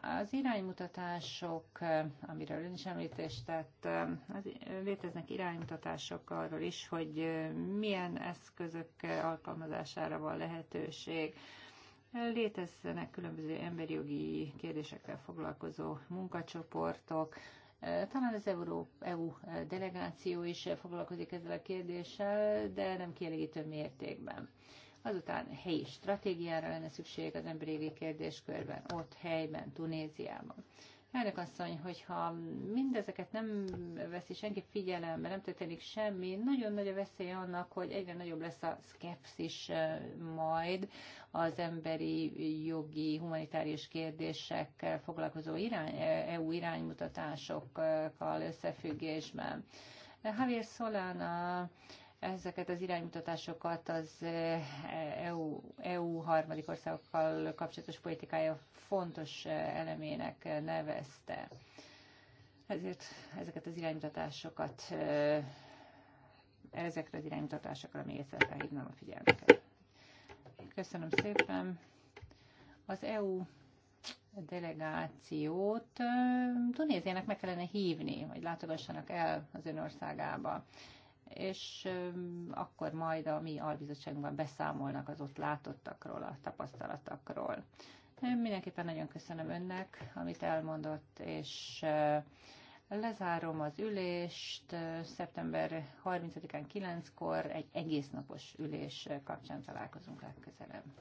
Az iránymutatások, amiről ön is említést tett, az, léteznek iránymutatások arról is, hogy milyen eszközök alkalmazására van lehetőség. Léteznek különböző emberi jogi kérdésekkel foglalkozó munkacsoportok, talán az Euró, EU delegáció is foglalkozik ezzel a kérdéssel, de nem kielégítő mértékben. Azután helyi stratégiára lenne szükség az emberi kérdéskörben, ott helyben, Tunéziában. Elnök asszony, hogyha mindezeket nem veszi senki figyelembe, nem történik semmi, nagyon nagy a veszély annak, hogy egyre nagyobb lesz a szkepszis majd az emberi jogi, humanitárius kérdésekkel foglalkozó irány, EU iránymutatásokkal összefüggésben. Javier Solana ezeket az iránymutatásokat az eh, EU, EU harmadik országokkal kapcsolatos politikája fontos eh, elemének eh, nevezte. Ezért ezeket az iránymutatásokat, ezekre az iránymutatásokra még egyszer felhívnám a figyelmet. Köszönöm szépen. Az EU delegációt Tunéziának meg kellene hívni, hogy látogassanak el az ön országába és akkor majd a mi albizottságunkban beszámolnak az ott látottakról, a tapasztalatokról. Én mindenképpen nagyon köszönöm önnek, amit elmondott, és lezárom az ülést. Szeptember 30-án 9-kor egy egésznapos ülés kapcsán találkozunk legközelebb.